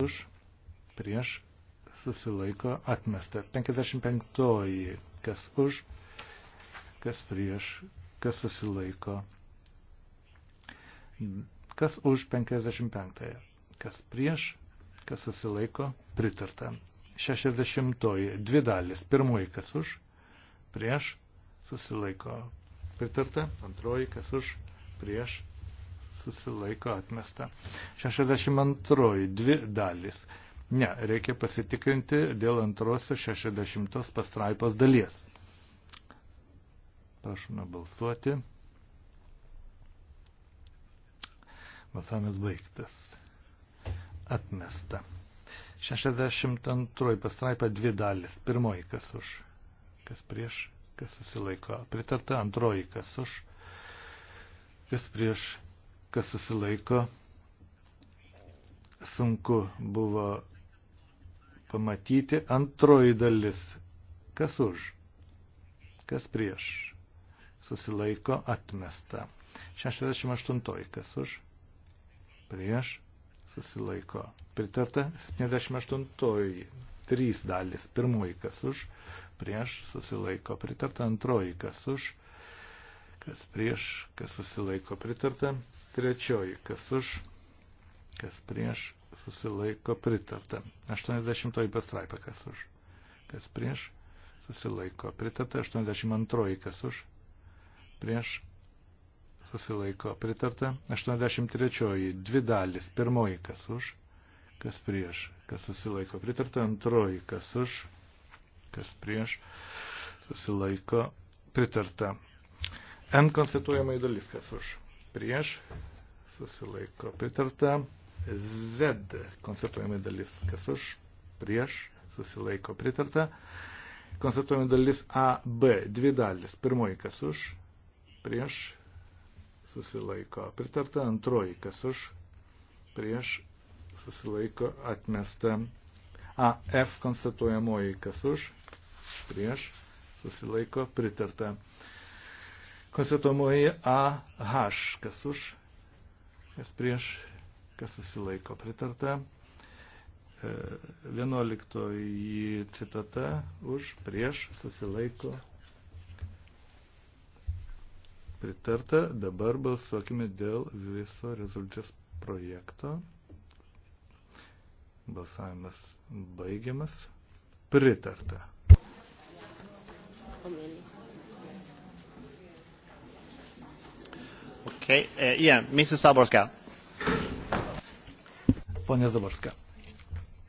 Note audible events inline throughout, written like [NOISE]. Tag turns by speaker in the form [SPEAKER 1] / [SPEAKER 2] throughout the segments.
[SPEAKER 1] už, prieš, susilaiko, atmesta. 55. Kas už, kas prieš, kas susilaiko. Kas už 55. Kas prieš, kas susilaiko, pritarta. 60. Dvi dalis. Pirmoji, kas už, prieš, susilaiko, pritarta. Antroji, kas už, prieš, susilaiko atmesta. 62. Dvi dalis. Ne, reikia pasitikrinti dėl antrosios 60 pastraipos dalies. Prašome balsuoti. Balsavimas baigtas. Atmesta. 62 pastraipa dvi dalis. Pirmoji kas už, kas prieš, kas susilaiko. Pritarta antroji kas už, kas prieš kas susilaiko. Sunku buvo pamatyti antroji dalis. Kas už? Kas prieš? Susilaiko atmesta. 68. Kas už? Prieš? Susilaiko. Pritarta 78. Trys dalis. Pirmoji kas už? Prieš? Susilaiko. Pritarta antroji kas už? Kas prieš? Kas susilaiko? Pritarta Trečioji, kas už, kas prieš, susilaiko pritarta. 80 pastraipa, kas už, kas prieš, susilaiko pritarta. 82, kas už, prieš, susilaiko pritarta. 83, dvi dalis, pirmoji, kas už, kas prieš, kas susilaiko pritarta. Antroji, kas už, kas prieš, susilaiko pritarta. N konstatuojamai dalis, kas už prieš, susilaiko pritarta. Z konstatuojama dalis, kas už, prieš, susilaiko pritarta. Konstatuojama dalis AB, dvi dalis. Pirmoji, kas už, prieš, susilaiko pritarta. Antroji, kas už, prieš, susilaiko atmesta. AF konstatuojamoji, kas už, prieš, susilaiko pritarta. Konstatuojamoji AH, kas už, kas prieš, kas susilaiko pritarta. 11 e, citata už, prieš, susilaiko pritarta. Dabar balsuokime dėl viso rezultatės projekto. Balsavimas baigiamas. Pritarta. Amen.
[SPEAKER 2] Okay. Uh, yeah, Mrs. Zaborska. Pone Zaborska.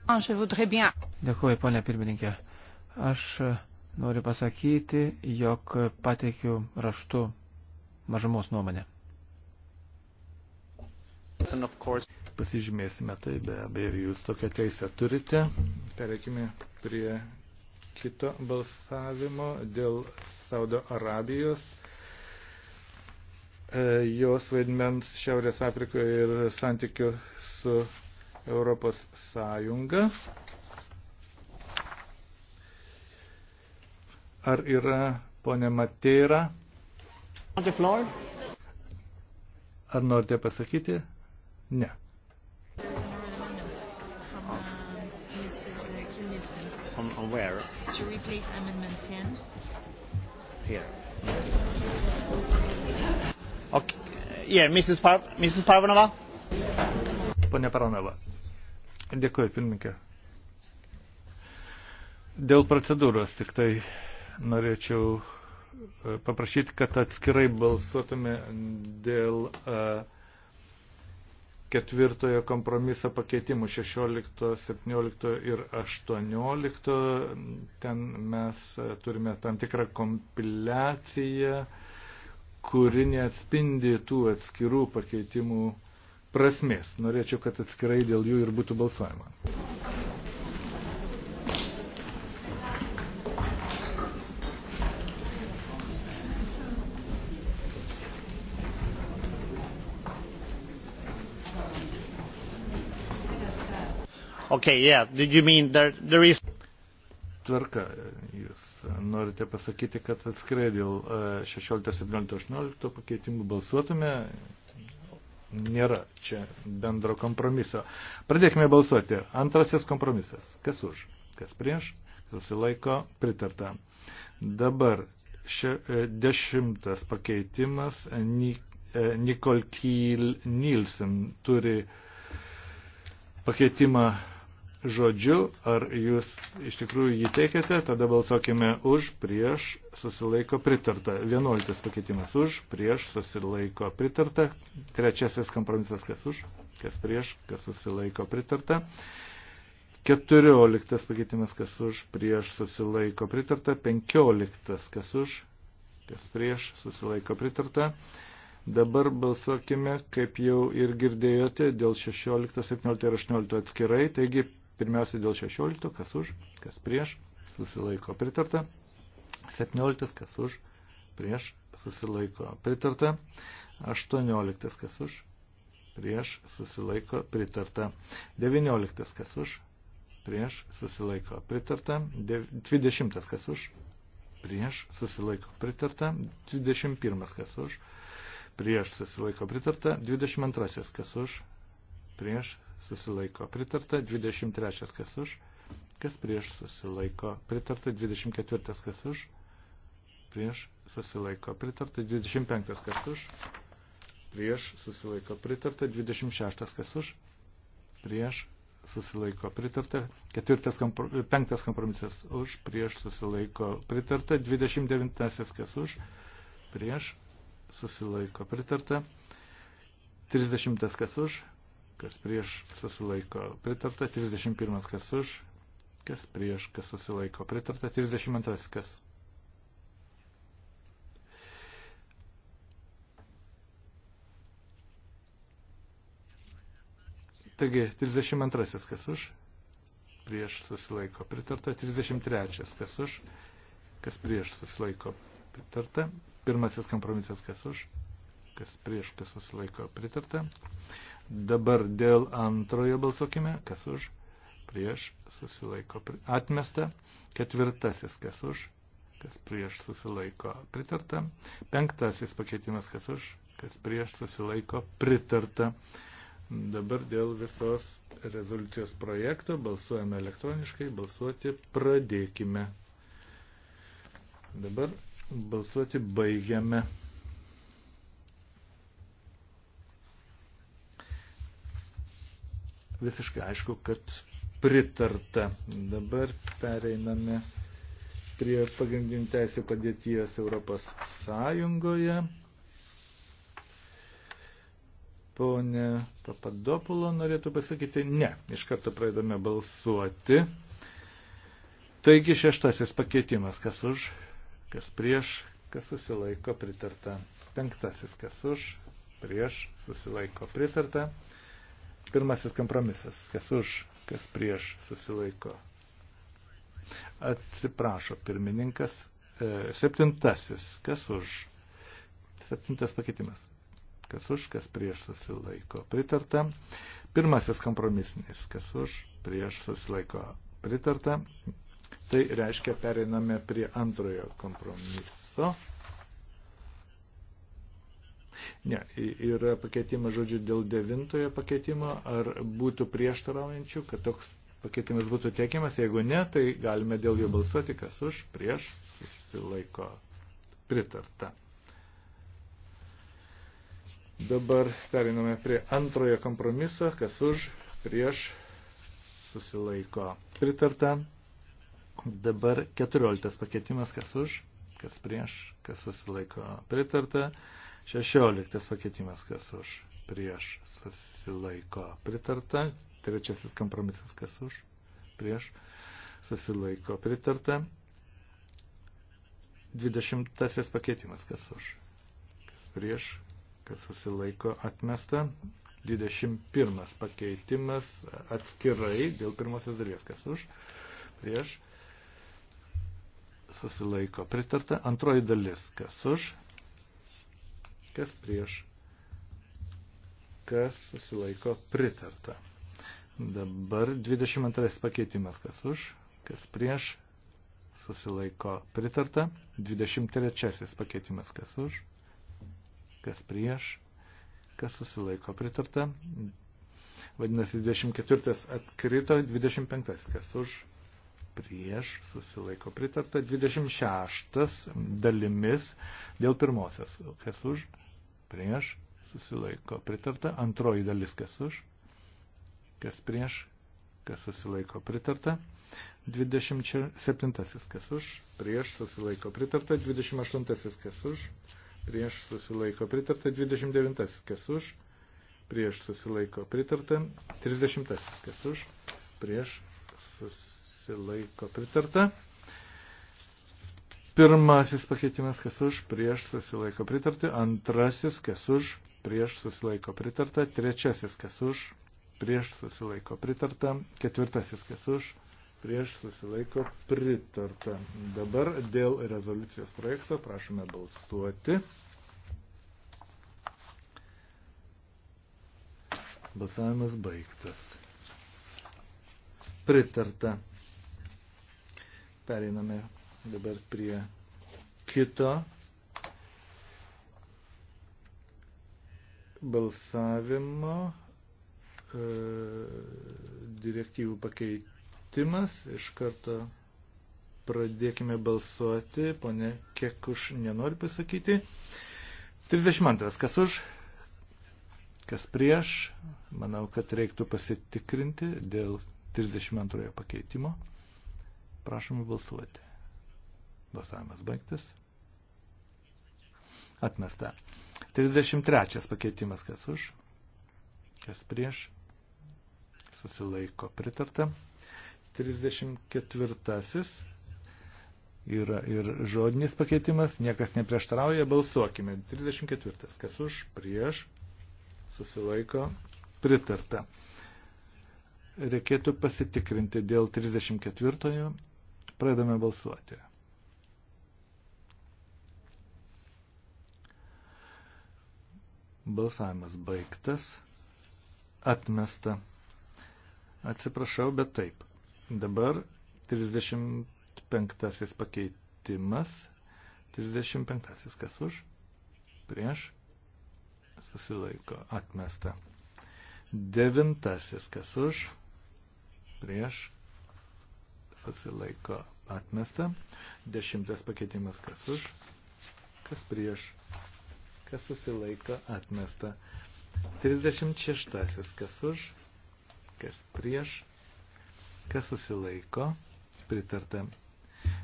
[SPEAKER 3] Ah, Dėkuoju,
[SPEAKER 4] ponė pirmininkė. Aš uh, noriu pasakyti, jog pateikiu raštu mažumos nuomonę.
[SPEAKER 1] Pasižymėsime tai, be abejo, jūs tokią teisę turite. Pereikime prie kito balsavimo dėl Saudo Arabijos E, jos vaidmens Šiaurės Afrikoje ir santykių su Europos Sąjunga. Ar yra ponė Mateira? Ar norite pasakyti? Ne.
[SPEAKER 3] On, on where? To replace amendment 10.
[SPEAKER 2] Here. Okay. Yeah, Mrs. Par Mrs. Parvanova.
[SPEAKER 1] Pone Parvanova. Dėkuoju, pirmininkė. Dėl procedūros tik tai norėčiau e, paprašyti, kad atskirai balsuotume dėl e, ketvirtojo kompromiso pakeitimų 16, 17 ir 18. Ten mes e, turime tam tikrą kompiliaciją kuri neatspindi tų atskirų pakeitimų prasmės. Norėčiau, kad atskirai dėl jų ir būtų balsuojama. Okay, yeah. Did you mean there, there is tvarka. Jūs norite pasakyti, kad atskirai dėl 16, 17, 18 pakeitimų balsuotume. Nėra čia bendro kompromiso. Pradėkime balsuoti. Antrasis kompromisas. Kas už? Kas prieš? Susilaiko pritarta. Dabar še, e, dešimtas pakeitimas. Nikol Kyl e, Nilsen turi pakeitimą žodžiu, ar jūs iš tikrųjų jį teikiate, tada balsuokime už, prieš, susilaiko pritarta. Vienuoliktas pakeitimas už, prieš, susilaiko pritarta. Trečiasis kompromisas, kas už, kas prieš, kas susilaiko pritarta. Keturioliktas pakeitimas, kas už, prieš, susilaiko pritarta. Penkioliktas, kas už, kas prieš, susilaiko pritarta. Dabar balsuokime, kaip jau ir girdėjote, dėl 16, 17 ir 18 atskirai. Taigi Pirmiausia dėl 16, kas už, kas prieš, susilaiko pritarta. 17, kas už, prieš, susilaiko pritarta. 18, kas už, prieš, susilaiko pritarta. 19, kas už, prieš, susilaiko pritarta. 20, kas už, prieš, susilaiko pritarta. 21, kas už, prieš, susilaiko pritarta. 22, kas už, prieš, susilaiko pritarta, 23 kas už, kas prieš susilaiko pritarta, 24 kas už, prieš susilaiko pritarta, 25 kas už, prieš susilaiko pritarta, 26 kas už, prieš susilaiko pritarta, ketvirtas kompro, penktas kompromisas už, prieš susilaiko pritarta, 29 kas už, prieš susilaiko pritarta, 30 kas už, kas prieš, kas susilaiko pritarta, 31 kas už, kas prieš, kas susilaiko pritarta, 32 kas. Taigi, 32 kas už, prieš susilaiko pritarta, 33 kas už, kas prieš susilaiko pritarta, pirmasis kompromisas kas už, kas prieš, kas susilaiko pritarta. Dabar dėl antrojo balsuokime, kas už, prieš, susilaiko, atmesta. Ketvirtasis, kas už, kas prieš, susilaiko, pritarta. Penktasis pakeitimas, kas už, kas prieš, susilaiko, pritarta. Dabar dėl visos rezoliucijos projekto balsuojame elektroniškai, balsuoti pradėkime. Dabar balsuoti baigiame. visiškai aišku, kad pritarta. Dabar pereiname prie pagrindinių teisų padėties Europos Sąjungoje. Pone Papadopulo norėtų pasakyti ne. Iš karto praeidame balsuoti. Taigi šeštasis pakeitimas. Kas už, kas prieš, kas susilaiko pritarta. Penktasis, kas už, prieš, susilaiko pritarta. Pirmasis kompromisas. Kas už, kas prieš susilaiko. Atsiprašo pirmininkas. E, septintasis. Kas už? Septintas pakeitimas. Kas už, kas prieš susilaiko. Pritarta. Pirmasis kompromisinis. Kas už, prieš susilaiko. Pritarta. Tai reiškia, pereiname prie antrojo kompromiso. Ne, yra pakeitimas žodžiu dėl devintojo pakeitimo, ar būtų prieštaraujančių, kad toks pakeitimas būtų tiekiamas, jeigu ne, tai galime dėl jo balsuoti, kas už, prieš, susilaiko pritarta. Dabar periname prie antrojo kompromiso, kas už, prieš, susilaiko pritarta. Dabar 14 pakeitimas, kas už, kas prieš, kas susilaiko pritarta. Šešioliktas pakeitimas, kas už, prieš, susilaiko, pritarta. Trečiasis kompromisas, kas už, prieš, susilaiko, pritarta. Dvidešimtasis pakeitimas, kas už, kas prieš, kas susilaiko, atmesta. 21 pakeitimas atskirai dėl pirmosios dalies, kas už, prieš, susilaiko pritarta, antroji dalis, kas už, kas prieš, kas susilaiko pritarta. Dabar 22 pakeitimas, kas už, kas prieš, susilaiko pritarta. 23 pakeitimas, kas už, kas prieš, kas susilaiko pritarta. Vadinasi, 24 atkrito, 25 kas už, prieš susilaiko pritarta, 26 dalimis dėl pirmosios, kas už, prieš susilaiko pritarta, antroji dalis kas už, kas prieš, kas susilaiko pritarta. 27 kas už, prieš susilaiko pritarta, 28 kas už, prieš susilaiko pritarta, 29 kas už, prieš susilaiko pritarta, 30 kas už, prieš susilaiko susilaiko pritarta. Pirmasis pakeitimas, kas už, prieš susilaiko pritarti. Antrasis, kas už, prieš susilaiko pritarta. Trečiasis, kas už, prieš susilaiko pritarta. Ketvirtasis, kas už, prieš susilaiko pritarta. Dabar dėl rezoliucijos projekto prašome balsuoti. Balsavimas baigtas. Pritarta. Pereiname dabar prie kito balsavimo e, direktyvų pakeitimas. Iš karto pradėkime balsuoti. Pone Kekuš nenori pasakyti. 32. Kas už? Kas prieš? Manau, kad reiktų pasitikrinti dėl 32 pakeitimo. Prašome balsuoti. Balsavimas baigtas. Atmesta. 33 pakeitimas kas už, kas prieš. Susilaiko pritarta. 34 yra ir žodinis pakeitimas, niekas neprieštarauja, balsuokime. 34 kas už, prieš. Susilaiko pritarta reikėtų pasitikrinti dėl 34 Pradame balsuoti. Balsavimas baigtas. Atmesta. Atsiprašau, bet taip. Dabar 35 pakeitimas. 35 kas už? Prieš. Susilaiko. Atmesta. Devintasis kas už? Prieš. Susilaiko atmesta. Dešimtas pakeitimas kas už, kas prieš, kas susilaiko atmesta. 36 kas už, kas prieš, kas susilaiko, pritarta.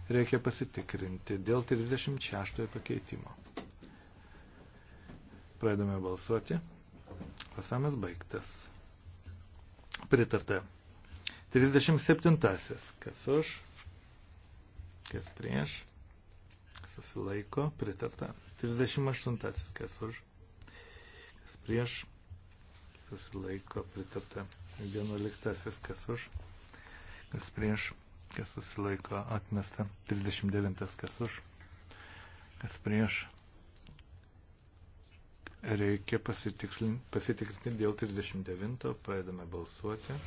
[SPEAKER 1] Reikia pasitikrinti dėl 36 pakeitimo. Pradame balsuoti. Pasamės baigtas. Pritarta. 37. Kas už, kas prieš, susilaiko, pritarta. 38. kas už, kas prieš, susilaiko, pritarta. 11. kas už, kas prieš, kas susilaiko, atmesta. 39. kas už, kas prieš. Reikia pasitikrinti dėl 39, pradedame balsuoti.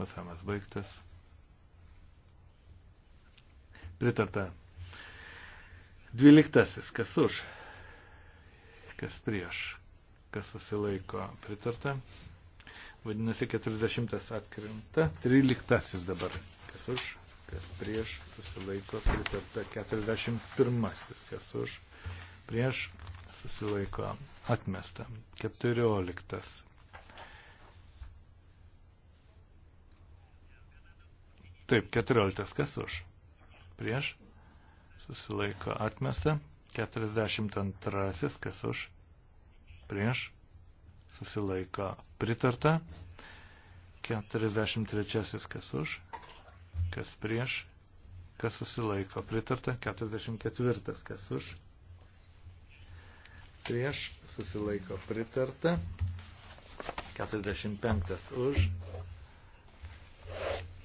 [SPEAKER 1] Pasamas baigtas. Pritarta. Dvyliktasis. Kas už? Kas prieš? Kas susilaiko? Pritarta. Vadinasi, 40 atkrinta. 13 dabar. Kas už? Kas prieš? Susilaiko. Pritarta. 41. Kas už? Prieš? Susilaiko. Atmesta. 14. Taip, 14. Kas už? prieš, susilaiko atmesta, 42 kas už, prieš, susilaiko pritarta, 43 kas už, kas prieš, kas susilaiko pritarta, 44 kas už, prieš, susilaiko pritarta, 45 už,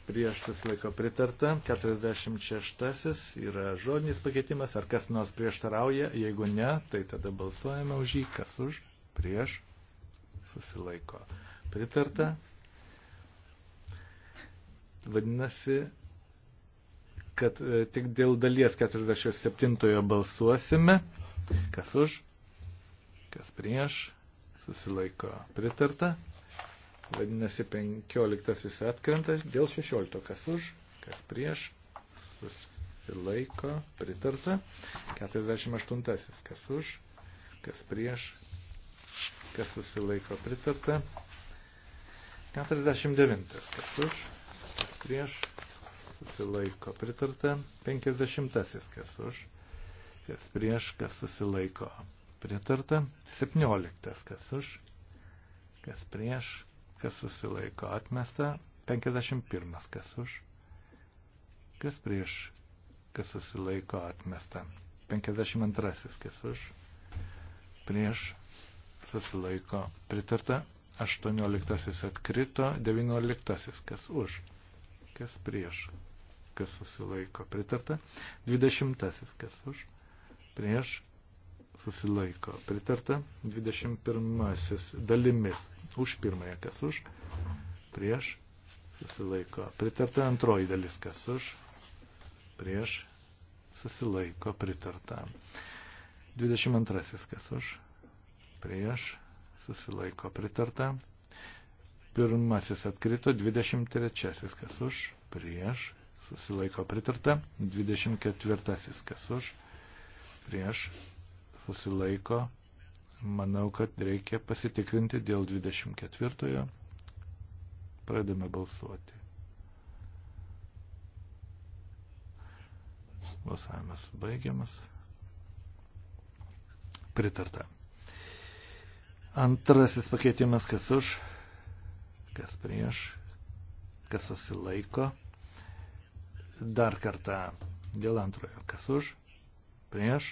[SPEAKER 1] prieš susilaiko pritarta, 46 yra žodinis pakeitimas, ar kas nors prieštarauja, jeigu ne, tai tada balsuojame už jį, kas už, prieš susilaiko pritarta. Vadinasi, kad e, tik dėl dalies 47 balsuosime, kas už, kas prieš susilaiko pritarta. Vadinasi, 15 atkrenta, dėl 16 kas už, kas prieš, susilaiko, pritarta. 48 kas už, kas prieš, kas susilaiko, pritarta. 49 kas už, kas prieš, susilaiko, pritarta. 50 kas už, kas prieš, kas susilaiko. Pritarta 17, kas už, kas prieš, kas susilaiko atmesta, 51 kas už, kas prieš, kas susilaiko atmesta, 52 kas už, prieš, susilaiko pritarta, 18 atkrito, 19 kas už, kas prieš, kas susilaiko pritarta, 20 kas už, prieš, susilaiko pritarta, 21 dalimis Už pirmąją, kas už, prieš, susilaiko. Pritarta antroji dalis, kas už, prieš, susilaiko, pritarta. 22. kas už, prieš, susilaiko, pritarta. Pirmasis atkrito, 23. kas už, prieš, susilaiko, pritarta. 24. kas už, prieš, susilaiko, pritarta Manau, kad reikia pasitikrinti dėl 24. Pradame balsuoti. Balsavimas baigiamas. Pritarta. Antrasis pakeitimas, kas už, kas prieš, kas susilaiko. Dar kartą dėl antrojo, kas už, prieš,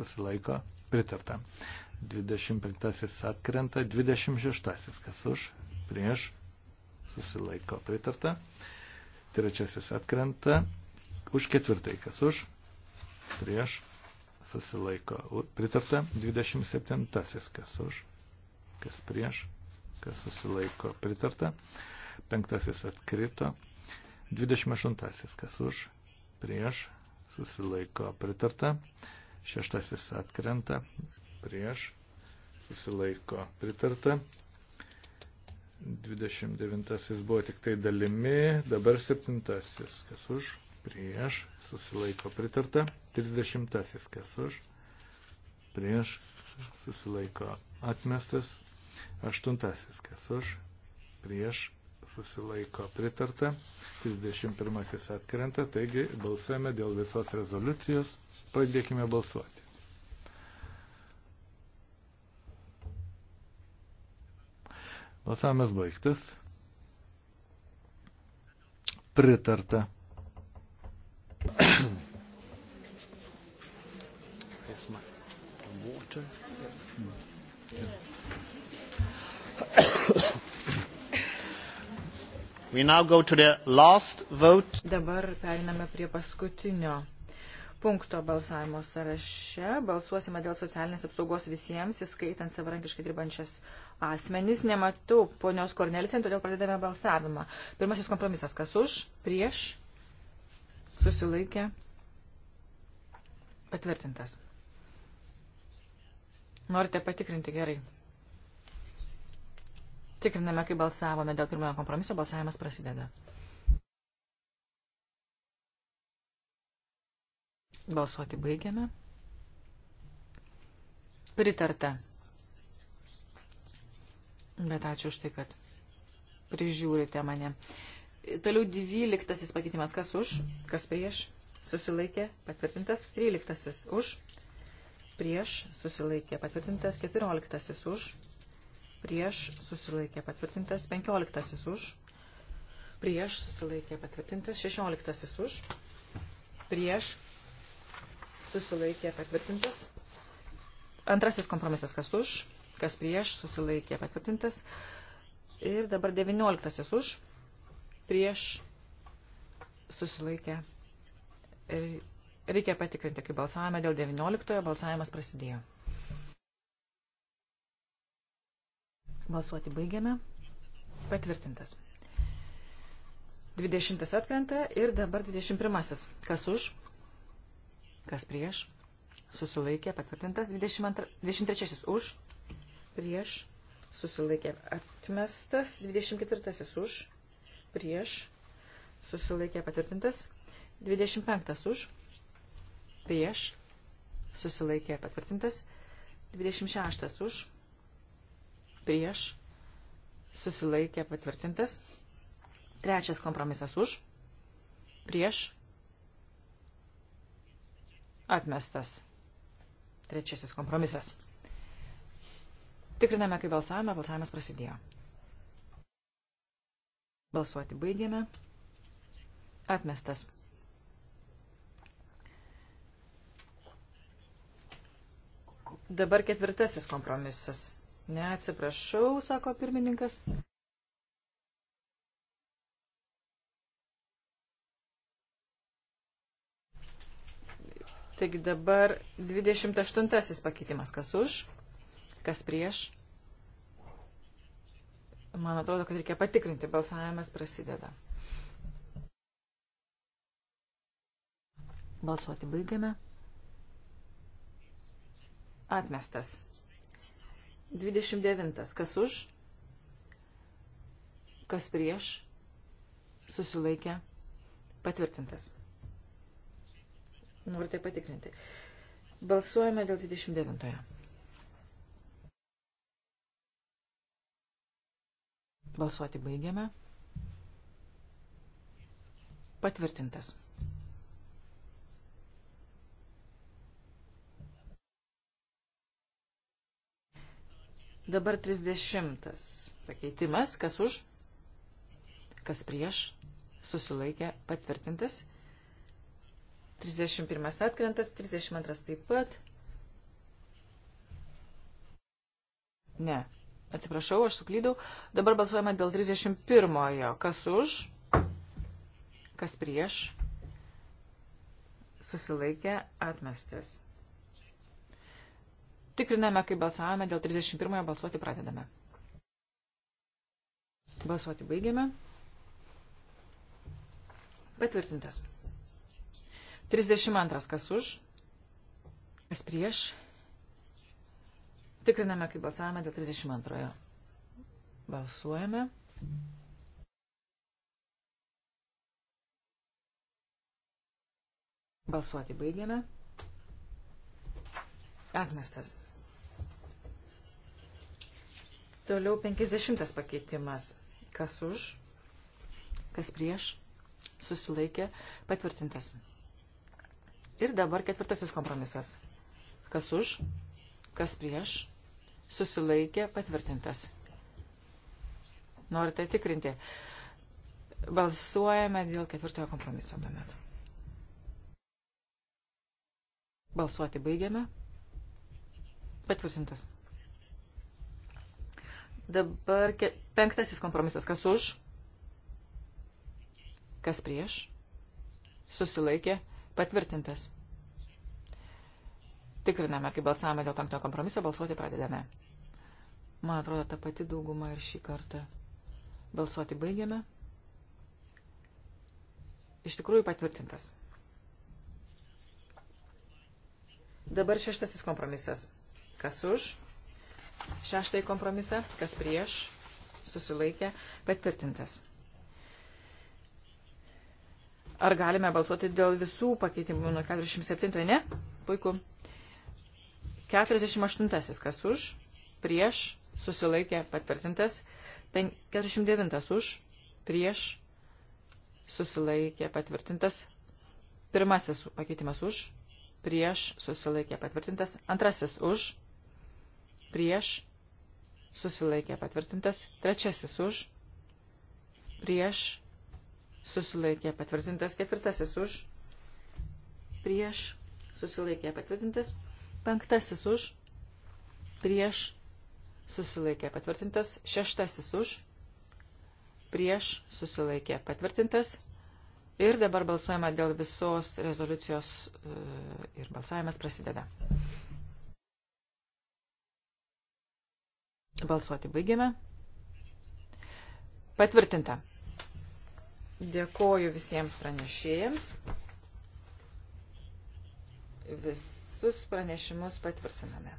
[SPEAKER 1] susilaiko, pritarta. 25 atkrenta, 26 kas už, prieš, susilaiko pritarta, trečiasis atkrenta, už ketvirtai kas už, prieš, susilaiko pritarta, 27 kas už, kas prieš, kas susilaiko pritarta, penktasis atkrito, 28 kas už, prieš, susilaiko pritarta, šeštasis atkrenta, prieš, susilaiko pritarta. 29 buvo tik tai dalimi, dabar 7 kas už, prieš, susilaiko pritarta. 30 kas už, prieš, susilaiko atmestas. 8 kas už, prieš, susilaiko pritarta. 31 atkrenta, taigi balsuojame dėl visos rezoliucijos. Pradėkime balsuoti. Balsavimas baigtas. Pritarta.
[SPEAKER 2] water. Yes. Mm. We now go to the last vote.
[SPEAKER 5] Dabar periname prie paskutinio punkto balsavimo sąraše. Balsuosime dėl socialinės apsaugos visiems, įskaitant savarankiškai dirbančias asmenys. Nematau ponios Kornelicen, todėl pradedame balsavimą. Pirmasis kompromisas. Kas už? Prieš? Susilaikė? Patvirtintas. Norite patikrinti gerai. Tikriname, kai balsavome dėl pirmojo kompromiso, balsavimas prasideda. Balsuoti baigiame. Pritarta. Bet ačiū už tai, kad prižiūrite mane. Toliau dvyliktasis pakeitimas. Kas už? Kas prieš? Susilaikė. Patvirtintas. Tryliktasis už. Prieš. Susilaikė. Patvirtintas. Keturioliktasis už. Prieš. Susilaikė. Patvirtintas. Penkioliktasis už. Prieš. Susilaikė. Patvirtintas. Šešioliktasis už. Prieš susilaikė patvirtintas. Antrasis kompromisas, kas už, kas prieš, susilaikė patvirtintas. Ir dabar devynioliktasis už, prieš, susilaikė. Ir reikia patikrinti, kai balsavome dėl devynioliktojo, balsavimas prasidėjo. Balsuoti baigiame. Patvirtintas. 20 atkrenta ir dabar 21. Kas už? Kas prieš? Susilaikė patvirtintas. 22, 23 už. Prieš. Susilaikė atmestas. 24 už. Prieš. Susilaikė patvirtintas. 25 už. Prieš. Susilaikė patvirtintas. 26 už. Prieš. Susilaikė patvirtintas. Trečias kompromisas už. Prieš Atmestas. Trečiasis kompromisas. Tikriname, kai balsavome, balsavimas prasidėjo. Balsuoti baigėme. Atmestas. Dabar ketvirtasis kompromisas. Ne, atsiprašau, sako pirmininkas. Taigi dabar 28 pakeitimas. Kas už, kas prieš. Man atrodo, kad reikia patikrinti. Balsavimas prasideda. Balsuoti baigiame. Atmestas. 29. Kas už? Kas prieš? Susilaikė. Patvirtintas. Noriu tai patikrinti. Balsuojame dėl 29. Balsuoti baigiame. Patvirtintas. Dabar 30. Pakeitimas. Kas už? Kas prieš? Susilaikė patvirtintas. 31 atkrentas, 32 taip pat. Ne. Atsiprašau, aš suklydau. Dabar balsuojame dėl 31-ojo. Kas už? Kas prieš? Susilaikė atmestas. Tikriname, kai balsavome dėl 31-ojo. Balsuoti pradedame. Balsuoti baigiame. Patvirtintas. 32 kas už, kas prieš. Tikriname, kaip balsavome dėl 32. Balsuojame. Balsuoti baigėme. Atmestas. Toliau 50 pakeitimas. Kas už, kas prieš, susilaikė, patvirtintas. Ir dabar ketvirtasis kompromisas. Kas už, kas prieš, susilaikė patvirtintas. Norite tikrinti. Balsuojame dėl ketvirtojo kompromiso tuomet. Balsuoti baigiame. Patvirtintas. Dabar penktasis kompromisas. Kas už? Kas prieš? Susilaikė. Patvirtintas. Tikriname, kaip balsavome dėl penktojo kompromiso, balsuoti pradedame. Man atrodo, ta pati dauguma ir šį kartą. Balsuoti baigiame. Iš tikrųjų patvirtintas. Dabar šeštasis kompromisas. Kas už? Šeštąjį kompromisą, kas prieš, susilaikė, patvirtintas. Ar galime balsuoti dėl visų pakeitimų nuo 47, ne? Puiku. 48, kas už, prieš, susilaikė, patvirtintas. 49 už, prieš, susilaikė, patvirtintas. Pirmasis pakeitimas už, prieš, susilaikė, patvirtintas. Antrasis už, prieš, susilaikė, patvirtintas. Trečiasis už, prieš, susilaikė patvirtintas, ketvirtasis už, prieš, susilaikė patvirtintas, penktasis už, prieš, susilaikė patvirtintas, šeštasis už, prieš, susilaikė patvirtintas. Ir dabar balsuojama dėl visos rezoliucijos e, ir balsavimas prasideda. Balsuoti baigiame. Patvirtinta. Dėkoju visiems pranešėjams. Visus pranešimus patvirtiname.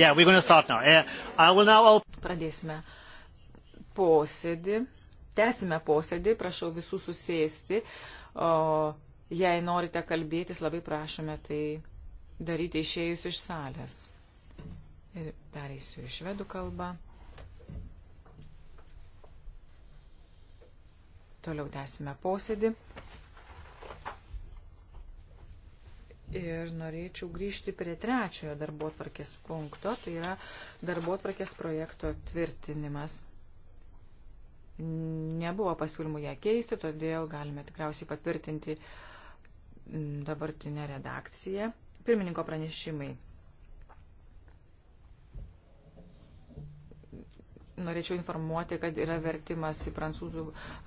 [SPEAKER 5] Yeah, we're going to start now. I will now open... Pradėsime posėdį. Tęsime posėdį, prašau visų susėsti. O jei norite kalbėtis, labai prašome tai daryti išėjus iš salės. Ir pereisiu į švedų kalbą. Toliau tęsime posėdį. Ir norėčiau grįžti prie trečiojo darbo atvarkės punkto, tai yra darbo atvarkės projekto tvirtinimas. Nebuvo pasiūlymų ją keisti, todėl galime tikriausiai patvirtinti dabartinę redakciją. Pirmininko pranešimai. norėčiau informuoti, kad yra vertimas į prancūzų,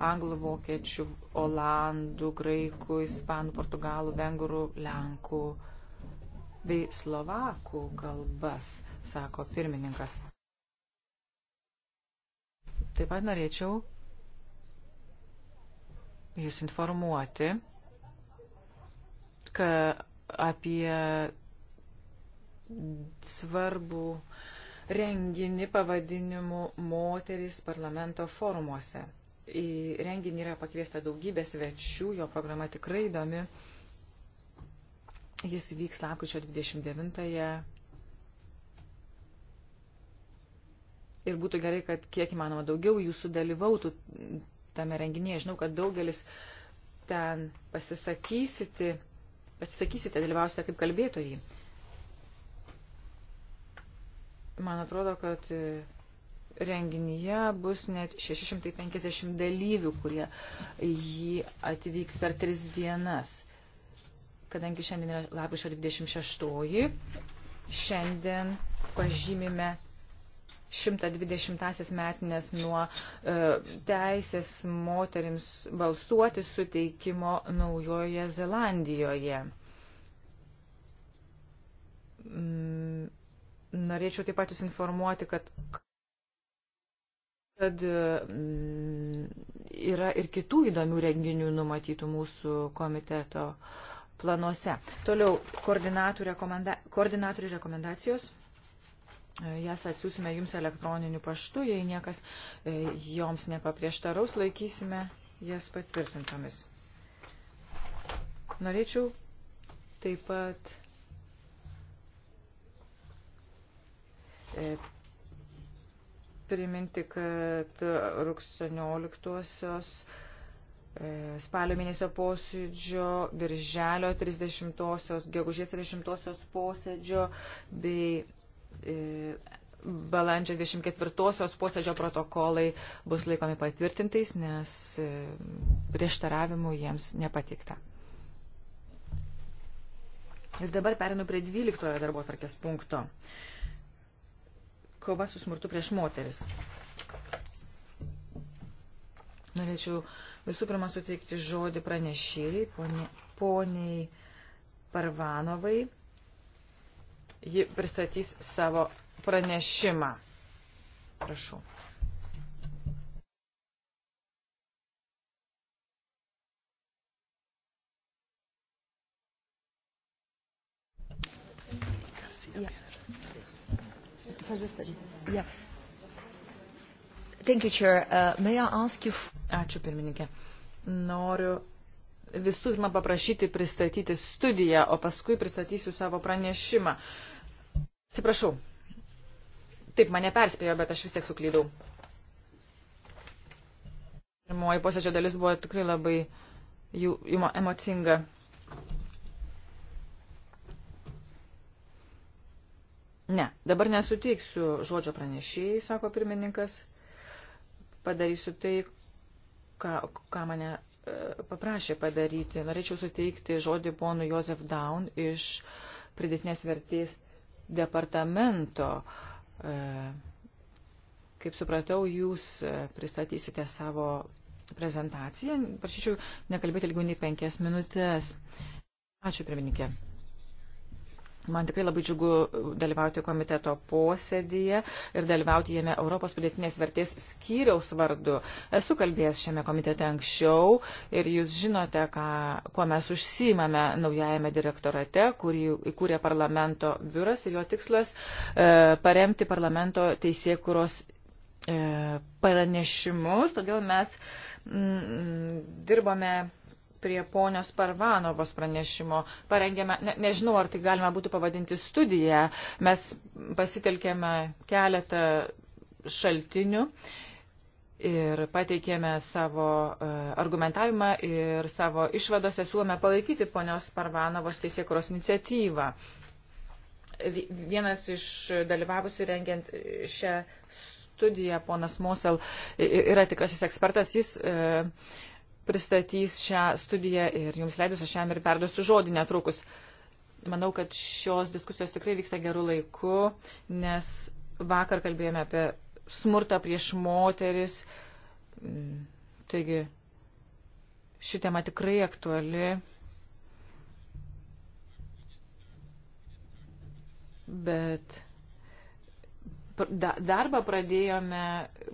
[SPEAKER 5] anglų, vokiečių, olandų, graikų, ispanų, portugalų, vengrų, lenkų bei slovakų kalbas, sako pirmininkas. Taip pat norėčiau Jūs informuoti apie svarbų uh, renginį pavadinimu Moterys parlamento forumuose. Į renginį yra pakviesta daugybė svečių, jo programa tikrai įdomi. Jis vyks lapkričio 29-ąją. Ir būtų gerai, kad kiek įmanoma daugiau jūsų dalyvautų tame renginėje. Žinau, kad daugelis ten pasisakysite, pasisakysite dalyvausite kaip kalbėtojai. Man atrodo, kad e, renginyje bus net 650 dalyvių, kurie jį atvyks per tris dienas. Kadangi šiandien yra lapkričio 26, šiandien pažymime 120-asias metinės nuo e, teisės moterims balsuoti suteikimo Naujojoje Zelandijoje. Mm Norėčiau taip pat jūs informuoti, kad, kad mm, yra ir kitų įdomių renginių numatytų mūsų komiteto planuose. Toliau koordinatorių rekomenda, koordinatorių rekomendacijos. Jas atsiūsime jums elektroniniu paštu, jei niekas e, joms nepaprieštaraus, laikysime jas patvirtintomis. Norėčiau taip pat E, priminti, kad rugsanioliktosios e, spalio mėnesio posėdžio, birželio 30-osios, gegužės 30-osios posėdžio bei e, balandžio 24-osios posėdžio protokolai bus laikomi patvirtintais, nes prieštaravimų jiems nepatikta. Ir dabar perinu prie 12 darbo tvarkės punkto. E, kova su smurtu prieš moteris. Norėčiau visų pirma suteikti žodį pranešėjai, poniai, poniai Parvanovai. Ji pristatys savo pranešimą. Prašau.
[SPEAKER 3] Uh,
[SPEAKER 5] Ačiū pirmininkė. Noriu visų pirma paprašyti pristatyti studiją, o paskui pristatysiu savo pranešimą. Atsiprašau. Taip, mane perspėjo, bet aš vis tiek suklydau. Pirmoji posėdžio dalis buvo tikrai labai jų emocinga. Ne, dabar nesuteiksiu žodžio pranešėjai, sako pirmininkas. Padarysiu tai, ką, ką mane e, paprašė padaryti. Norėčiau suteikti žodį ponui Josef Down iš pridėtinės vertės departamento. E, kaip supratau, jūs e, pristatysite savo prezentaciją. Prašyčiau nekalbėti ilgiau nei penkias minutės. Ačiū, pirmininkė. Man tikrai labai džiugu dalyvauti komiteto posėdyje ir dalyvauti jame Europos pridėtinės vertės skyriaus vardu. Esu kalbėjęs šiame komitete anksčiau ir jūs žinote, ką, kuo mes užsimame naujajame direktorate, kurį įkūrė parlamento biuras ir jo tikslas e, paremti parlamento teisėkuros e, pranešimus. Todėl mes m, dirbome prie ponios Parvanovos pranešimo. Parengėme, ne, nežinau, ar tai galima būtų pavadinti studiją, mes pasitelkėme keletą šaltinių ir pateikėme savo e, argumentavimą ir savo išvadose siūlome palaikyti ponios Parvanovos teisėkuros iniciatyvą. Vienas iš dalyvavusių rengiant šią studiją, ponas Mosel, yra tikrasis ekspertas, jis e, pristatys šią studiją ir jums leidus aš jam ir perduosiu žodį netrukus. Manau, kad šios diskusijos tikrai vyksta gerų laiku, nes vakar kalbėjome apie smurtą prieš moteris. Taigi, ši tema tikrai aktuali. Bet Darbą pradėjome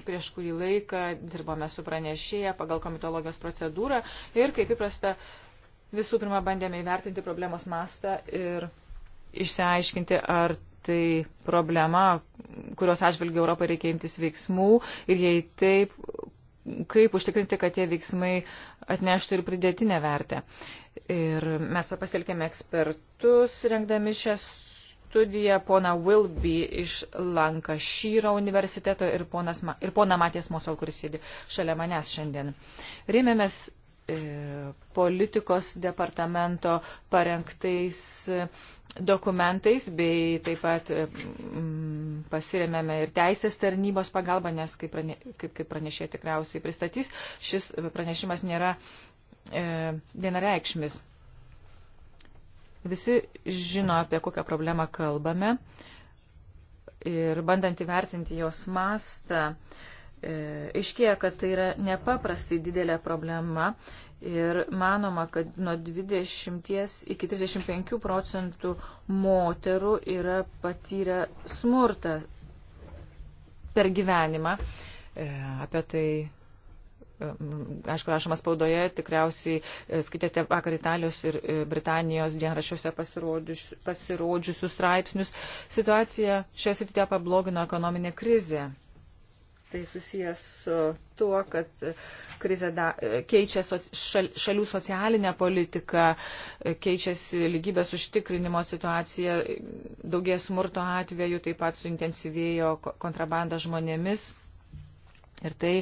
[SPEAKER 5] prieš kurį laiką, dirbome su pranešėja pagal komitologijos procedūrą ir, kaip įprasta, visų pirma bandėme įvertinti problemos mastą ir išsiaiškinti, ar tai problema, kurios atžvilgiu Europai reikia imtis veiksmų ir jei taip, kaip užtikrinti, kad tie veiksmai atneštų ir pridėtinę vertę. Ir mes pasitelkėme ekspertus, rengdami šias studiją pona Wilby iš Lankašyro universiteto ir, ponas, ir pona Matės Mosol, kuris sėdi šalia manęs šiandien. Rėmėmės e, politikos departamento parengtais e, dokumentais, bei taip pat e, pasiremėme ir teisės tarnybos pagalbą, nes kaip, prane, kaip, kaip pranešė tikriausiai pristatys, šis pranešimas nėra e, vienareikšmis. Visi žino, apie kokią problemą kalbame ir bandant įvertinti jos mastą, e, iškėja, kad tai yra nepaprastai didelė problema ir manoma, kad nuo 20 iki 35 procentų moterų yra patyrę smurtą per gyvenimą. E, apie tai aišku, rašomas spaudoje, tikriausiai e, skaitėte vakar Italijos ir e, Britanijos dienrašiuose pasirodžiusius straipsnius. Situacija šią srityje pablogino ekonominė krizė. Tai susijęs su tuo, kad e, krize da, keičia soci, šal, šalių socialinę politiką, keičiasi lygybės užtikrinimo situacija, daugie smurto atveju, taip pat suintensyvėjo kontrabanda žmonėmis. Ir tai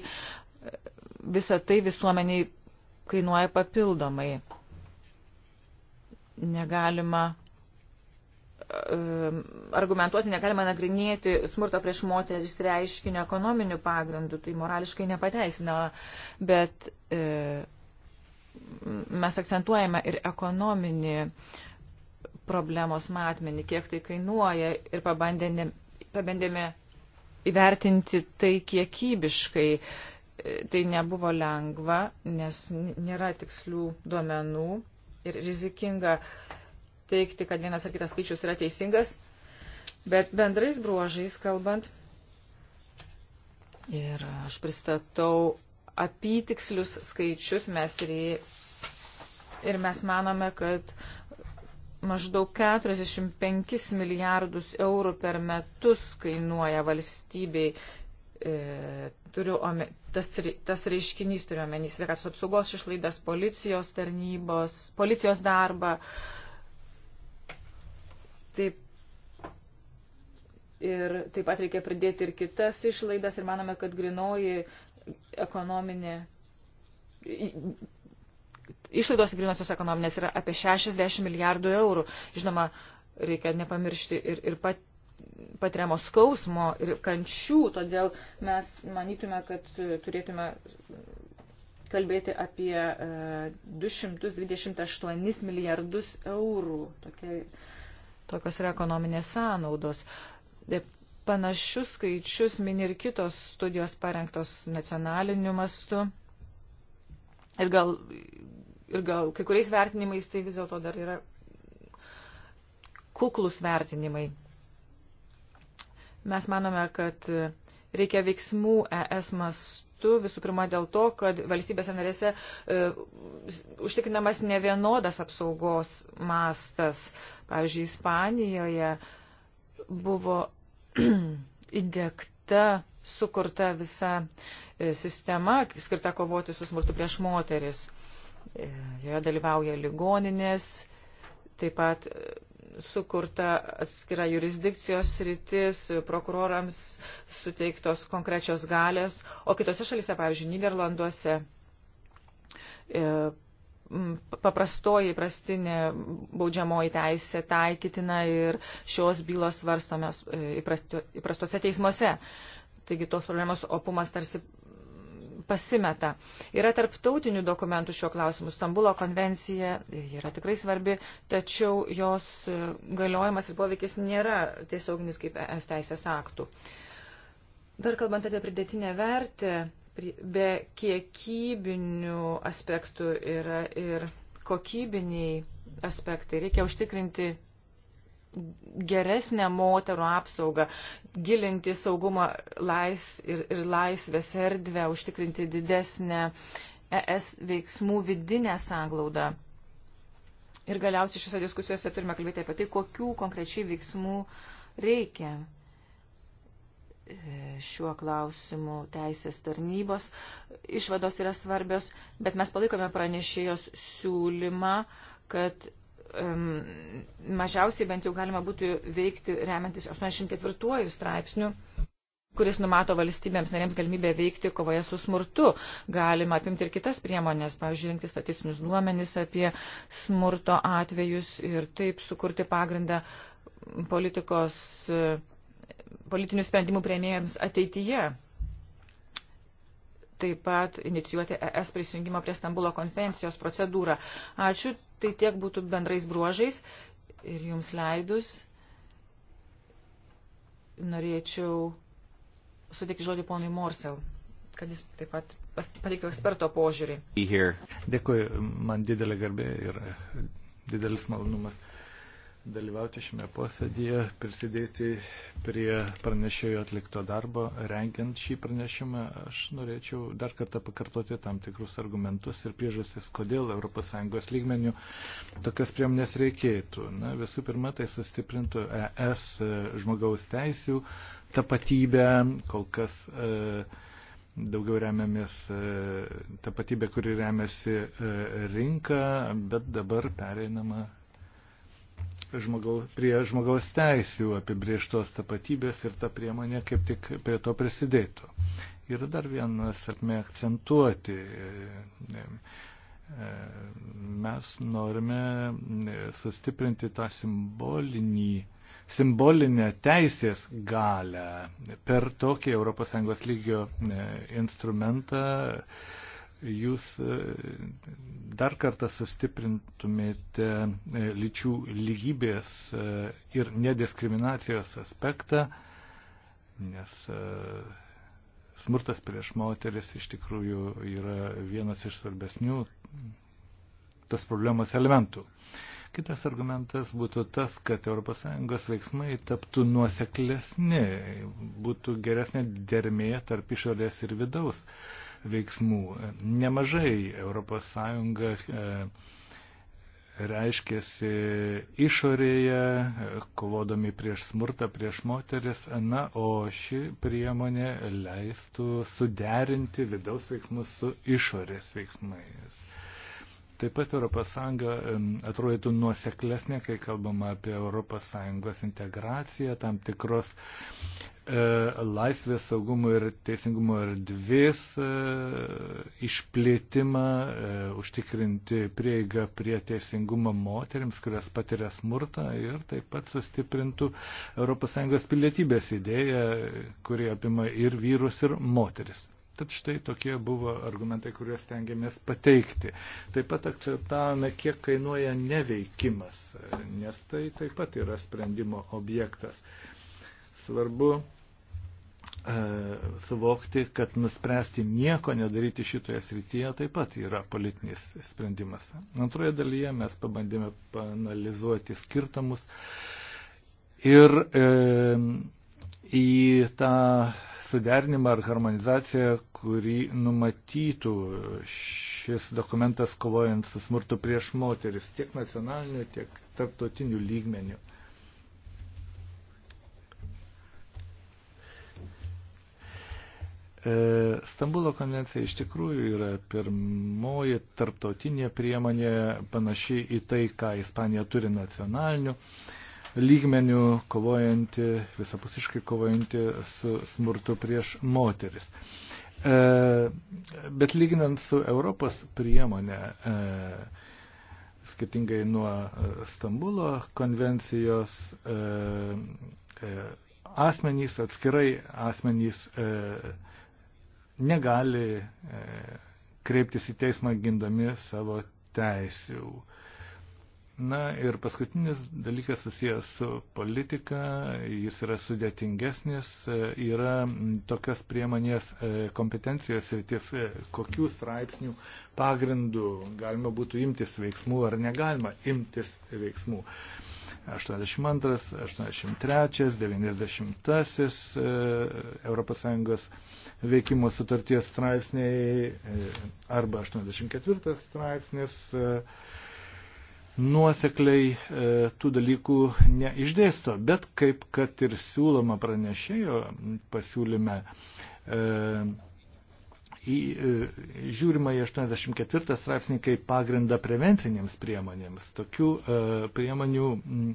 [SPEAKER 5] visą tai visuomeniai kainuoja papildomai. Negalima argumentuoti, negalima nagrinėti smurto prieš moteris reiškinio ekonominių pagrindų, tai morališkai nepateisina, bet e, mes akcentuojame ir ekonominį problemos matmenį, kiek tai kainuoja ir pabandėme, pabandėme įvertinti tai kiekybiškai. E, tai nebuvo lengva, nes nėra tikslių duomenų ir rizikinga teikti, kad vienas ar kitas skaičius yra teisingas, bet bendrais bruožais kalbant, ir aš pristatau apytikslius skaičius, mes ir, ir mes manome, kad maždaug 45 milijardus eurų per metus kainuoja valstybei E, turiu omeny, tas, tas reiškinys turiu omeny sveikatos apsaugos išlaidas, policijos tarnybos, policijos darbą. Taip. Ir taip pat reikia pridėti ir kitas išlaidas ir manome, kad grinoji ekonominė. Išlaidos grinosios ekonominės yra apie 60 milijardų eurų. Žinoma, reikia nepamiršti ir, ir pat patiriamo skausmo ir kančių, todėl mes manytume, kad e, turėtume kalbėti apie 228 e, milijardus eurų. Tokia, tokios yra ekonominės sąnaudos. E, panašius skaičius mini ir kitos studijos parengtos nacionaliniu mastu. Ir gal, ir gal kai kuriais vertinimais tai vis dėlto dar yra kuklus vertinimai. Mes manome, kad reikia veiksmų ES mastu, visų pirma dėl to, kad valstybėse narėse e, užtikrinamas ne vienodas apsaugos mastas. Pavyzdžiui, Ispanijoje buvo [CLEARS THROAT] įdėkta, sukurta visa e, sistema, skirta kovoti su smurtu prieš moteris. E, joje dalyvauja ligoninės, Taip pat e, sukurta atskira jurisdikcijos rytis, prokurorams suteiktos konkrečios galės, o kitose šalise, pavyzdžiui, Niderlanduose, e, paprastoji prastinė baudžiamoji teisė taikytina ir šios bylos svarstomės e, įprastuose teismuose. Taigi tos problemos opumas tarsi pasimeta. Yra tarptautinių dokumentų šiuo klausimu. Stambulo konvencija yra tikrai svarbi, tačiau jos galiojimas ir poveikis nėra tiesioginis kaip ES teisės aktų. Dar kalbant apie pridėtinę vertę, be kiekybinių aspektų yra ir kokybiniai aspektai. Reikia užtikrinti geresnę moterų apsaugą, gilinti saugumą lais ir, ir laisvės erdvę, užtikrinti didesnę ES veiksmų vidinę sąglaudą. Ir galiausiai šiuose diskusijose turime kalbėti apie tai, kokių konkrečiai veiksmų reikia e, šiuo klausimu teisės tarnybos. Išvados yra svarbios, bet mes palaikome pranešėjos siūlymą, kad um, mažiausiai bent jau galima būtų veikti remiantis 84 straipsnių kuris numato valstybėms narėms galimybę veikti kovoje su smurtu. Galima apimti ir kitas priemonės, pavyzdžiui, rinkti statistinius duomenys apie smurto atvejus ir taip sukurti pagrindą politikos, politinių sprendimų prieimėjams ateityje taip pat inicijuoti ES prisijungimo prie Stambulo konvencijos procedūrą. Ačiū, tai tiek būtų bendrais bruožais ir jums leidus. Norėčiau suteikti žodį ponui Morsel, kad jis taip pat pateiktų eksperto požiūrį.
[SPEAKER 1] Dėkui, man didelė garbė ir didelis malonumas. Uh, dalyvauti šiame posėdėje, prisidėti prie pranešėjo atlikto darbo, rengiant šį pranešimą. Aš norėčiau dar kartą pakartoti tam tikrus argumentus ir priežastis, kodėl ES lygmenių tokias priemonės reikėtų. Na, visų pirma, tai sustiprintų ES žmogaus teisių tapatybę, kol kas e, daugiau remiamės e, tapatybė, kuri remiasi e, rinka, bet dabar pereinama žmogau, prie žmogaus teisų apibrieštos tapatybės ir ta priemonė kaip tik prie to prisidėtų. Ir dar vienas atmė akcentuoti. E, e, mes norime sustiprinti tą simbolinį, simbolinę teisės galę per tokį ES lygio e, instrumentą jūs e, dar kartą sustiprintumėte e, lyčių lygybės e, ir nediskriminacijos aspektą, nes smurtas prieš moteris iš tikrųjų yra vienas iš svarbesnių tas problemos elementų. Kitas argumentas būtų tas, kad ES veiksmai taptų nuoseklesni, būtų geresnė dermė tarp išorės ir vidaus veiksmų. Nemažai ES e, reiškėsi išorėje, kovodami prieš smurtą, prieš moteris, na, o ši priemonė leistų suderinti vidaus veiksmus su išorės veiksmais. Taip pat ES atrodytų nuoseklesnė, kai kalbama apie ES integraciją, tam tikros E, laisvės saugumo ir teisingumo erdvės e, išplėtimą, e, užtikrinti prieigą prie teisingumo moteriams, kurias patiria smurtą ir taip pat sustiprintų ES pilietybės idėją, kuri apima ir vyrus, ir moteris. Tad štai tokie buvo argumentai, kuriuos tengiamės pateikti. Taip pat akceptavome, kiek kainuoja neveikimas, nes tai taip pat yra sprendimo objektas. Svarbu E, suvokti, kad nuspręsti nieko nedaryti šitoje srityje taip pat yra politinis sprendimas. Antroje dalyje mes pabandėme panalizuoti skirtumus ir e, į tą suderinimą ar harmonizaciją, kurį numatytų šis dokumentas kovojant su smurtu prieš moteris tiek nacionaliniu, tiek tarptautiniu lygmeniu. E, Stambulo konvencija iš tikrųjų yra pirmoji tarptautinė priemonė panaši į tai, ką Ispanija turi nacionaliniu lygmeniu kovojanti, visapusiškai kovojanti su smurtu prieš moteris. E, bet lyginant su Europos priemonė, e, skirtingai nuo Stambulo konvencijos, asmenys, atskirai asmenys negali e, kreiptis į teismą gindami savo teisių. Na ir paskutinis dalykas susijęs su politika, jis yra sudėtingesnis, e, yra tokios priemonės e, kompetencijos ir ties kokių straipsnių pagrindų galima būtų imtis veiksmų ar negalima imtis veiksmų. 82, 83, 90 ES veikimo sutarties straipsniai e, arba 84 straipsnis e, nuosekliai e, tų dalykų neišdėsto, bet kaip kad ir siūloma pranešėjo pasiūlyme į, e, žiūrima į 84 straipsnį kaip pagrindą prevencinėms priemonėms. Tokių e, priemonių e,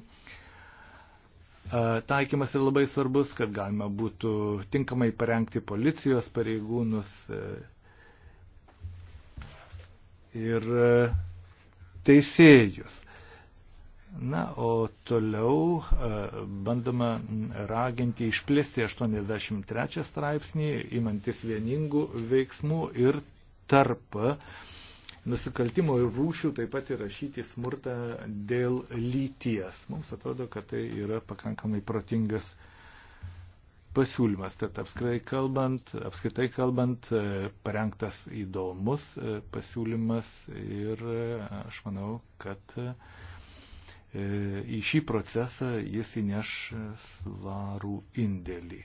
[SPEAKER 1] taikymas yra labai svarbus, kad galima būtų tinkamai parengti policijos pareigūnus ir teisėjus. Na, o toliau e, bandoma raginti išplėsti 83 straipsnį, imantis vieningų veiksmų ir tarp nusikaltimo ir rūšių taip pat įrašyti smurtą dėl lyties. Mums atrodo, kad tai yra pakankamai protingas pasiūlymas. Tad apskritai kalbant, apskritai kalbant, e, parengtas įdomus e, pasiūlymas ir aš manau, kad E, į šį procesą jis įneš svarų indėlį.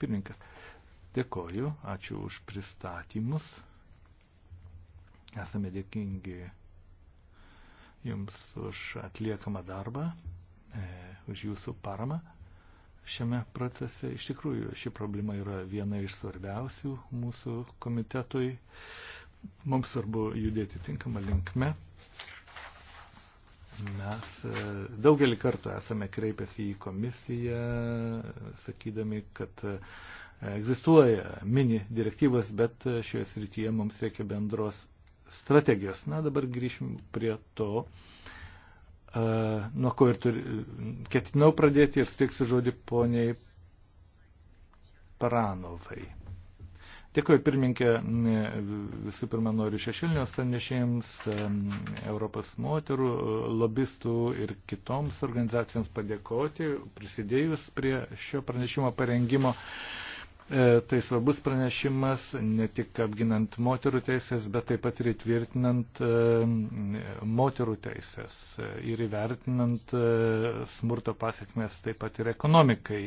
[SPEAKER 1] Pirmininkas, dėkoju, ačiū už pristatymus. Esame dėkingi Jums už atliekamą darbą, e, už Jūsų paramą šiame procese. Iš tikrųjų, ši problema yra viena iš svarbiausių mūsų komitetui. Mums svarbu judėti tinkamą linkme. Mes e, daugelį kartų esame kreipęsi į komisiją, sakydami, kad e, egzistuoja mini direktyvas, bet e, šioje srityje mums reikia bendros strategijos. Na, dabar grįšim prie to, nuo ko ir turi, ketinau pradėti ir steiksiu žodį poniai Paranovai. Dėkuoju pirminkė, visų pirma noriu šešilnios pranešėjams, Europos moterų, lobistų ir kitoms organizacijoms padėkoti, prisidėjus prie šio pranešimo parengimo. E, tai svarbus pranešimas ne tik apginant moterų teisės, bet taip pat ir įtvirtinant e, moterų teisės e, ir įvertinant smurto pasiekmes taip pat ir ekonomikai.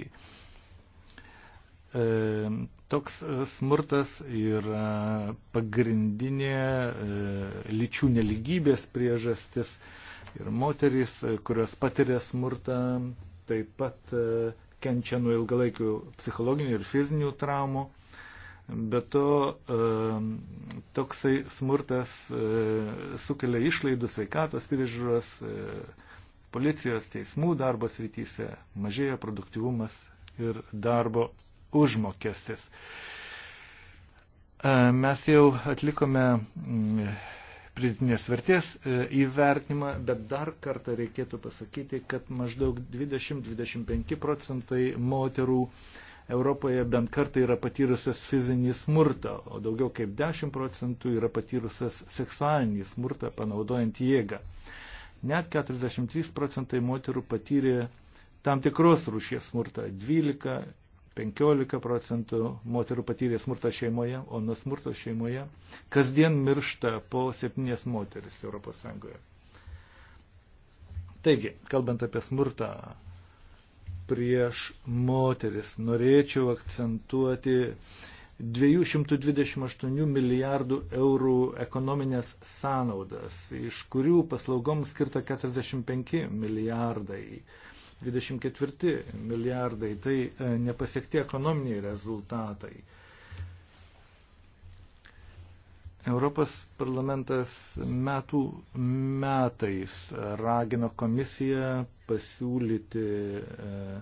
[SPEAKER 1] E, toks e, smurtas yra pagrindinė e, lyčių neligybės priežastis ir moterys, kurios patiria smurtą, taip pat kenčia nuo ilgalaikių psichologinių ir fizinių traumų. Be to, toksai smurtas sukelia išlaidų sveikatos priežiūros, policijos, teismų darbos rytise, mažėja produktivumas ir darbo užmokestis. E, mes jau atlikome mm, pridėtinės vertės e, įvertinimą, bet dar kartą reikėtų pasakyti, kad maždaug 20-25 procentai moterų Europoje bent kartą yra patyrusios fizinį smurtą, o daugiau kaip 10 procentų yra patyrusios seksualinį smurtą panaudojant jėgą. Net 43 procentai moterų patyrė tam tikros rūšies smurtą, 12 15 procentų moterų patyrė smurtą šeimoje, o nuo smurto šeimoje kasdien miršta po 7 moteris ES. Taigi, kalbant apie smurtą prieš moteris, norėčiau akcentuoti 228 milijardų eurų ekonominės sąnaudas, iš kurių paslaugoms skirta 45 milijardai eurų 24 milijardai, tai e, nepasiekti ekonominiai rezultatai. Europos parlamentas metų metais ragino komisiją pasiūlyti e,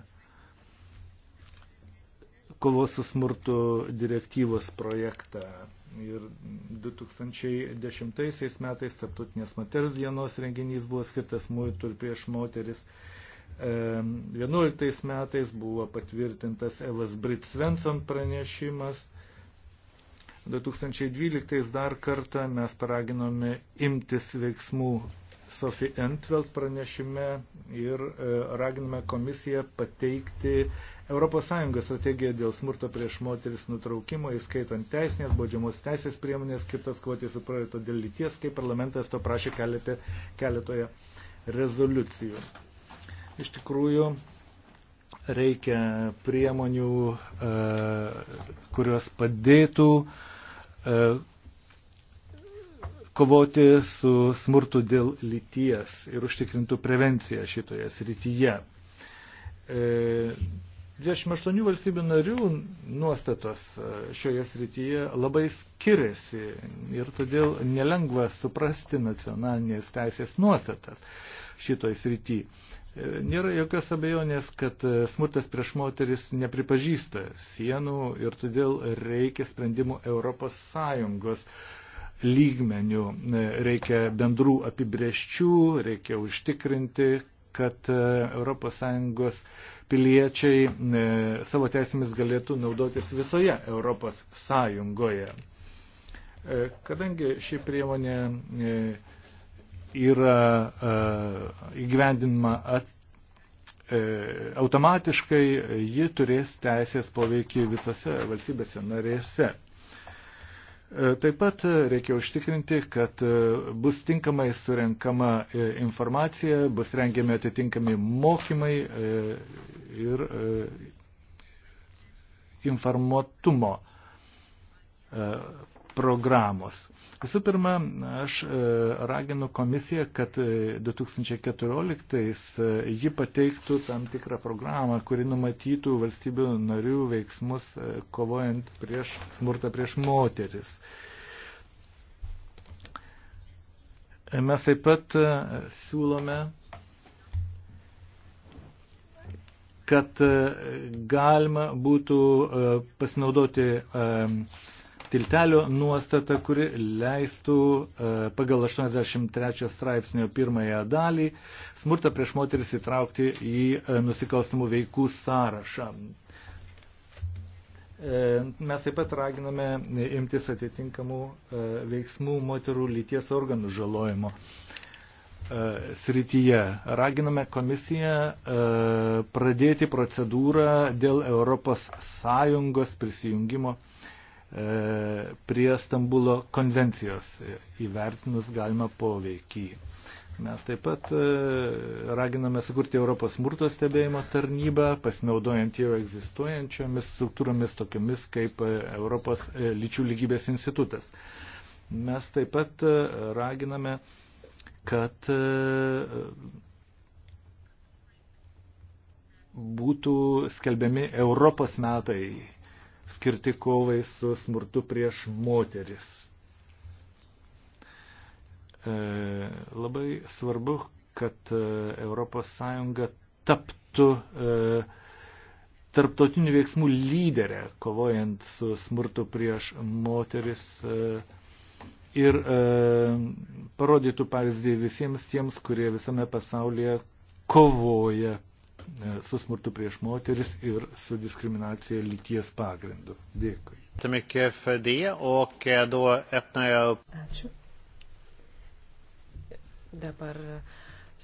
[SPEAKER 1] kovos su smurtu direktyvos projektą. Ir 2010 metais Tartutinės moters dienos renginys buvo skirtas muitų ir prieš moteris. 2011 metais buvo patvirtintas Evas Brit Svensson pranešimas. 2012 dar kartą mes paraginome imtis veiksmų Sophie Entveld pranešime ir e, raginame komisiją pateikti ES strategiją dėl smurto prieš moteris nutraukimo, įskaitant teisinės, baudžiamos teisės priemonės, skirtas kovoti su projekto dėl lyties, kaip parlamentas to prašė keletė, keletoje rezoliucijų. Iš tikrųjų, reikia priemonių, e, kurios padėtų e, kovoti su smurtu dėl lyties ir užtikrintų prevenciją šitoje srityje. 28 e, valstybių narių nuostatos šioje srityje labai skiriasi ir todėl nelengva suprasti nacionalinės teisės nuostatas šitoje srityje. E, nėra jokios abejonės, kad e, smurtas prieš moteris nepripažįsta sienų ir todėl reikia sprendimų ES lygmenių, e, reikia bendrų apibrieščių, reikia užtikrinti, kad ES piliečiai savo teisėmis galėtų naudotis visoje ES. Kadangi ši priemonė yra e, įgyvendinama at, e, automatiškai, ji turės teisės poveikį visose valstybėse narėse. E, taip pat reikia užtikrinti, kad e, bus tinkamai surenkama informacija, bus rengiami atitinkami mokymai ir informuotumo programos. Visų pirma, aš e, raginu komisiją, kad 2014 e, e, ji pateiktų tam tikrą programą, kuri numatytų valstybių narių veiksmus kovojant prieš smurtą prieš moteris. Mes taip pat siūlome kad galima būtų pasinaudoti tiltelio nuostata, kuri leistų e, pagal 83 straipsnio pirmąją dalį smurtą prieš moteris įtraukti į e, nusikalstamų veikų sąrašą. E, mes taip pat raginame imtis atitinkamų veiksmų moterų lyties organų žalojimo srityje. Raginame komisiją pradėti procedūrą dėl ES prisijungimo E, prie Stambulo konvencijos įvertinus galima poveikį. Mes taip pat e, raginame sukurti Europos smurto stebėjimo tarnybą, pasinaudojant jau egzistuojančiomis struktūromis tokiamis kaip e, Europos lyčių lygybės institutas. Mes taip pat raginame, kad būtų skelbiami Europos metai skirti kovai su smurtu prieš moteris. E, labai svarbu, kad ES taptų e, tarptautinių veiksmų lyderę, kovojant su smurtu prieš moteris e, ir e, parodytų pavyzdį visiems tiems, kurie visame pasaulyje kovoja E, su smurtu prieš moteris ir su diskriminacija lyties pagrindu. Dėkui.
[SPEAKER 2] Eh, Ačiū.
[SPEAKER 5] Dabar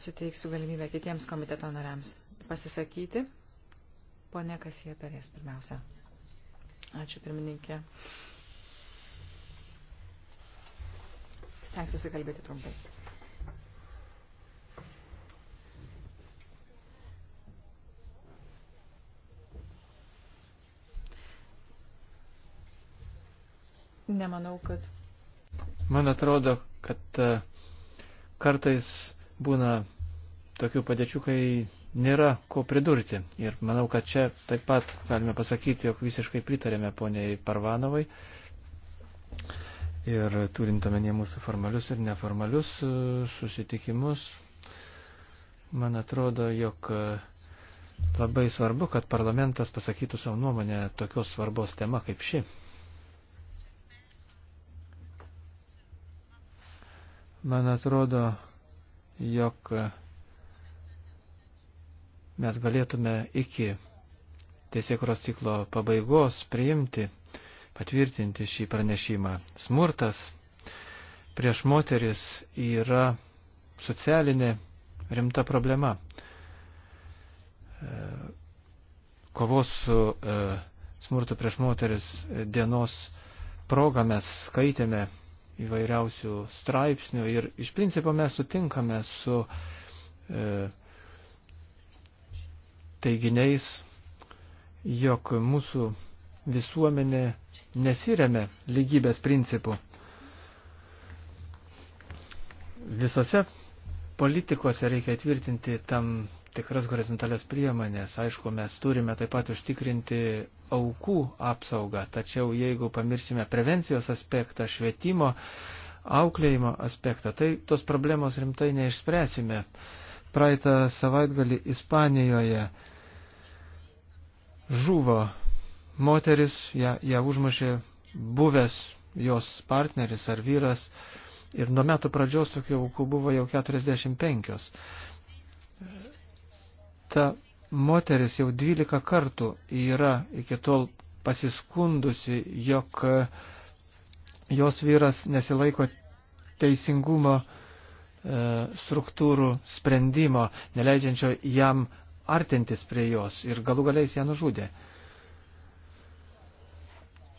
[SPEAKER 5] suteiksiu galimybę kitiems komiteto nariams pasisakyti. Pone Kasija Perės pirmiausia. Ačiū pirmininkė. Stengsiu susikalbėti trumpai. Nemanau, kad.
[SPEAKER 4] Man atrodo, kad e, kartais būna tokių padėčių, kai nėra ko pridurti. Ir manau, kad čia taip pat galime pasakyti, jog visiškai pritarėme poniai Parvanovai. Ir turint omenyje mūsų formalius ir neformalius e, susitikimus, man atrodo, jog e, labai svarbu, kad parlamentas pasakytų savo nuomonę tokios svarbos tema kaip ši. Man atrodo, jog mes galėtume iki tiesiekros ciklo pabaigos priimti, patvirtinti šį pranešimą. Smurtas prieš moteris yra socialinė rimta problema. Kovos su e, smurtu prieš moteris dienos proga mes skaitėme įvairiausių straipsnių ir iš principo mes sutinkame su e, teiginiais, jog mūsų visuomenė nesiremia lygybės principų. Visose politikose reikia tvirtinti tam tikras horizontalias priemonės. Aišku, mes turime taip pat užtikrinti aukų apsaugą, tačiau jeigu pamirsime prevencijos aspektą, švietimo, auklėjimo aspektą, tai tos problemos rimtai neišspręsime. Praeitą savaitgalį Ispanijoje žuvo moteris, ją, ją užmušė buvęs jos partneris ar vyras ir nuo metų pradžios tokių aukų buvo jau 45 ta moteris jau 12 kartų yra iki tol pasiskundusi, jog e, jos vyras nesilaiko teisingumo e, struktūrų sprendimo, neleidžiančio jam artintis prie jos ir galų galiais ją nužudė.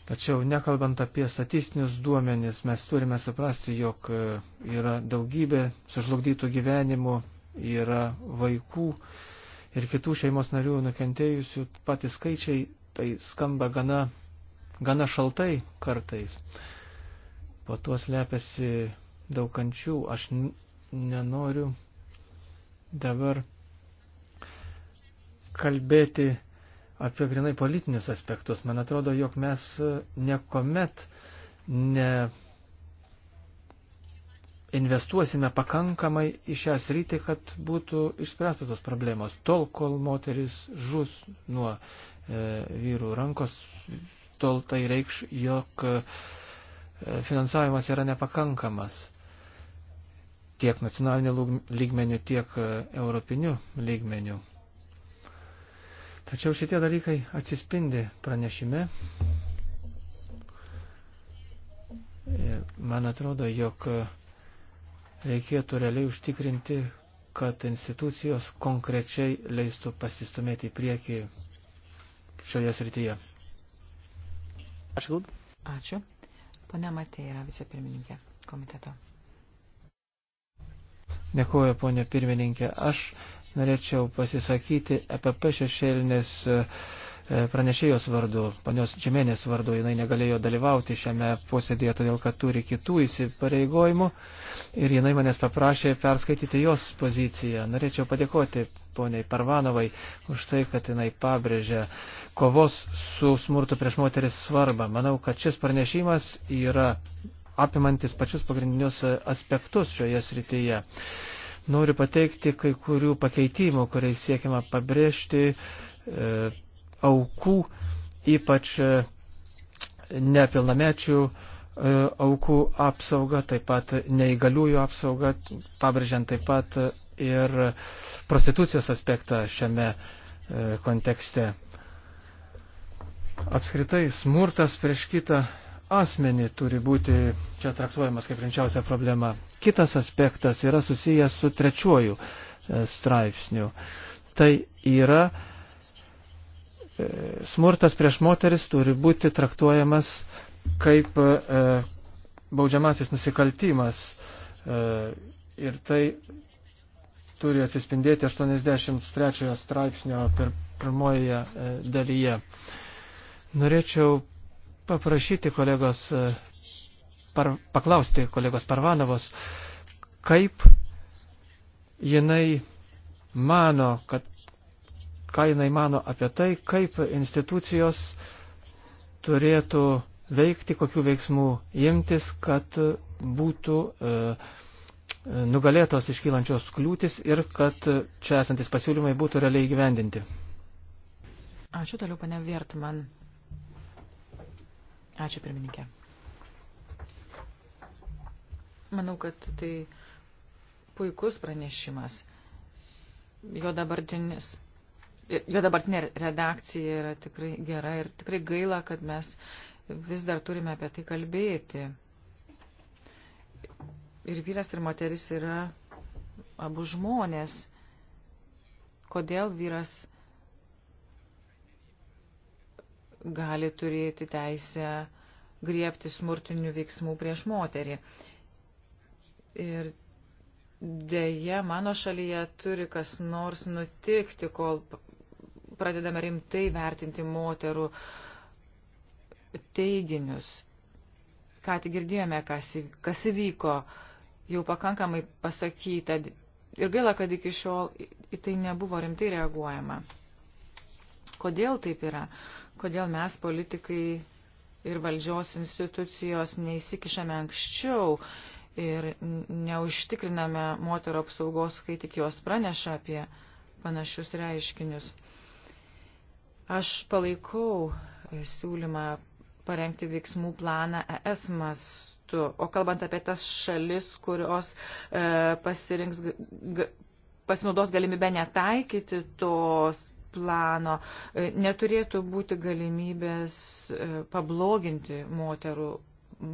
[SPEAKER 4] Tačiau nekalbant apie statistinius duomenis, mes turime suprasti, jog e, yra daugybė sužlugdytų gyvenimų, yra vaikų, ir kitų šeimos narių nukentėjusių patys skaičiai, tai skamba gana, gana šaltai kartais. Po tuo slepiasi daug kančių. Aš nenoriu dabar kalbėti apie grinai politinius aspektus. Man atrodo, jog mes niekuomet ne investuosime pakankamai į šią sritį, kad būtų išspręstos tos problemos. Tol, kol moteris žus nuo e, vyrų rankos, tol tai reikš, jog e, finansavimas yra nepakankamas tiek nacionaliniu lygmeniu, tiek e, europiniu lygmeniu. Tačiau šitie dalykai atsispindi pranešime. E, man atrodo, jog e, reikėtų realiai užtikrinti, kad institucijos konkrečiai leistų pasistumėti į priekį šioje srityje.
[SPEAKER 5] Ačiū. Ačiū. Pane Matė yra vicepirmininkė komiteto.
[SPEAKER 4] Dėkuoju, ponė pirmininkė. Aš norėčiau pasisakyti EPP šešėlinės uh, E, pranešėjos vardu, panios Čemenės vardu, jinai negalėjo dalyvauti šiame posėdėje, todėl kad turi kitų įsipareigojimų ir jinai manęs paprašė perskaityti jos poziciją. Norėčiau padėkoti poniai Parvanovai už tai, kad jinai pabrėžė kovos su smurtu prieš moteris svarbą. Manau, kad šis pranešimas yra apimantis pačius pagrindinius aspektus šioje srityje. Noriu pateikti kai kurių pakeitimų, kuriais siekiama pabrėžti e, aukų, ypač e, nepilnamečių e, aukų apsaugą, taip pat neįgaliųjų apsaugą, pabrėžiant taip pat ir prostitucijos aspektą šiame e, kontekste. Apskritai, smurtas prieš kitą asmenį turi būti čia traktuojamas kaip rimčiausia problema. Kitas aspektas yra susijęs su trečiuoju straipsniu. Tai yra E, smurtas prieš moteris turi būti traktuojamas kaip e, baudžiamasis nusikaltimas. E, ir tai turi atsispindėti 83 straipsnio per pirmoje e, dalyje. Norėčiau paprašyti kolegos, e, par, paklausti kolegos Parvanovos, kaip jinai mano, kad ką jinai mano apie tai, kaip institucijos turėtų veikti, kokiu veiksmu imtis, kad būtų e, e nugalėtos iškylančios kliūtis ir kad čia esantis pasiūlymai būtų realiai gyvendinti.
[SPEAKER 5] Ačiū toliau, pane Vertman. Ačiū, pirmininkė. Manau, kad tai puikus pranešimas. Jo dabartinis jo dabartinė redakcija yra tikrai gera ir tikrai gaila, kad mes vis dar turime apie tai kalbėti. Ir vyras ir moteris yra abu žmonės. Kodėl vyras gali turėti teisę griebti smurtinių veiksmų prieš moterį? Ir dėje mano šalyje turi kas nors nutikti, kol pradedame rimtai vertinti moterų teiginius. Ką tik girdėjome, kas, kas įvyko, jau pakankamai pasakyta ir gaila, kad iki šiol į tai nebuvo rimtai reaguojama. Kodėl taip yra? Kodėl mes politikai ir valdžios institucijos neįsikišame anksčiau ir neužtikriname moterų apsaugos, kai tik jos praneša apie panašius reiškinius. Aš palaikau siūlymą parengti veiksmų planą ES mastu. O kalbant apie tas šalis, kurios e, pasirinks, g, pasinaudos galimybę netaikyti tos plano, e, neturėtų būti galimybės e, pabloginti moterų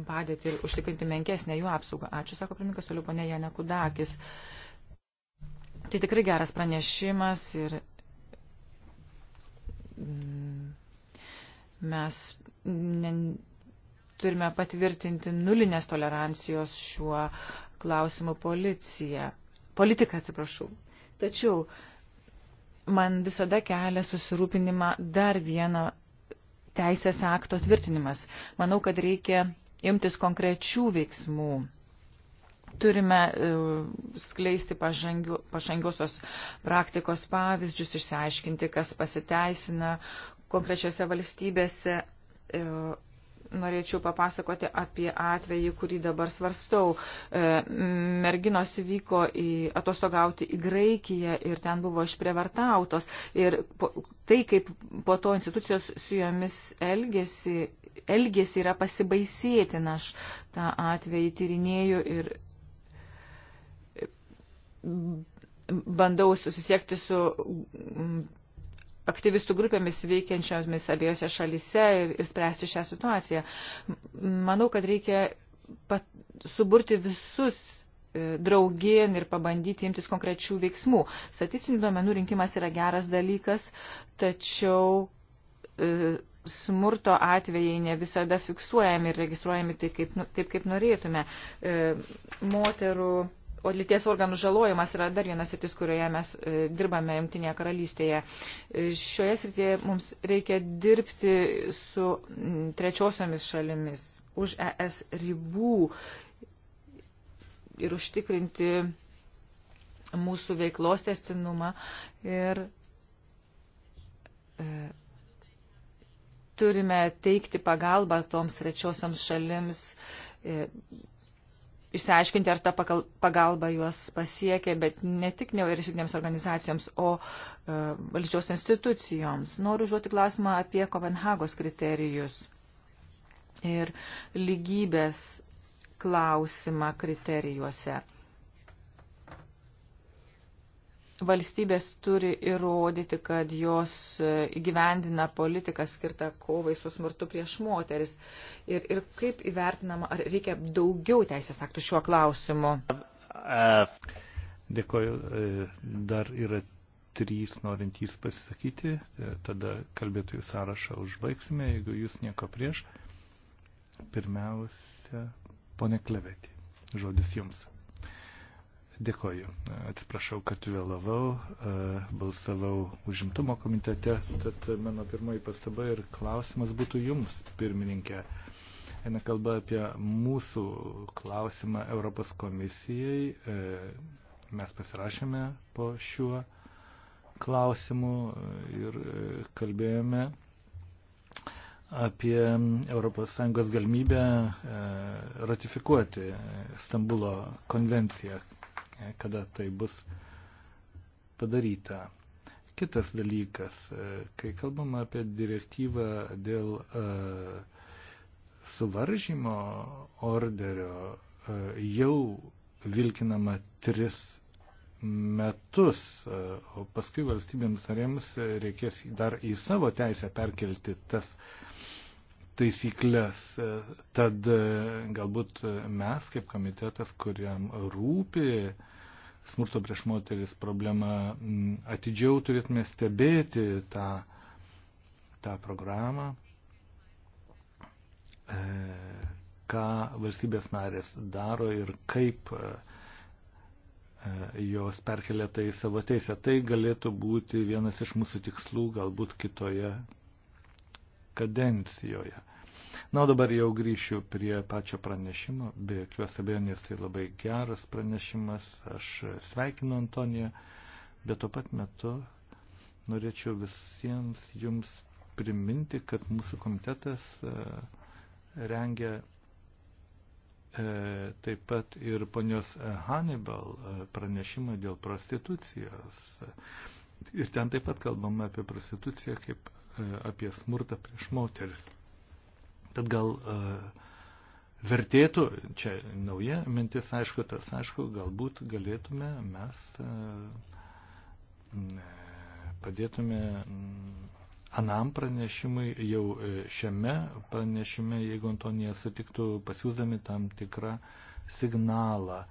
[SPEAKER 5] padėti ir užtikrinti menkesnę jų apsaugą. Ačiū, sako pirmininkas, toliau ponė Jana Kudakis. Tai tikrai geras pranešimas ir Mm, mes ne, turime patvirtinti nulinės tolerancijos šiuo klausimu policiją. Politiką atsiprašau. Tačiau man visada kelia susirūpinimą dar vieną teisės akto tvirtinimas. Manau, kad reikia imtis konkrečių veiksmų Turime e, skleisti pažangiu, pažangiosios praktikos pavyzdžius, išsiaiškinti, kas pasiteisina konkrečiose valstybėse. E, norėčiau papasakoti apie atvejį, kurį dabar svarstau. E, merginos vyko į, atostogauti į Graikiją ir ten buvo išprievartautos. Ir po, tai, kaip po to institucijos su jomis elgėsi elgesį yra pasibaisėtina. Aš tą atvejį tyrinėjau ir bandau susisiekti su mm, aktyvistų grupėmis veikiančiomis abiejose šalise ir, ir spręsti šią situaciją. Manau, kad reikia pat, suburti visus e, draugien ir pabandyti imtis konkrečių veiksmų. Statistinių duomenų rinkimas yra geras dalykas, tačiau e, smurto atvejai ne visada fiksuojami ir registruojami taip, kaip, nu, taip, kaip norėtume. E, moterų O lyties organų žalojimas yra dar vienas sritis, kurioje mes e, dirbame Jungtinėje karalystėje. E, šioje srityje mums reikia dirbti su trečiosiomis šalimis už ES ribų ir užtikrinti mūsų veiklos testinumą ir e, turime teikti pagalbą toms trečiosioms šalims išsiaiškinti, ar ta pagalba juos pasiekė, bet ne tik nevyriausybinėms organizacijoms, o e, valdžios institucijoms. Noriu užduoti klausimą apie Kopenhagos kriterijus ir lygybės klausimą kriterijuose valstybės turi įrodyti, kad jos įgyvendina politiką skirtą kovai su smurtu prieš moteris. Ir, ir kaip įvertinama, ar reikia daugiau teisės aktų šiuo klausimu?
[SPEAKER 1] Dėkoju. E, dar yra trys norintys pasisakyti. E, tada kalbėtojų sąrašą užbaigsime, jeigu jūs nieko prieš. Pirmiausia, ponė Klevetį. Žodis jums. Dėkoju. Atsiprašau, kad vėlavau, e, balsavau užimtumo komitete, tad mano pirmoji pastaba ir klausimas būtų jums, pirmininkė. Eina kalba apie mūsų klausimą Europos komisijai. E, mes pasirašėme po šiuo klausimu ir e, kalbėjome apie ES galimybę ratifikuoti Stambulo konvenciją kada tai bus padaryta. Kitas dalykas, e, kai kalbam apie direktyvą dėl e, suvaržymo orderio, e, jau vilkinama tris metus, o paskui valstybėms narėms reikės dar į savo teisę perkelti tas uh, taisyklės. E, tad e, galbūt e, mes, kaip komitetas, kuriam rūpi smurto prieš moteris problema, atidžiau turėtume stebėti tą, tą programą, ką valstybės narės daro ir kaip jos perkelia tai savo teisę. Tai galėtų būti vienas iš mūsų tikslų, galbūt kitoje kadencijoje. Na, o dabar jau grįšiu prie pačio pranešimo. Be jokios abejonės tai labai geras pranešimas. Aš sveikinu Antoniją, bet tuo pat metu norėčiau visiems jums priminti, kad mūsų komitetas e, rengia e, taip pat ir ponios Hannibal e, pranešimą dėl prostitucijos. Ir ten taip pat kalbama apie prostituciją kaip E, apie smurtą prieš moteris. Tad gal e, vertėtų, čia nauja mintis, aišku, tas aišku, galbūt galėtume mes e, padėtume anam pranešimui, jau šiame pranešime, jeigu Antonija sutiktų, pasiūsdami tam tikrą signalą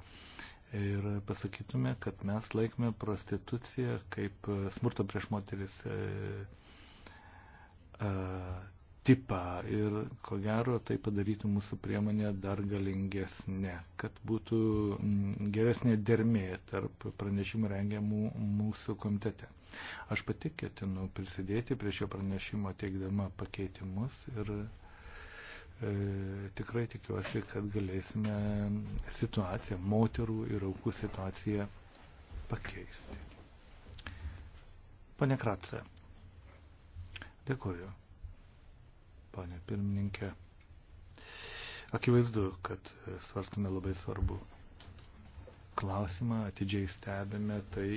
[SPEAKER 1] ir pasakytume, kad mes laikome prostituciją kaip smurto prieš moteris tipą ir ko gero tai padarytų mūsų priemonę dar galingesnė, kad būtų mm, geresnė dermė tarp pranešimų rengiamų mūsų komitete. Aš pati ketinu prisidėti prie šio pranešimo teikdama pakeitimus ir e, tikrai tikiuosi, kad galėsime situaciją, moterų ir aukų situaciją pakeisti. Pane Kratse. Dėkuoju, panė pirmininkė. Akivaizdu, kad svarstame labai svarbu klausimą, atidžiai stebime tai,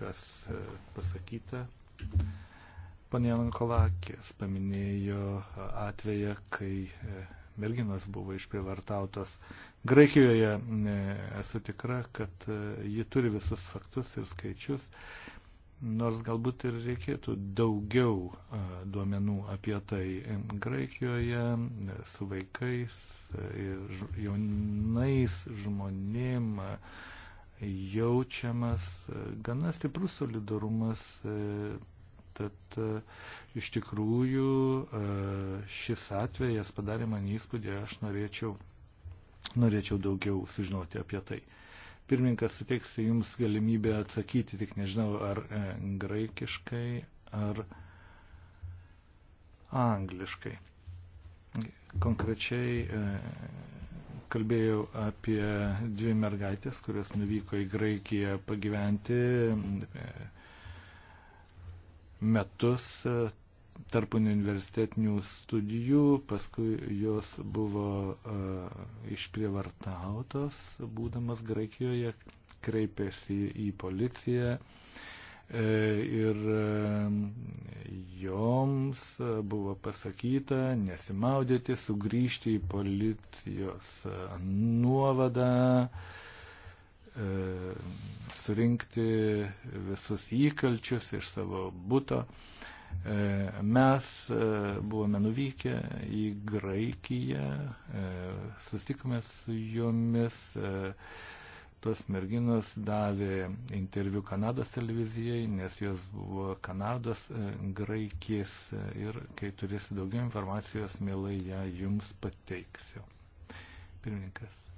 [SPEAKER 1] kas e, pasakyta. Pane Jankolakis paminėjo e, atveją, kai e, merginos buvo išprivartautos. Graikijoje esu tikra, kad ji turi visus faktus ir skaičius nors galbūt ir reikėtų daugiau duomenų apie tai Graikijoje su vaikais ir jaunais žmonėm jaučiamas gana stiprus solidarumas, tad iš tikrųjų šis atvejas padarė man įspūdį, aš norėčiau, norėčiau daugiau sužinoti apie tai. Pirmininkas suteiksiu Jums galimybę atsakyti, tik nežinau, ar e, graikiškai, ar angliškai. Konkrečiai e, kalbėjau apie dvi mergaitės, kurios nuvyko į Graikiją pagyventi e, metus tarp universitetinių studijų, paskui jos buvo uh, išprievartautos, būdamas Graikijoje, kreipėsi į policiją e, ir e, joms buvo pasakyta nesimaudyti, sugrįžti į policijos nuovadą, e, surinkti visus įkalčius iš savo būto. E, mes e, buvome nuvykę į Graikiją, e, sustikome su jomis, tos merginos davė interviu Kanados televizijai, nes jos buvo Kanados graikės ir kai turėsiu daugiau informacijos, mielai ją jums pateiksiu. Pirmininkas.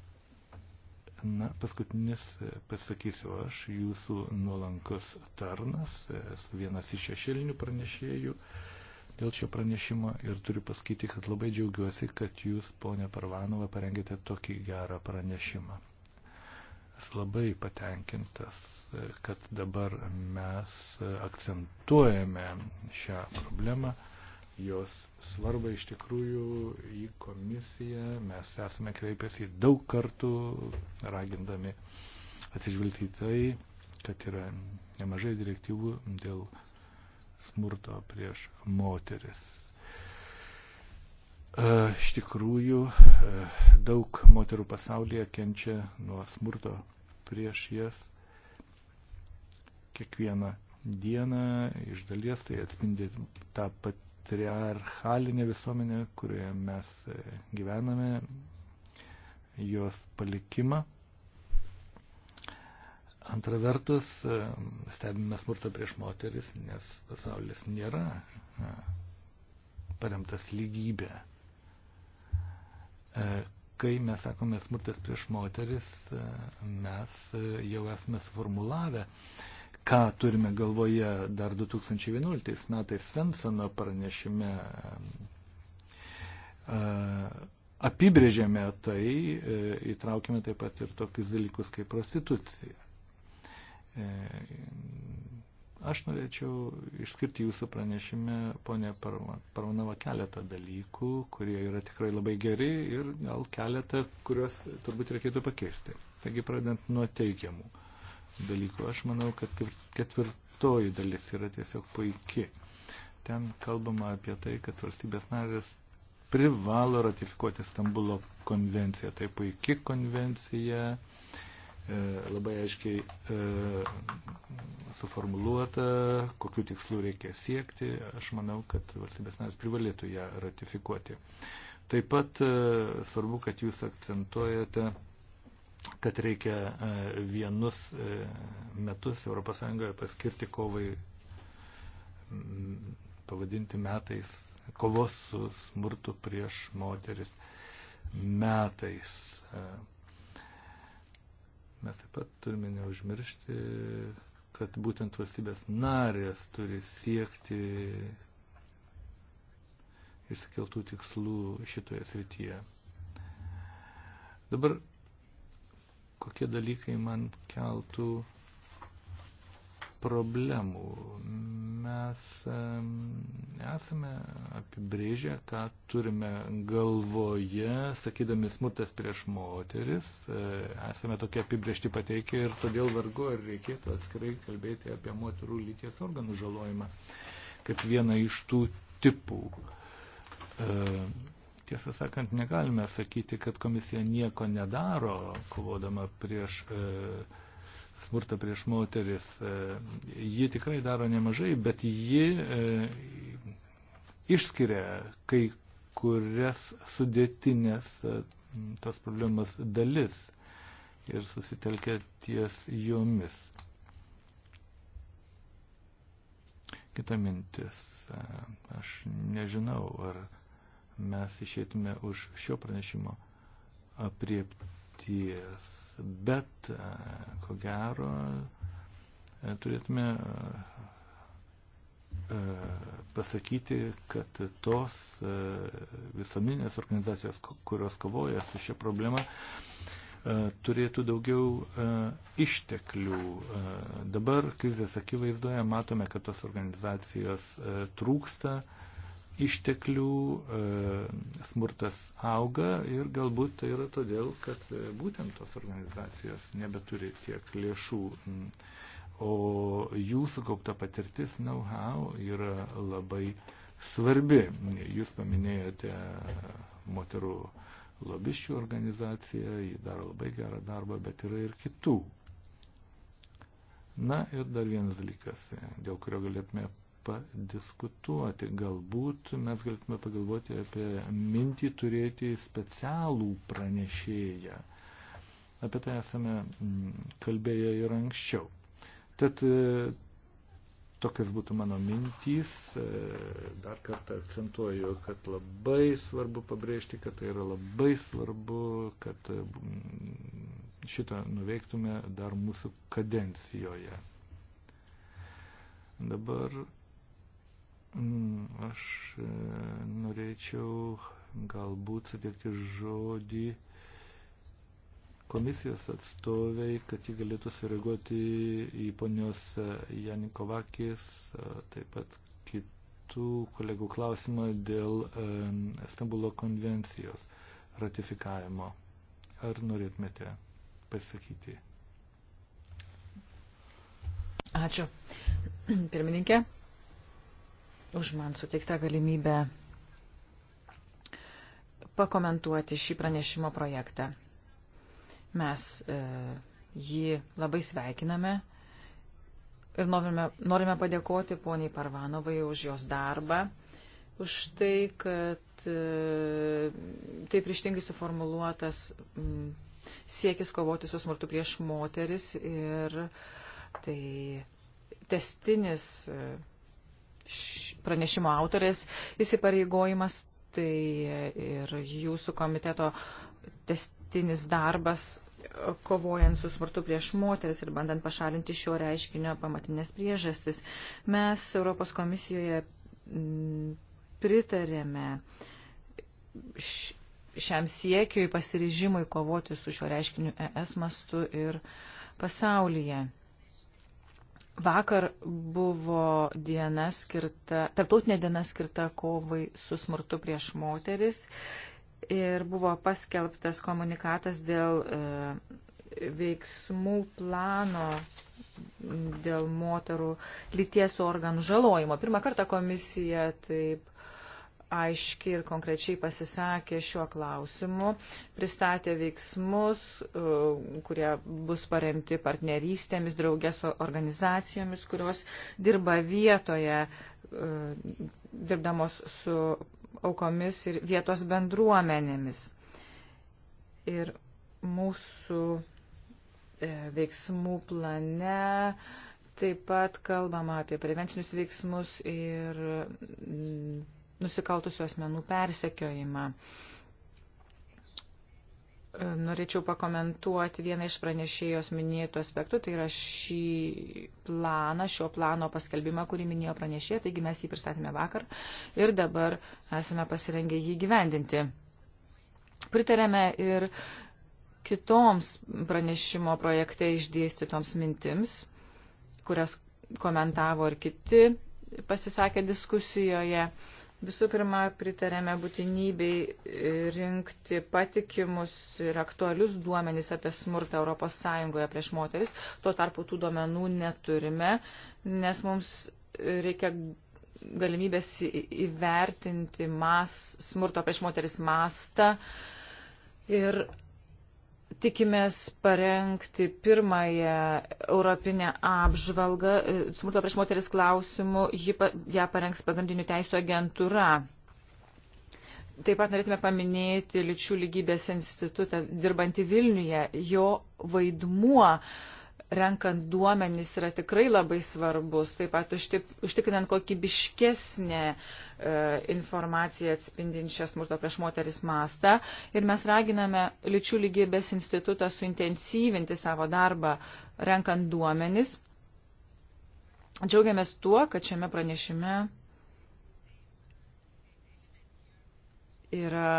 [SPEAKER 1] Na, paskutinis e, pasakysiu aš, jūsų nuolankus tarnas, e, esu vienas iš šešėlinių pranešėjų dėl šio pranešimo ir turiu pasakyti, kad labai džiaugiuosi, kad jūs, ponė Parvanova, parengėte tokį gerą pranešimą. Esu labai patenkintas, e, kad dabar mes akcentuojame šią problemą jos svarbą iš tikrųjų į komisiją. Mes esame kreipęsi daug kartų, ragindami atsižvelgti į tai, kad yra nemažai direktyvų dėl smurto prieš moteris. E, iš tikrųjų, e, daug moterų pasaulyje kenčia nuo smurto prieš jas kiekvieną dieną. Iš dalies tai atspindi tą pat patriarchalinė visuomenė, kurioje mes e, gyvename, jos palikimą. Antra vertus, e, stebime smurtą prieš moteris, nes pasaulis nėra e, paremtas lygybė. Kai mes sakome smurtas prieš moteris, mes jau esame suformulavę ką turime galvoje dar 2011 metais Svensano pranešime e, apibrėžėme tai, e, įtraukime taip pat ir tokius dalykus kaip prostitucija. E, aš norėčiau išskirti jūsų pranešime, ponė Parvanova, keletą dalykų, kurie yra tikrai labai geri ir gal keletą, kuriuos turbūt reikėtų pakeisti. Taigi, pradant nuo teikiamų dalykų. Aš manau, kad ketvirtoji dalis yra tiesiog puiki. Ten kalbama apie tai, kad valstybės narės privalo ratifikuoti Stambulo konvenciją. Tai puiki konvencija, e, labai aiškiai e, suformuluota, kokiu tikslu reikia siekti. Aš manau, kad valstybės narės privalėtų ją ratifikuoti. Taip pat e, svarbu, kad jūs akcentuojate kad reikia e, vienus e, metus ES paskirti kovai, pavadinti metais, kovos su smurtu prieš moteris metais. E. Mes taip pat turime neužmiršti, kad būtent valstybės narės turi siekti išsikeltų tikslų šitoje srityje. Dabar kokie dalykai man keltų problemų. Mes esame apibrėžę, ką turime galvoje, sakydami smurtas prieš moteris. E, esame tokie apibrėžti pateikę ir todėl vargu ar reikėtų atskirai kalbėti apie moterų lyties organų žalojimą kaip vieną iš tų tipų. Uh, Tiesą sakant, negalime sakyti, kad komisija nieko nedaro, kovodama prieš e, smurtą prieš moteris. E, ji tikrai daro nemažai, bet ji e, išskiria kai kurias sudėtinės e, tos problemas dalis ir susitelkia ties jomis. Kita mintis. E, aš nežinau, ar mes išėtume už šio pranešimo apriepties. Bet, e, ko gero, e, turėtume e, pasakyti, kad tos visuomeninės organizacijos, kurios kovoja su šia problema, turėtų daugiau išteklių. Dabar krizės akivaizdoje matome, kad tos organizacijos trūksta, išteklių, e, smurtas auga ir galbūt tai yra todėl, kad e, būtent tos organizacijos nebeturi tiek lėšų, mm. o jų sukaupta patirtis, know-how yra labai svarbi. Jūs paminėjote moterų lobiščių organizaciją, ji daro labai gerą darbą, bet yra ir kitų. Na ir dar vienas dalykas, dėl kurio galėtume padiskutuoti. Galbūt mes galėtume pagalvoti apie mintį turėti specialų pranešėją. Apie tai esame mm, kalbėję ir anksčiau. Tad e, tokias būtų mano mintys. E, dar kartą akcentuoju, kad labai svarbu pabrėžti, kad tai yra labai svarbu, kad e, mm, šitą nuveiktume dar mūsų kadencijoje. Dabar Mm, aš e, norėčiau galbūt suteikti žodį komisijos atstoviai, kad ji galėtų sureaguoti į ponios Janikovakis, e, taip pat kitų kolegų klausimą dėl e, Stambulo konvencijos ratifikavimo. Ar norėtumėte pasakyti?
[SPEAKER 5] Ačiū. [CLEARS THROAT] Pirmininkė, už man suteiktą galimybę pakomentuoti šį pranešimo projektą. Mes e, jį labai sveikiname ir norime, norime padėkoti poniai Parvanovai už jos darbą, už tai, kad e, taip ryštingai suformuluotas m, siekis kovoti su smurtu prieš moteris ir tai testinis. E, pranešimo autorės įsipareigojimas, tai ir jūsų komiteto testinis darbas e, kovojant su smurtu prieš moteris ir bandant pašalinti šio reiškinio pamatinės priežastis. Mes Europos komisijoje pritarėme šiam siekiui pasirižimui kovoti su šio reiškiniu ES mastu ir pasaulyje. Vakar buvo diena skirta, tarptautinė diena skirta kovai su smurtu prieš moteris ir buvo paskelbtas komunikatas dėl e, veiksmų plano dėl moterų lyties organų žalojimo. Pirmą kartą komisija taip aiškiai ir konkrečiai pasisakė šiuo klausimu, pristatė veiksmus, e, kurie bus paremti partnerystėmis, draugės organizacijomis, kurios dirba vietoje, e, dirbdamos su aukomis ir vietos bendruomenėmis. Ir mūsų e, veiksmų plane taip pat kalbama apie prevencinius veiksmus ir nusikaltusių asmenų persekiojimą. Norėčiau pakomentuoti vieną iš pranešėjos minėtų aspektų, tai yra šį planą, šio plano paskelbimą, kurį minėjo pranešėja, taigi mes jį pristatėme vakar ir dabar esame pasirengę jį gyvendinti. Pritarėme ir kitoms pranešimo projekte išdėstytoms mintims, kurias komentavo ir kiti pasisakę diskusijoje. Visų pirma, pritarėme būtinybei rinkti patikimus ir aktualius duomenys apie smurtą ES prieš moteris. Tuo tarpu tų duomenų neturime, nes mums reikia galimybės įvertinti mas, smurto prieš moteris mastą ir tikimės parengti pirmąją europinę apžvalgą e, smurto prieš moteris klausimų, ji, ją parengs pagrindinių teisų agentūra. Taip pat norėtume paminėti lyčių lygybės institutą dirbantį Vilniuje, jo vaidmuo uh, renkant duomenys yra tikrai labai svarbus, taip pat užtikrinant kokybiškesnę e, informaciją atspindinčią smurto prieš moteris mastą. Ir mes raginame lyčių lygybės institutą suintensyvinti savo darbą renkant duomenys. Džiaugiamės tuo, kad šiame pranešime yra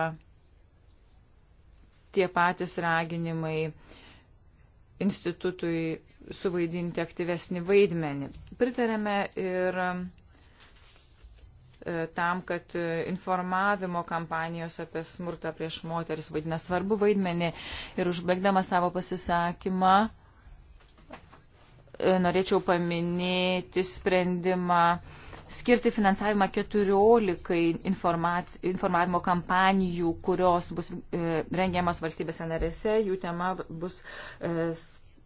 [SPEAKER 5] tie patys raginimai institutui suvaidinti aktyvesnį vaidmenį. Pritarėme ir e, tam, kad informavimo kampanijos apie smurtą prieš moteris vaidina svarbu vaidmenį. Ir užbaigdama savo pasisakymą, e, norėčiau paminėti sprendimą skirti finansavimą 14 informavimo kampanijų, kurios bus e, rengiamas valstybėse narėse. Jų tema bus e,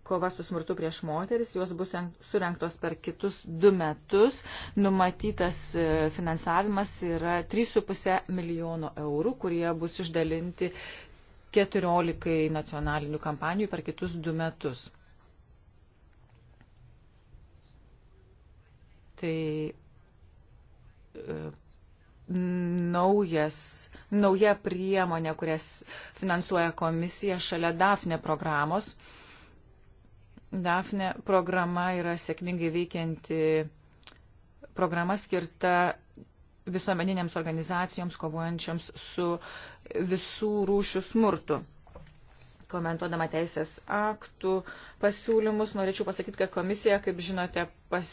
[SPEAKER 5] kova su smurtu prieš moteris, jos bus surinktos per kitus du metus. Numatytas e, finansavimas yra 3,5 milijono eurų, kurie bus išdalinti 14 nacionalinių kampanijų per kitus du metus. Tai naujas, nauja priemonė, kurias finansuoja komisija šalia DAFNE programos. DAFNE programa yra sėkmingai veikianti programa skirta visuomeninėms organizacijoms kovojančioms su visų rūšių smurtu komentuodama teisės aktų pasiūlymus, norėčiau pasakyti, kad komisija, kaip žinote, pas,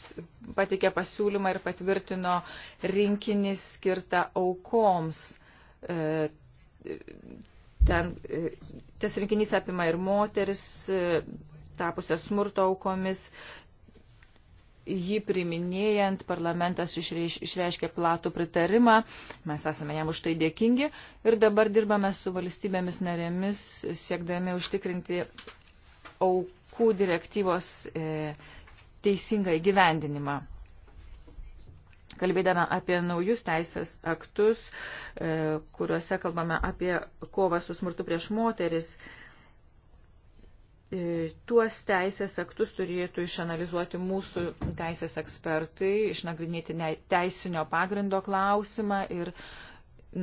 [SPEAKER 5] patikė pasiūlymą ir patvirtino rinkinį skirtą aukoms. E, ten, e, tas rinkinys apima ir moteris e, tapusias smurto aukomis, jį priminėjant parlamentas išreiškė platų pritarimą, mes esame jam už tai dėkingi ir dabar dirbame su valstybėmis narėmis, siekdami užtikrinti aukų direktyvos e, teisingą įgyvendinimą. Kalbėdama apie naujus teisės aktus, e, kuriuose kalbame apie kovą su smurtu prieš moteris, E, tuos teisės aktus turėtų išanalizuoti mūsų teisės ekspertai, išnagrinėti teisinio pagrindo klausimą ir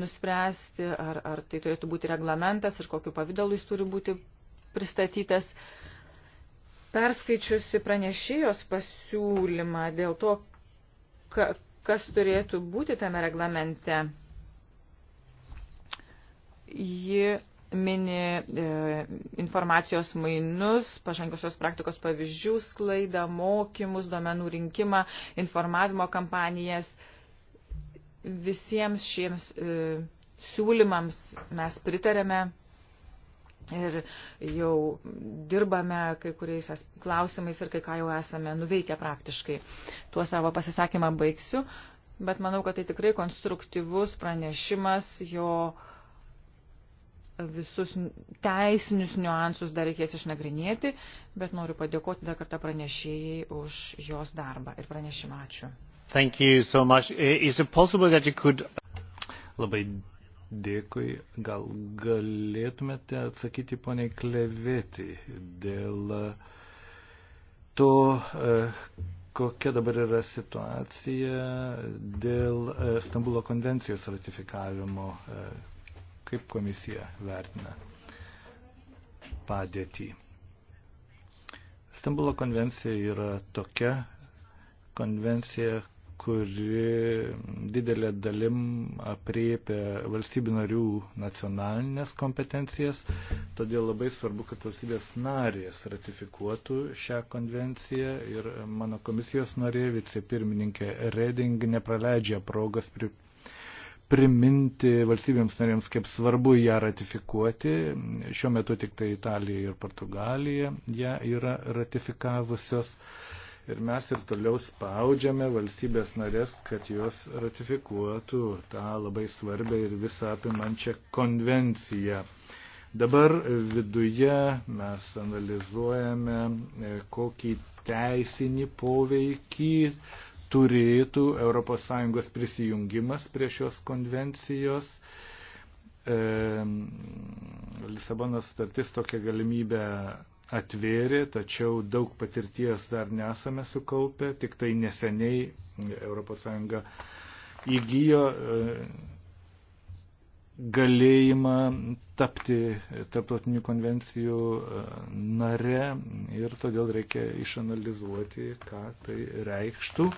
[SPEAKER 5] nuspręsti, ar, ar tai turėtų būti reglamentas ir kokiu pavydalu jis turi būti pristatytas. Perskaičiusi pranešėjos pasiūlymą dėl to, ka, kas turėtų būti tame reglamente, ji mini e, informacijos mainus, pažangiosios praktikos pavyzdžių sklaidą, mokymus, duomenų rinkimą, informavimo kampanijas. Visiems šiems e, siūlymams mes pritarėme ir jau dirbame kai kuriais klausimais ir kai ką jau esame nuveikę praktiškai. Tuo savo pasisakymą baigsiu, bet manau, kad tai tikrai konstruktyvus pranešimas jo. Jo visus teisinius niuansus dar reikės išnagrinėti, bet noriu padėkoti dar kartą pranešėjai už jos darbą ir pranešimą. Ačiū.
[SPEAKER 2] Thank you so much. Is it possible that you could... Labai
[SPEAKER 1] dėkui. Gal galėtumėte atsakyti poniai klevėti dėl uh, to, uh, kokia dabar yra situacija dėl uh, Stambulo konvencijos ratifikavimo kaip komisija vertina padėtį. Stambulo konvencija yra tokia konvencija, kuri didelė dalim apriepia valstybių narių nacionalinės kompetencijas, todėl labai svarbu, kad valstybės narės ratifikuotų šią konvenciją ir mano komisijos narė, vicepirmininkė Reding, nepraleidžia progos pri, priminti valstybėms narėms, kaip svarbu ją ratifikuoti. Šiuo metu tik tai Italija ir Portugalija ją yra ratifikavusios. Ir mes ir toliau spaudžiame valstybės narės, kad jos ratifikuotų tą labai svarbę ir visą apimančią konvenciją. Dabar viduje mes analizuojame, e, kokį teisinį poveikį uh, turėtų ES prisijungimas prie šios konvencijos. E, Lisabonos sutartis tokią galimybę atvėrė, tačiau daug patirties dar nesame sukaupę, tik tai neseniai ES įgyjo e, galėjimą tapti tarptautinių konvencijų e, nare ir todėl reikia išanalizuoti, ką tai reikštų.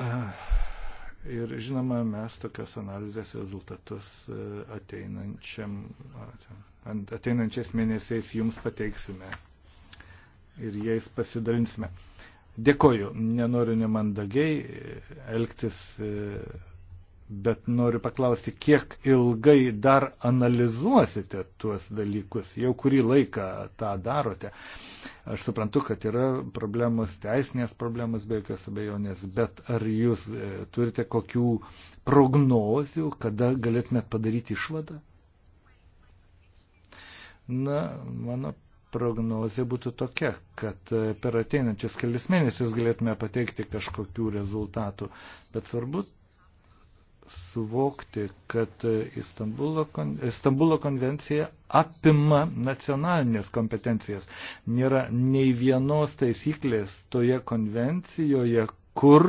[SPEAKER 1] Ah, ir žinoma, mes tokios analizės rezultatus e, ateinančiais mėnesiais jums pateiksime ir jais pasidalinsime. Dėkoju, nenoriu nemandagiai e, elgtis e, bet noriu paklausti, kiek ilgai dar analizuosite tuos dalykus, jau kurį laiką tą darote. Aš suprantu, kad yra problemos, teisinės problemos be jokios abejonės, bet ar jūs e, turite kokių prognozių, kada galėtumėt padaryti išvadą? Na, mano prognozija būtų tokia, kad e, per ateinančius kelias mėnesius galėtume pateikti kažkokių rezultatų. Bet svarbu suvokti, kad Istanbulo, Istanbulo konvencija apima nacionalinės kompetencijas. Nėra nei vienos taisyklės toje konvencijoje, kur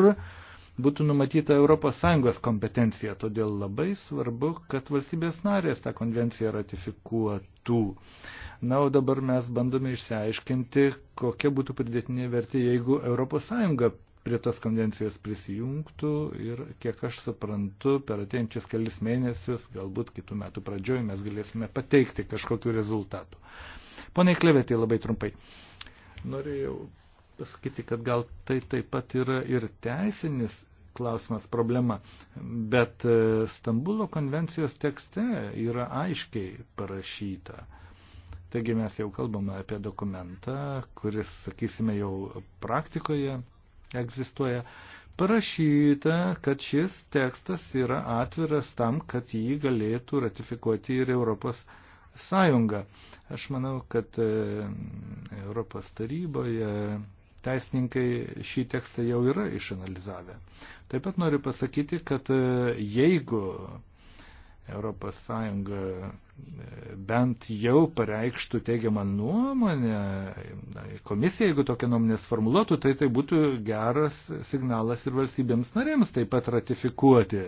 [SPEAKER 1] būtų numatyta ES kompetencija. Todėl labai svarbu, kad valstybės narės tą konvenciją ratifikuotų. Na, o dabar mes bandome išsiaiškinti, kokia būtų pridėtinė vertė, jeigu ES prie tos konvencijos prisijungtų ir, kiek aš suprantu, per ateinčius kelis mėnesius, galbūt kitų metų pradžioj mes galėsime pateikti kažkokiu rezultatu. Pone Klevetė, labai trumpai. Norėjau pasakyti, kad gal tai taip pat yra ir teisinis klausimas problema, bet e, Stambulo konvencijos tekste yra aiškiai parašyta, Taigi mes jau kalbame apie dokumentą, kuris, sakysime, jau praktikoje egzistuoja, parašyta, kad šis tekstas yra atviras tam, kad jį galėtų ratifikuoti ir Europos Sąjunga. Aš manau, kad e, Europos taryboje teisininkai šį tekstą jau yra išanalizavę. Taip pat noriu pasakyti, kad e, jeigu ES e, bent jau pareikštų teigiamą nuomonę, komisija, jeigu tokią nuomonę sformuluotų, tai tai būtų geras signalas ir valstybėms narėms taip pat ratifikuoti.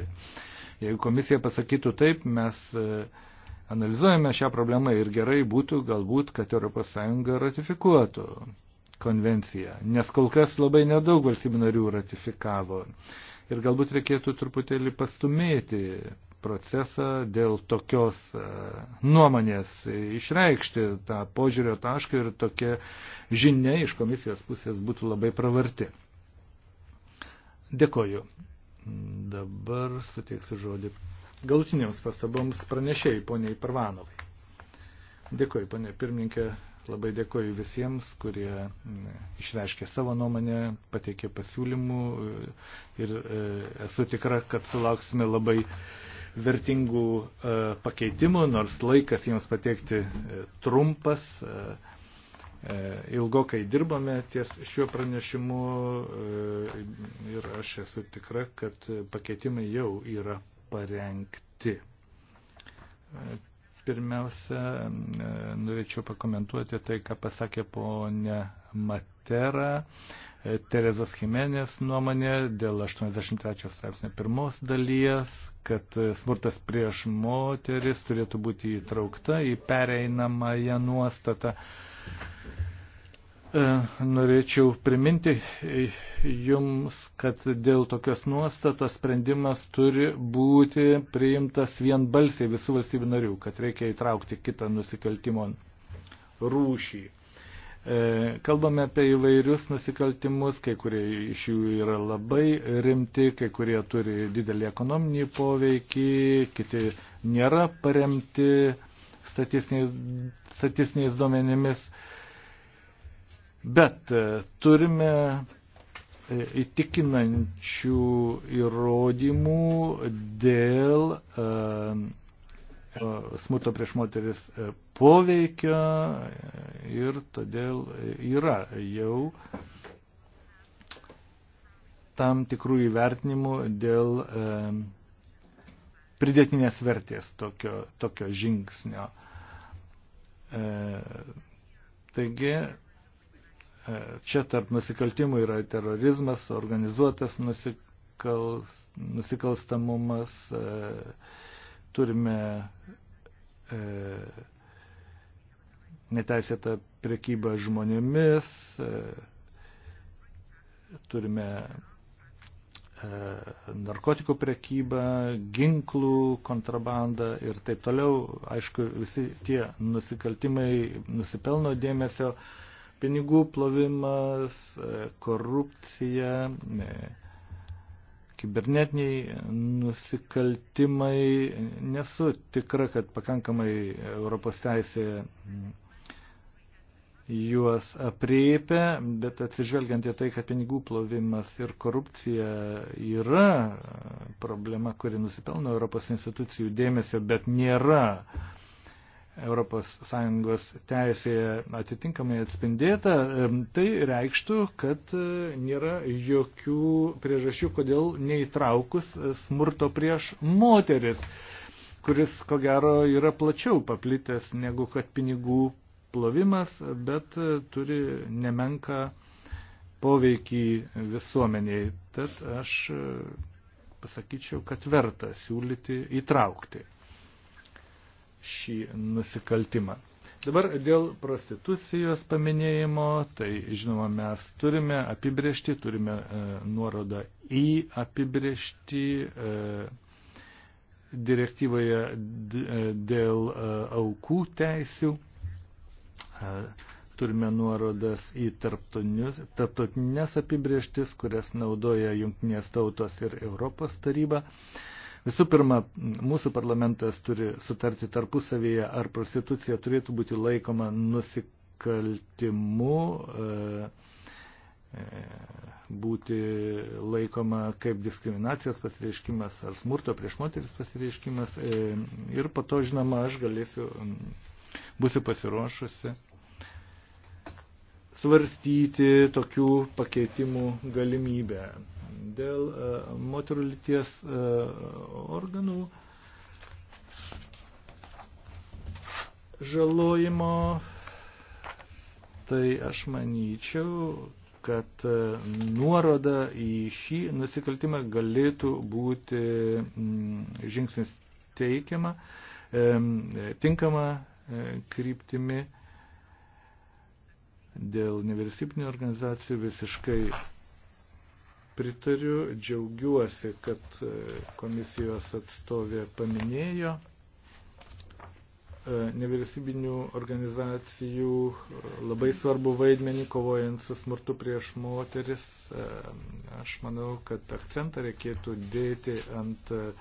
[SPEAKER 1] Jeigu komisija pasakytų taip, mes e, analizuojame šią problemą ir gerai būtų galbūt, kad ES ratifikuotų konvenciją, nes kol kas labai nedaug valstybių narių ratifikavo. Ir galbūt reikėtų truputėlį pastumėti procesą dėl tokios e, nuomonės išreikšti tą požiūrio tašką ir tokia žinia iš komisijos pusės būtų labai pravarti. Dėkoju. Dabar suteiksiu žodį galutiniams pastaboms pranešėjai, poniai Parvanovai. Dėkoju, ponė pirmininkė, labai dėkoju visiems, kurie išreiškė savo nuomonę, pateikė pasiūlymų ir e, esu tikra, kad sulauksime labai vertingų e, pakeitimų, nors laikas jiems pateikti e, trumpas. E, ilgokai dirbame ties šiuo pranešimu ir aš esu tikra, kad pakeitimai jau yra parengti. Pirmiausia, norėčiau pakomentuoti tai, ką pasakė ponia Matera. Terezos Jimenės nuomonė dėl 83 straipsnio pirmos dalies, kad smurtas prieš moteris turėtų būti įtraukta į pereinamąją nuostatą. E, norėčiau priminti jums, kad dėl tokios nuostatos sprendimas turi būti priimtas vienbalsiai visų valstybių narių, kad reikia įtraukti kitą nusikaltimo rūšį. E, kalbame apie įvairius nusikaltimus, kai kurie iš jų yra labai rimti, kai kurie turi didelį ekonominį poveikį, kiti nėra paremti statistiniais, statistiniais duomenimis. Bet e, turime e, įtikinančių įrodymų dėl smurto prieš moteris poveikio ir todėl yra jau tam tikrų įvertinimų dėl e, pridėtinės vertės tokio, tokio žingsnio. E, taigi, e, čia tarp nusikaltimų yra terorizmas, organizuotas nusikals, nusikalstamumas, e, turime e, neteisėtą prekybą žmonėmis, e, turime e, narkotikų prekybą, ginklų kontrabandą ir taip toliau. Aišku, visi tie nusikaltimai nusipelno dėmesio, pinigų plovimas, e, korupcija, kibernetiniai nusikaltimai. Nesu tikra, kad pakankamai Europos teisė juos apriepia, bet atsižvelgiant į tai, kad pinigų plovimas ir korupcija yra problema, kuri nusipelno Europos institucijų dėmesio, bet nėra ES teisėje atitinkamai atspindėta, tai reikštų, kad e, nėra jokių priežasčių, kodėl neįtraukus smurto prieš moteris kuris, ko gero, yra plačiau paplitęs negu kad pinigų plovimas, bet turi nemenka poveikį visuomeniai. Tad aš pasakyčiau, kad verta siūlyti įtraukti šį nusikaltimą. Dabar dėl prostitucijos paminėjimo, tai žinoma, mes turime apibriežti, turime e, nuorodą į apibriežti e, direktyvoje e, dėl e, aukų teisių. Turime nuorodas į tarptautinės apibrieštis, kurias naudoja Junktinės tautos ir Europos taryba. Visų pirma, mūsų parlamentas turi sutarti tarpusavyje, ar prostitucija turėtų būti laikoma nusikaltimu, e, e, būti laikoma kaip diskriminacijos pasireiškimas ar smurto prieš moteris pasireiškimas. E, ir po to, žinoma, aš galėsiu būsiu pasiruošusi svarstyti tokių pakeitimų galimybę. Dėl e, moterų lyties e, organų žalojimo, tai aš manyčiau, kad e, nuoroda į šį nusikaltimą galėtų būti mm, žingsnis teikiama, tinkama E, kryptimi. Dėl nevyriausybinio organizacijų visiškai pritariu, džiaugiuosi, kad e, komisijos atstovė paminėjo e, nevyriausybinių organizacijų labai svarbu vaidmenį kovojant su smurtu prieš moteris. Aš manau, kad akcentą reikėtų dėti ant uh,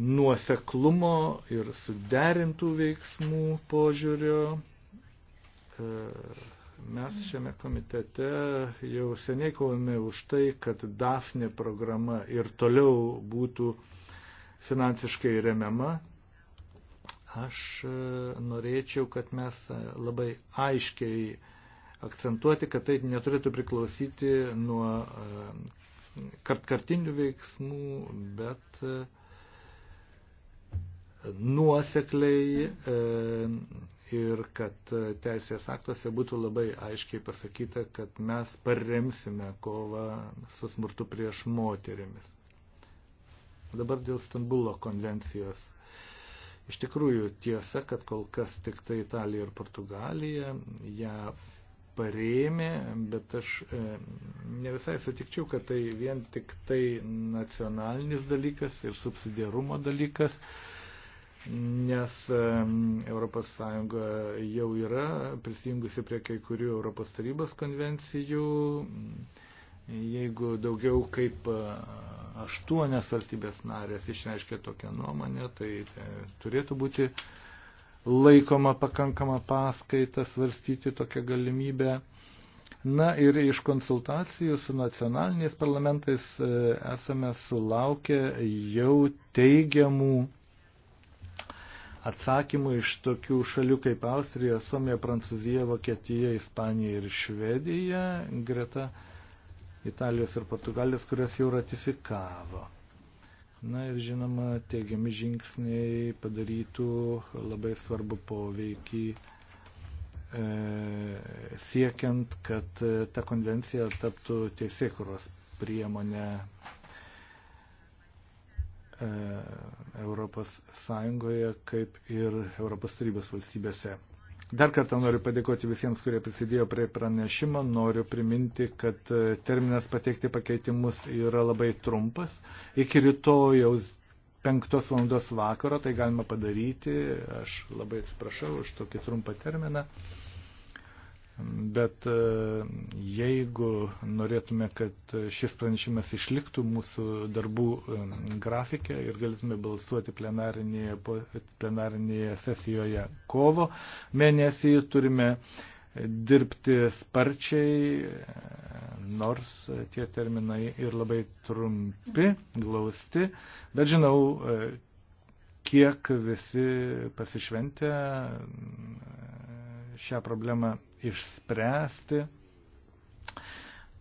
[SPEAKER 1] nuoseklumo ir suderintų veiksmų požiūrio. E, mes šiame komitete jau seniai kovome už tai, kad DAFNE programa ir toliau būtų finansiškai remiama. Aš e, norėčiau, kad mes e, labai aiškiai akcentuoti, kad tai neturėtų priklausyti nuo kartkartinių veiksmų, bet uh, nuosekliai e, ir kad teisės aktuose būtų labai aiškiai pasakyta, kad mes paremsime kovą su smurtu prieš moterimis. Dabar dėl Stambulo konvencijos. Iš tikrųjų tiesa, kad kol kas tik tai Italija ir Portugalija ją parėmė, bet aš e, ne visai sutikčiau, kad tai vien tik tai nacionalinis dalykas ir subsidiarumo dalykas. E, nes ES jau yra prisijungusi prie kai kurių Europos tarybos konvencijų. Jeigu daugiau kaip e, aštuonias valstybės narės išreiškia tokią nuomonę, tai, tai turėtų būti laikoma pakankama paskaita svarstyti tokią galimybę. Na ir iš konsultacijų su nacionaliniais parlamentais e, esame sulaukę jau teigiamų atsakymų iš tokių šalių kaip Austrija, Suomija, Prancūzija, Vokietija, Ispanija ir Švedija, greta Italijos ir Portugalijos, kurias jau ratifikavo. Na ir žinoma, teigiami žingsniai padarytų labai svarbu poveikį e, siekiant, kad ta konvencija taptų teisėkuros priemonę ES kaip ir ES valstybėse. Dar kartą noriu padėkoti visiems, kurie prisidėjo prie pranešimo. Noriu priminti, kad e, terminas pateikti pakeitimus yra labai trumpas. Iki rytojaus 5 valandos vakaro tai galima padaryti. Aš labai atsiprašau už tokį trumpą terminą. Bet e, jeigu norėtume, kad šis pranešimas išliktų mūsų darbų e, grafikė ir galėtume balsuoti plenarinėje, plenarinėje sesijoje kovo mėnesį, turime dirbti sparčiai, e, nors tie terminai ir labai trumpi, glausti, bet žinau, kiek visi pasišventę šią problemą išspręsti.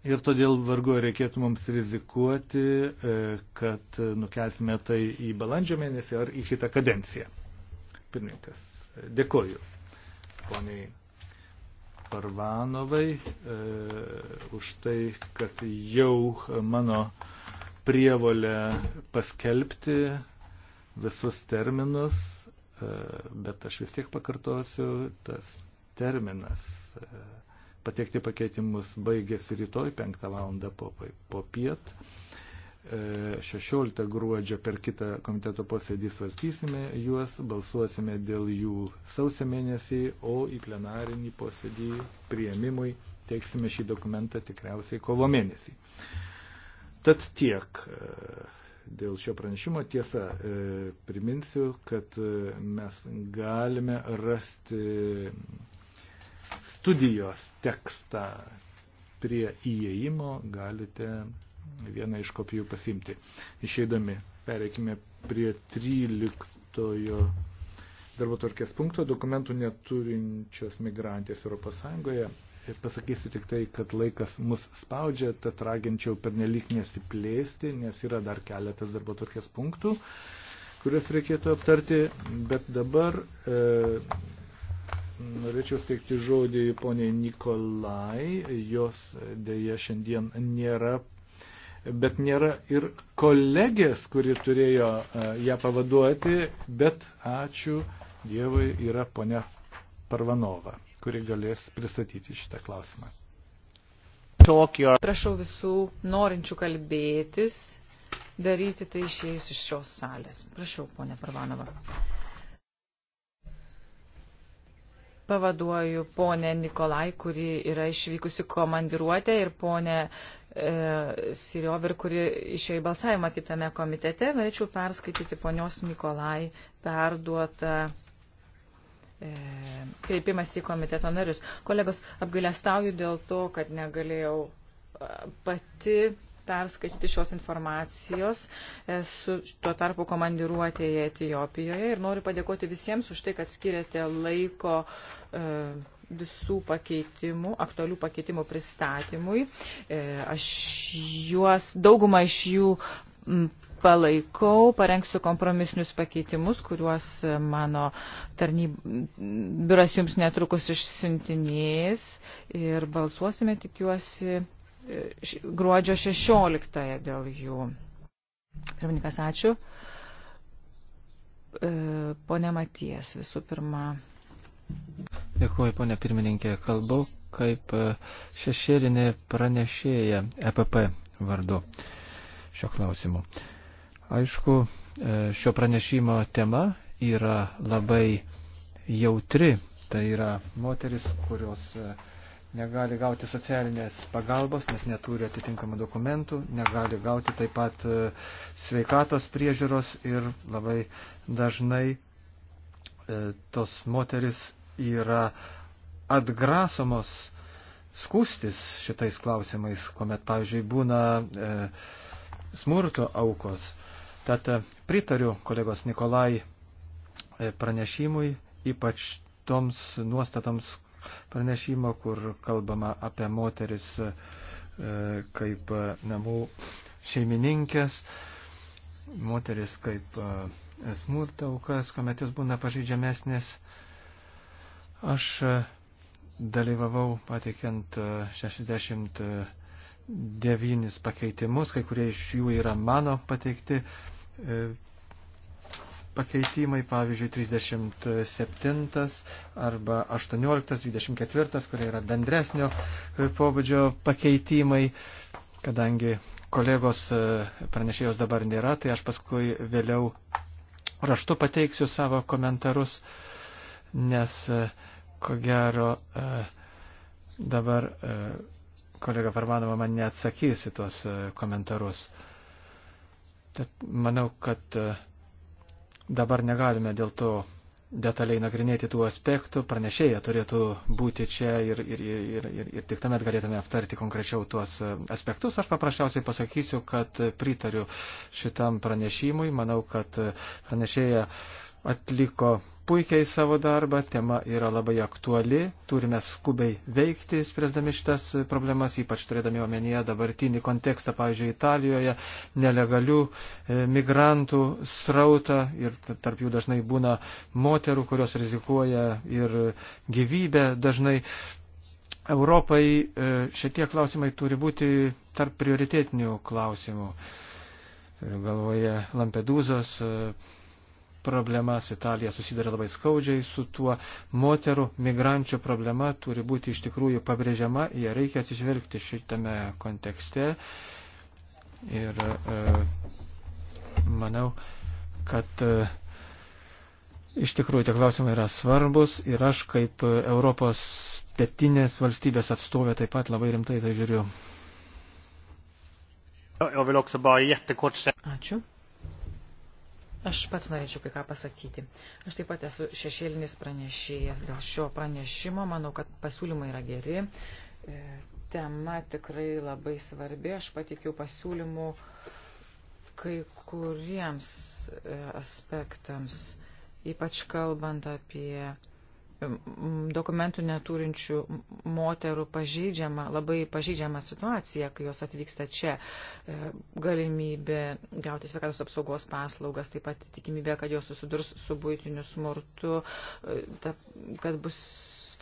[SPEAKER 1] Ir todėl vargu reikėtų mums rizikuoti, e, kad nukelsime tai į balandžio mėnesį ar į kitą kadenciją. Pirmininkas, dėkoju poniai Parvanovai e, už tai, kad jau mano prievolę paskelbti visus terminus, e, bet aš vis tiek pakartosiu, tas terminas e, patekti pakeitimus baigėsi rytoj 5 val. po, po piet. 16 e, gruodžio per kitą komiteto posėdį svarstysime juos, balsuosime dėl jų sausio mėnesį, o į plenarinį posėdį prieimimui teiksime šį dokumentą tikriausiai kovo mėnesį. Tad tiek e, dėl šio pranešimo. Tiesa, priminsiu, kad mes galime rasti studijos tekstą prie įėjimo galite vieną iš kopijų pasimti. Išeidami, pereikime prie 13 darbo tvarkės punkto dokumentų neturinčios migrantės ES. Ir pasakysiu tik tai, kad laikas mus spaudžia, tad raginčiau pernelyg nesiplėsti, nes yra dar keletas darbo tvarkės punktų kurias reikėtų aptarti, bet dabar e, Norėčiau steigti žodį poniai Nikolai, jos dėja šiandien nėra, bet nėra ir kolegės, kuri turėjo e, ją pavaduoti, bet ačiū Dievui yra ponia Parvanova, kuri galės pristatyti šitą klausimą. Prašau
[SPEAKER 5] visų norinčių kalbėtis, daryti tai išėjus iš šios salės. Prašau, ponia Parvanova. Pavaduoju ponę Nikolai, kuri yra išvykusi komandiruotę ir ponę e, Siriover, kuri išėjo į balsavimą kitame komitete. Norėčiau perskaityti ponios Nikolai perduotą e, kreipimas į komiteto narius. Kolegos, apgailestauju dėl to, kad negalėjau pati perskaityti šios informacijos. Esu tuo tarpu komandiruotėje Etijopijoje ir noriu padėkoti visiems už tai, kad skiriate laiko e, visų pakeitimų, aktualių pakeitimų pristatymui. E, aš juos, daugumą iš jų palaikau, parengsiu kompromisinius pakeitimus, kuriuos mano tarnyb... biuras jums netrukus išsintinės ir balsuosime, tikiuosi, gruodžio 16 dėl jų. Pirmininkas, ačiū. E, pone Maties, visų pirma.
[SPEAKER 4] Dėkuoju, ponė pirmininkė. Kalbu kaip e, šešėlinė pranešėja EPP vardu šio klausimu. Aišku, e, šio pranešimo tema yra labai jautri. Tai yra moteris, kurios uh, negali gauti socialinės pagalbos, nes neturi atitinkamų dokumentų, negali gauti taip pat e, sveikatos priežiūros ir labai dažnai e, tos moteris yra atgrasomos skūstis šitais klausimais, kuomet, pavyzdžiui, būna e, smurto aukos. Tad pritariu kolegos Nikolai pranešimui, ypač toms nuostatoms, pranešimo, kur kalbama apie moteris e, kaip e, namų šeimininkės, moteris kaip e, smurto aukas, kuomet jos būna pažydžiamesnės. Aš dalyvavau patikiant 69 pakeitimus, kai kurie iš jų yra mano pateikti pakeitimai, pavyzdžiui, 37 arba 18, 24, kurie yra bendresnio e, pobūdžio pakeitimai, kadangi kolegos e, pranešėjos dabar nėra, tai aš paskui vėliau raštu pateiksiu savo komentarus, nes e, ko gero dabar kolega Farmanova man neatsakys į tuos komentarus. Tad manau, kad uh, Dabar negalime dėl to detaliai nagrinėti tų aspektų, pranešėja turėtų būti čia ir, ir, ir, ir, ir tik tamet galėtume aptarti konkrečiau tuos aspektus. Aš paprasčiausiai pasakysiu, kad pritariu šitam pranešimui. Manau, kad pranešėja atliko puikiai savo darbą, tema yra labai aktuali, turime skubiai veikti, spręsdami šitas problemas, ypač turėdami omenyje dabartinį kontekstą, pavyzdžiui, Italijoje, nelegalių e, migrantų srautą ir tarp jų dažnai būna moterų, kurios rizikuoja ir gyvybę dažnai. Europai e, šitie klausimai turi būti tarp prioritėtinių klausimų. Turiu galvoje Lampedūzos e, problemas, Italija susidarė labai skaudžiai su tuo, moterų migrančių problema turi būti iš tikrųjų pabrėžiama, ją reikia atsižvelgti šitame kontekste. Ir e, manau, kad e, iš tikrųjų tie klausimai yra svarbus ir aš kaip e, Europos pietinės valstybės atstovė taip pat labai rimtai tai žiūriu.
[SPEAKER 2] Ačiū.
[SPEAKER 5] Aš pats norėčiau kai ką pasakyti. Aš taip pat esu šešėlinis pranešėjas dėl šio pranešimo. Manau, kad pasiūlymai yra geri. E, tema tikrai labai svarbi. Aš patikiu pasiūlymų kai kuriems e, aspektams, ypač kalbant apie dokumentų neturinčių moterų pažydžiama, labai pažydžiama situacija, kai jos atvyksta čia, e, galimybė gauti sveikatos apsaugos paslaugas, taip pat tikimybė, kad jos susidurs su būtiniu smurtu, e, kad bus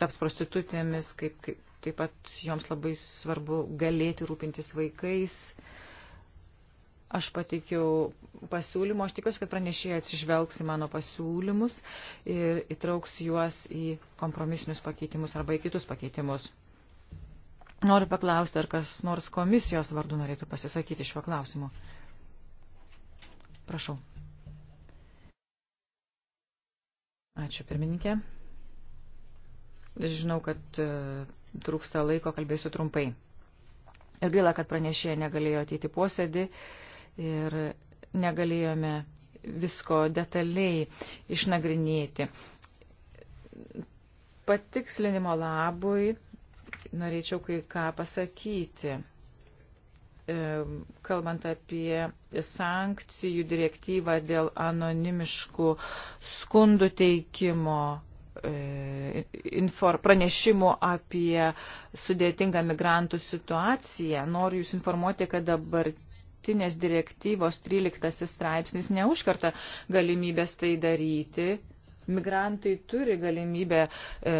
[SPEAKER 5] taps prostitutėmis, kaip, kaip, taip pat joms labai svarbu galėti rūpintis vaikais. E, Aš pateikiau pasiūlymų, aš tikiuosi, kad pranešėjai atsižvelgs į mano pasiūlymus ir įtrauks juos į kompromisinius pakeitimus arba į kitus pakeitimus. Noriu paklausti, ar kas nors komisijos vardu norėtų pasisakyti šiuo klausimu. Prašau. Ačiū, pirmininkė. Žinau, kad e, trūksta laiko, kalbėsiu trumpai. Ir gaila, kad pranešėja negalėjo ateiti posėdį. Uh, ir negalėjome visko detaliai išnagrinėti. Patikslinimo labui norėčiau kai ką pasakyti. E, kalbant apie sankcijų direktyvą dėl anonimiškų skundų teikimo, e, pranešimų apie sudėtingą migrantų situaciją, noriu Jūs informuoti, kad dabar dabartinės direktyvos 13 straipsnis neužkarta galimybės tai daryti. Migrantai turi galimybę e,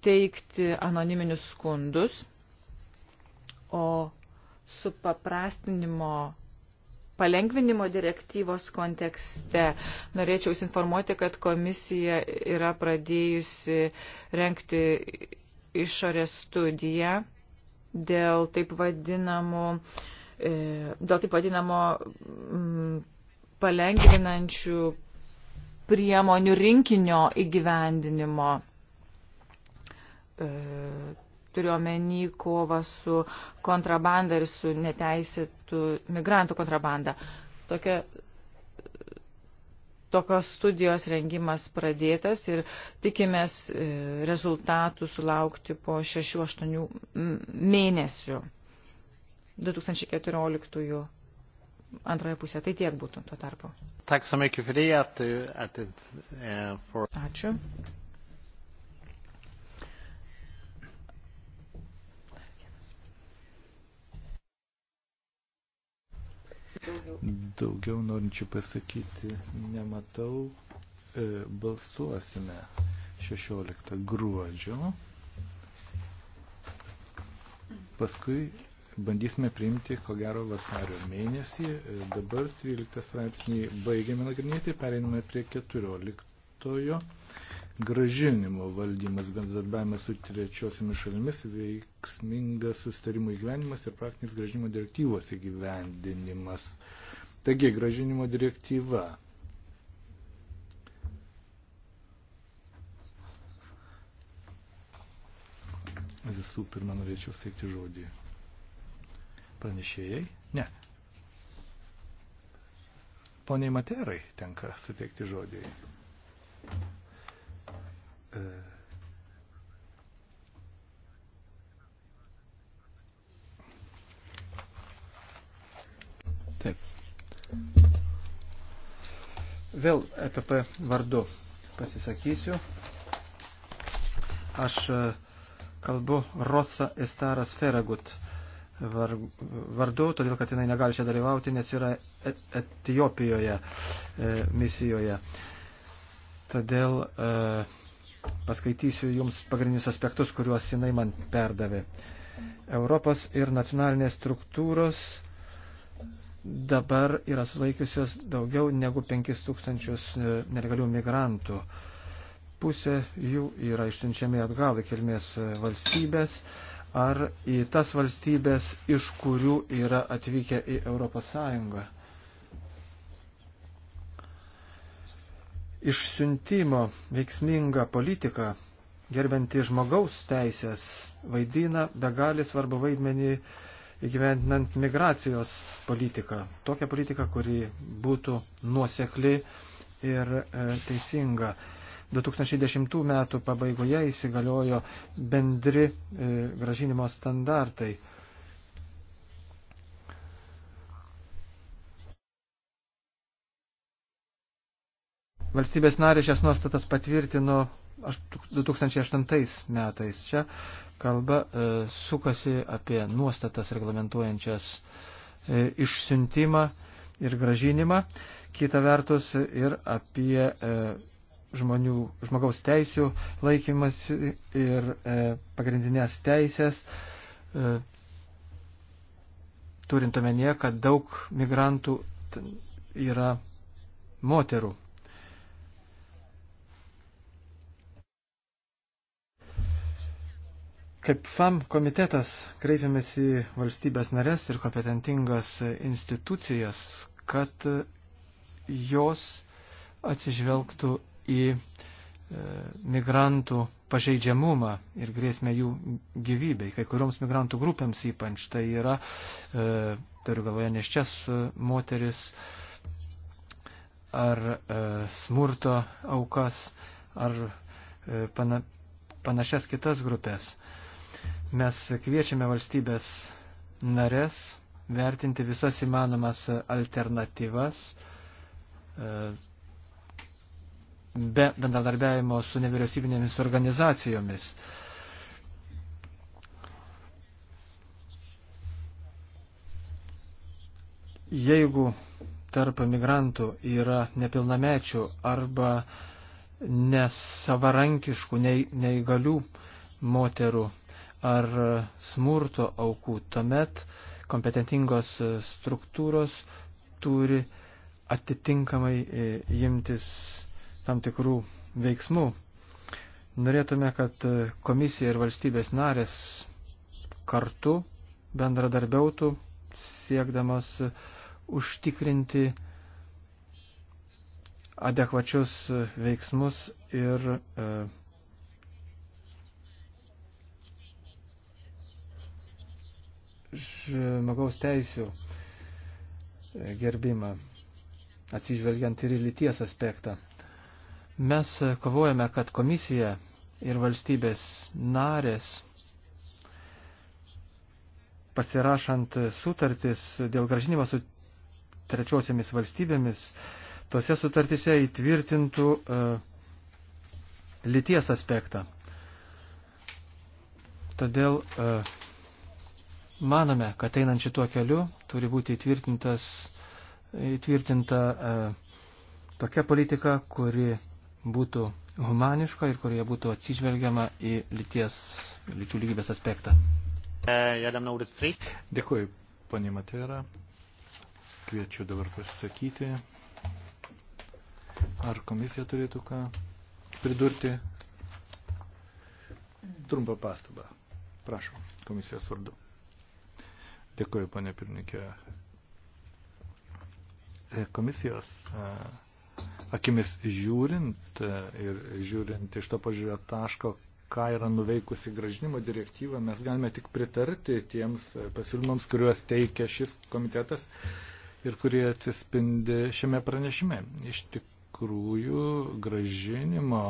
[SPEAKER 5] teikti anoniminius skundus, o supaprastinimo palengvinimo direktyvos kontekste. Norėčiau jūs informuoti, kad komisija yra pradėjusi renkti išorės studiją dėl taip vadinamų E, dėl taip vadinamo palengvinančių priemonių rinkinio įgyvendinimo. E, Turiuomenį kovą su kontrabanda ir su neteisėtų migrantų kontrabanda. Tokia, tokios studijos rengimas pradėtas ir tikimės e, rezultatų sulaukti po 6-8 mėnesių. 2014 antroje pusėje. Tai tiek būtų tuo tarpu.
[SPEAKER 2] Eh, Ačiū.
[SPEAKER 1] Daugiau norinčių pasakyti nematau. E, balsuosime 16 gruodžio. Paskui bandysime priimti, ko gero, vasario mėnesį. E, dabar 13 straipsnį baigiame nagrinėti, pereiname prie 14. Gražinimo valdymas, bendradarbiavimas su trečiosiamis šalimis, veiksmingas sustarimų įgyvenimas ir praktinis gražinimo direktyvos įgyvendinimas. Taigi, gražinimo direktyva. Visų pirma, norėčiau steigti žodį pranešėjai? Ne. Poniai Materai tenka suteikti žodį. E,
[SPEAKER 4] Taip. Vėl EPP vardu pasisakysiu. Aš e, kalbu Rosa Estaras Feragut vardu, todėl kad jinai negali čia dalyvauti, nes yra Etijopijoje e, misijoje. Todėl e, paskaitysiu jums pagrindinius aspektus, kuriuos jinai man perdavė. Europos ir nacionalinės struktūros dabar yra sulaikiusios daugiau negu 5000 e, nelegalių migrantų. Pusė jų yra išsiunčiami atgal į kilmės valstybės. E, ar į tas valstybės, iš kurių yra atvykę į ES. Išsiuntimo veiksminga politika, gerbianti žmogaus teisės, vaidina be gali svarbu vaidmenį įgyvendinant migracijos politiką. Tokią politiką, kuri būtų nuosekli ir e, teisinga. E, 2010 metų pabaigoje įsigaliojo bendri e, gražinimo standartai. Valstybės narė šias nuostatas patvirtino 2008 metais. Čia kalba e, sukasi apie nuostatas reglamentuojančias e, išsiuntimą ir gražinimą, kita vertus ir apie e, žmonių, žmogaus teisių laikymas ir e, pagrindinės teisės, e, turint omenyje, kad daug migrantų yra moterų. Kaip FAM komitetas kreipiamės į valstybės narės ir kompetentingas institucijas, kad jos atsižvelgtų į e, migrantų pažeidžiamumą ir grėsmę jų gyvybei, kai kurioms migrantų grupėms ypač. Tai yra, e, turiu galvoje, neščias e, moteris ar e, smurto aukas ar e, pana, panašias kitas grupės. Mes kviečiame valstybės narės vertinti visas įmanomas alternatyvas. E, be bendradarbiavimo su nevyriausybinėmis organizacijomis. Jeigu tarp migrantų yra nepilnamečių arba nesavarankiškų, neįgalių moterų ar smurto aukų, tuomet kompetentingos struktūros turi atitinkamai e, imtis tam tikrų veiksmų. Norėtume, kad komisija ir valstybės narės kartu bendradarbiautų, siekdamas užtikrinti adekvačius veiksmus ir e, žmogaus teisių gerbimą, atsižvelgiant ir į lyties aspektą. Mes kovojame, kad komisija ir valstybės narės pasirašant sutartis dėl gražinimo su trečiosiamis valstybėmis, tose sutartise įtvirtintų e, lyties aspektą. Todėl e, manome, kad einant šituo keliu turi būti įtvirtintas, įtvirtinta e, tokia politika, kuri būtų humaniška ir kurioje būtų atsižvelgiama į lyties, lyčių lygybės aspektą.
[SPEAKER 2] E,
[SPEAKER 1] Dėkuoju, ponė Matera. Kviečiu dabar pasisakyti. Ar komisija turėtų ką pridurti? Trumpą pastabą. Prašau, komisijos vardu. Dėkuoju, ponė pirmininkė. E, komisijos. Uh, akimis žiūrint ir žiūrint iš to pažiūrėjo taško, ką yra nuveikusi gražinimo direktyva, mes galime tik pritarti tiems pasiūlymams, kuriuos teikia šis komitetas ir kurie atsispindi šiame pranešime. Iš tikrųjų, gražinimo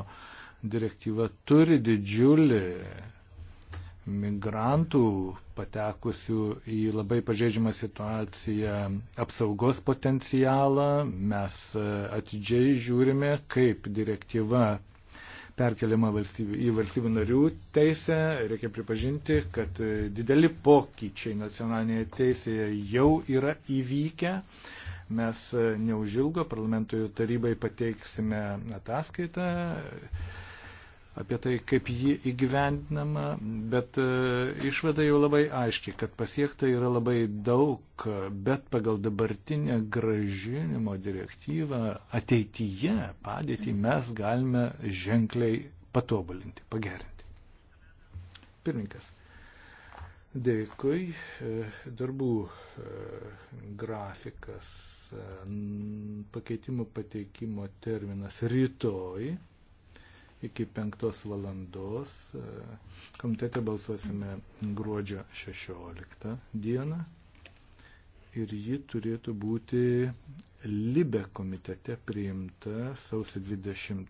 [SPEAKER 1] direktyva turi didžiulį migrantų patekusių į labai pažeidžiamą situaciją apsaugos potencialą. Mes e, atidžiai žiūrime, kaip direktyva perkeliama valstybių, į valstybių narių teisę. Reikia pripažinti, kad e, dideli pokyčiai nacionalinėje teisėje jau yra įvykę. Mes e, neužilgo parlamentoj tarybai pateiksime ataskaitą apie tai, kaip ji įgyvendinama, bet e, išvada jau labai aiški, kad pasiekta yra labai daug, bet pagal dabartinę gražinimo direktyvą ateityje padėtį mes galime ženkliai patobulinti, pagerinti. Pirmininkas. Dėkui. E, darbų e, grafikas, pakeitimų pateikimo terminas rytoj iki 5 valandos. Komitete balsuosime gruodžio 16 dieną ir ji turėtų būti Libe komitete priimta sausio 27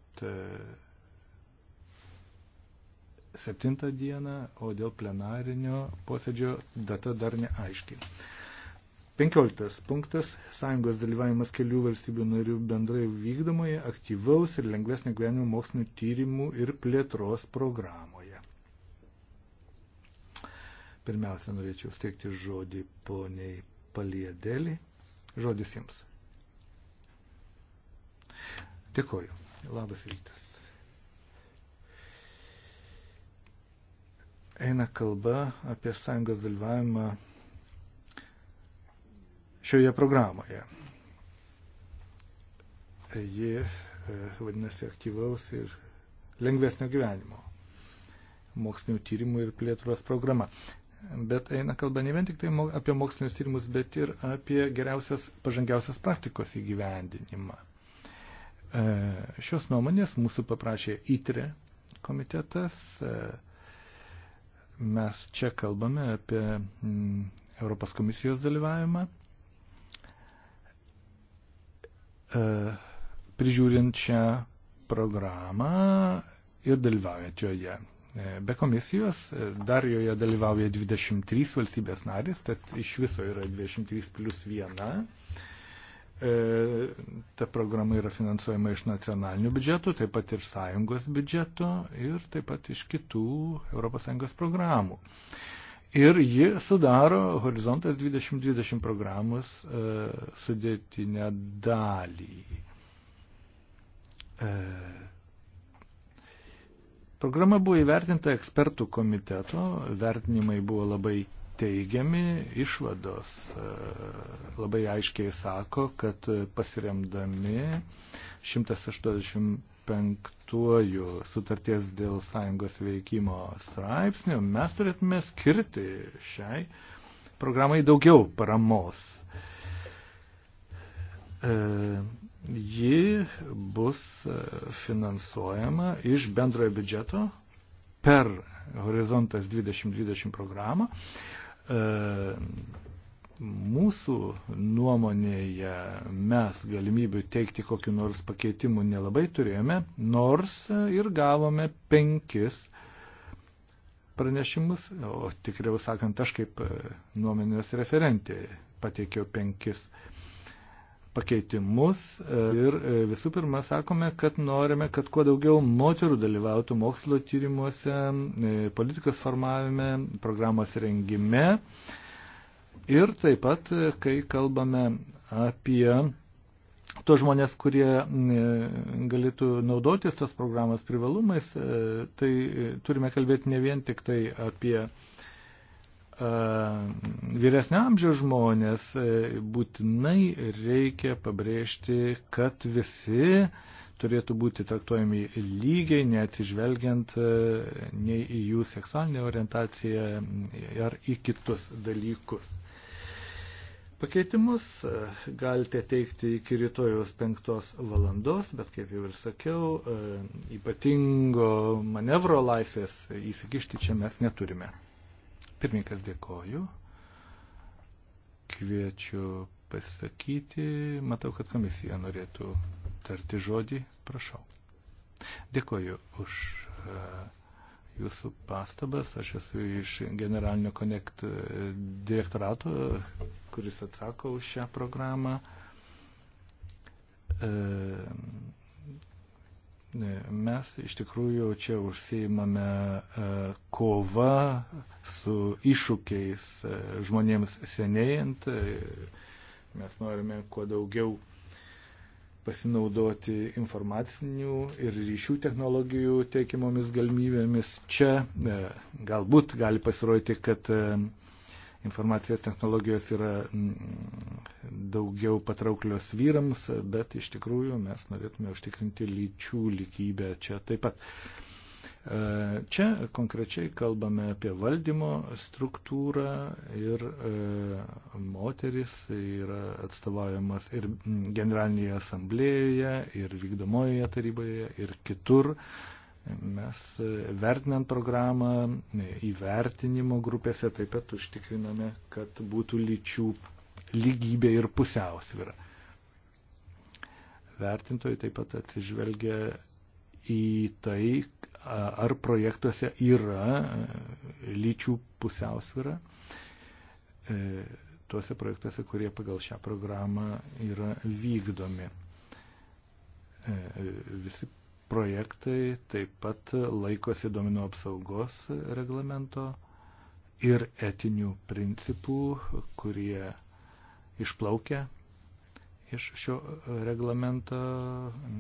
[SPEAKER 1] dieną, o dėl plenarinio posėdžio data dar neaiškiai. Penkioliktas punktas - sąjungos dalyvavimas kelių valstybių narių bendrai vykdomoje aktyvaus ir lengvesnio gyvenimo mokslinių tyrimų ir plėtros programoje. Pirmiausia, norėčiau steigti žodį poniai Paliedėlį. Žodis jums. Dėkoju. Labas rytas. Eina kalba apie sąjungos dalyvavimą šioje programoje. Ji e, vadinasi aktyvaus ir lengvesnio gyvenimo mokslinių tyrimų ir plėtros programa. Bet eina kalba ne vien tik tai apie mokslinius tyrimus, bet ir apie geriausias, pažangiausias praktikos įgyvendinimą. E, šios nuomonės mūsų paprašė ITRE komitetas. E, mes čia kalbame apie mm, Europos komisijos dalyvavimą E, prižiūrint šią programą ir dalyvaujant joje. E, be komisijos e, dar joje dalyvauja 23 valstybės narės, tad iš viso yra 23 plus 1. Ta programa yra finansuojama iš nacionalinių biudžetų, taip pat ir sąjungos biudžeto ir taip pat iš kitų ES programų ir ji sudaro Horizontas 2020 programos e, sudėtinę dalį. E, programa buvo įvertinta ekspertų komiteto, vertinimai buvo labai teigiami, išvados e, labai aiškiai sako, kad pasiremdami 185 cituoju sutarties dėl sąjungos veikimo straipsnių, mes turėtume skirti šiai programai daugiau paramos. E, ji bus e, finansuojama iš bendrojo biudžeto per Horizontas 2020 programą. E, mūsų nuomonėje mes galimybių teikti kokiu nors pakeitimu nelabai turėjome, nors ir gavome penkis pranešimus, o tikriau sakant, aš kaip e, nuomonės referentė pateikiau penkis pakeitimus e, ir e, visų pirma sakome, kad norime, kad kuo daugiau moterų dalyvautų mokslo tyrimuose, politikos formavime, programos rengime Ir taip pat, e, kai kalbame apie to žmonės, kurie e, galėtų naudotis tos programos privalumais, e, tai turime kalbėti ne vien tik tai apie vyresnio amžiaus žmonės, būtinai reikia pabrėžti, kad visi uh, turėtų būti traktuojami lygiai, neatsižvelgiant e, nei į jų seksualinę orientaciją e, ar į kitus dalykus. Pakeitimus e, galite teikti iki rytojos 5 valandos, bet kaip jau ir sakiau, ypatingo manevro laisvės įsikišti čia mes neturime. Pirmininkas dėkoju. Kviečiu pasisakyti. Matau, kad komisija norėtų tarti žodį, prašau. Dėkoju už e, jūsų pastabas. Aš esu iš generalinio Connect e, direktorato, kuris atsako už šią programą. E, mes iš tikrųjų čia užsiimame kova su iššūkiais žmonėms senėjant. Mes norime kuo daugiau pasinaudoti informacinių ir ryšių technologijų teikimomis galimybėmis. Čia e, galbūt gali pasirodyti, kad e, informacijos technologijos yra mm, daugiau patrauklios vyrams, bet iš tikrųjų mes norėtume užtikrinti lyčių lygybę čia taip pat. E, čia konkrečiai kalbame apie valdymo struktūrą ir e, moteris yra atstovaujamas ir generalinėje asamblėjoje, ir vykdomojoje taryboje, ir kitur. Mes e, vertinant programą įvertinimo grupėse taip pat užtikriname, kad būtų lyčių lygybė ir pusiausvyra. Vertintojai taip pat atsižvelgia į tai, ar projektuose yra e, lyčių pusiausvyra e, tuose projektuose, kurie pagal šią programą yra vykdomi. E, visi projektai taip pat laikosi domino apsaugos reglamento ir etinių principų, kurie išplaukia iš šio reglamento,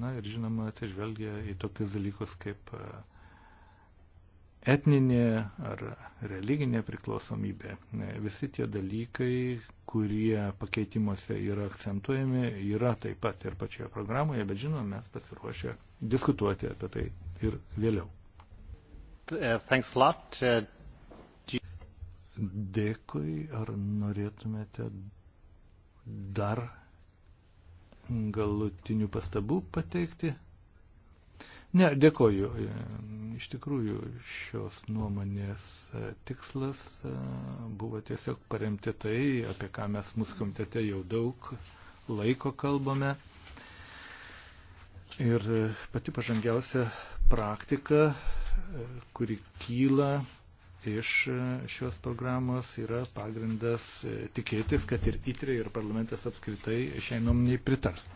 [SPEAKER 1] na ir žinoma, atsižvelgia į tokius dalykus kaip etninė ar religinė priklausomybė. Visi tie dalykai, kurie pakeitimuose yra akcentuojami, yra taip pat ir pačioje programoje, bet žinoma, mes pasiruošę diskutuoti apie tai ir vėliau. Uh, uh, Dėkui, ar norėtumėte dar galutinių pastabų pateikti? Ne, dėkoju. E, iš tikrųjų, šios nuomonės e, tikslas e, buvo tiesiog paremti tai, apie ką mes mūsų komitete jau daug laiko kalbame. Ir pati pažangiausia praktika, kuri kyla iš šios programos yra pagrindas tikėtis, kad ir ITRE, ir parlamentas apskritai šiai nuomoniai pritars.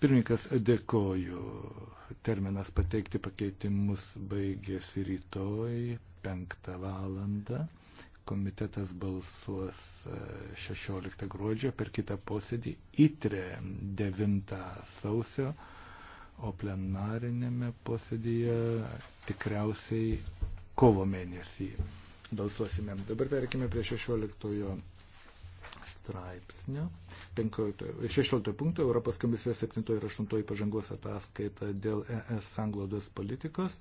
[SPEAKER 1] Pirmininkas, dėkoju. Terminas pateikti pakeitimus baigėsi rytoj 5 valandą. Komitetas balsuos 16 e, gruodžio per kitą posėdį įtrė 9 sausio, o plenarinėme posėdėje tikriausiai kovo mėnesį balsuosime. Dabar perkime prie 16 straipsnio 16 punkto Europos komisijos 7 ir 8 pažangos ataskaita dėl ES sanglaudos politikos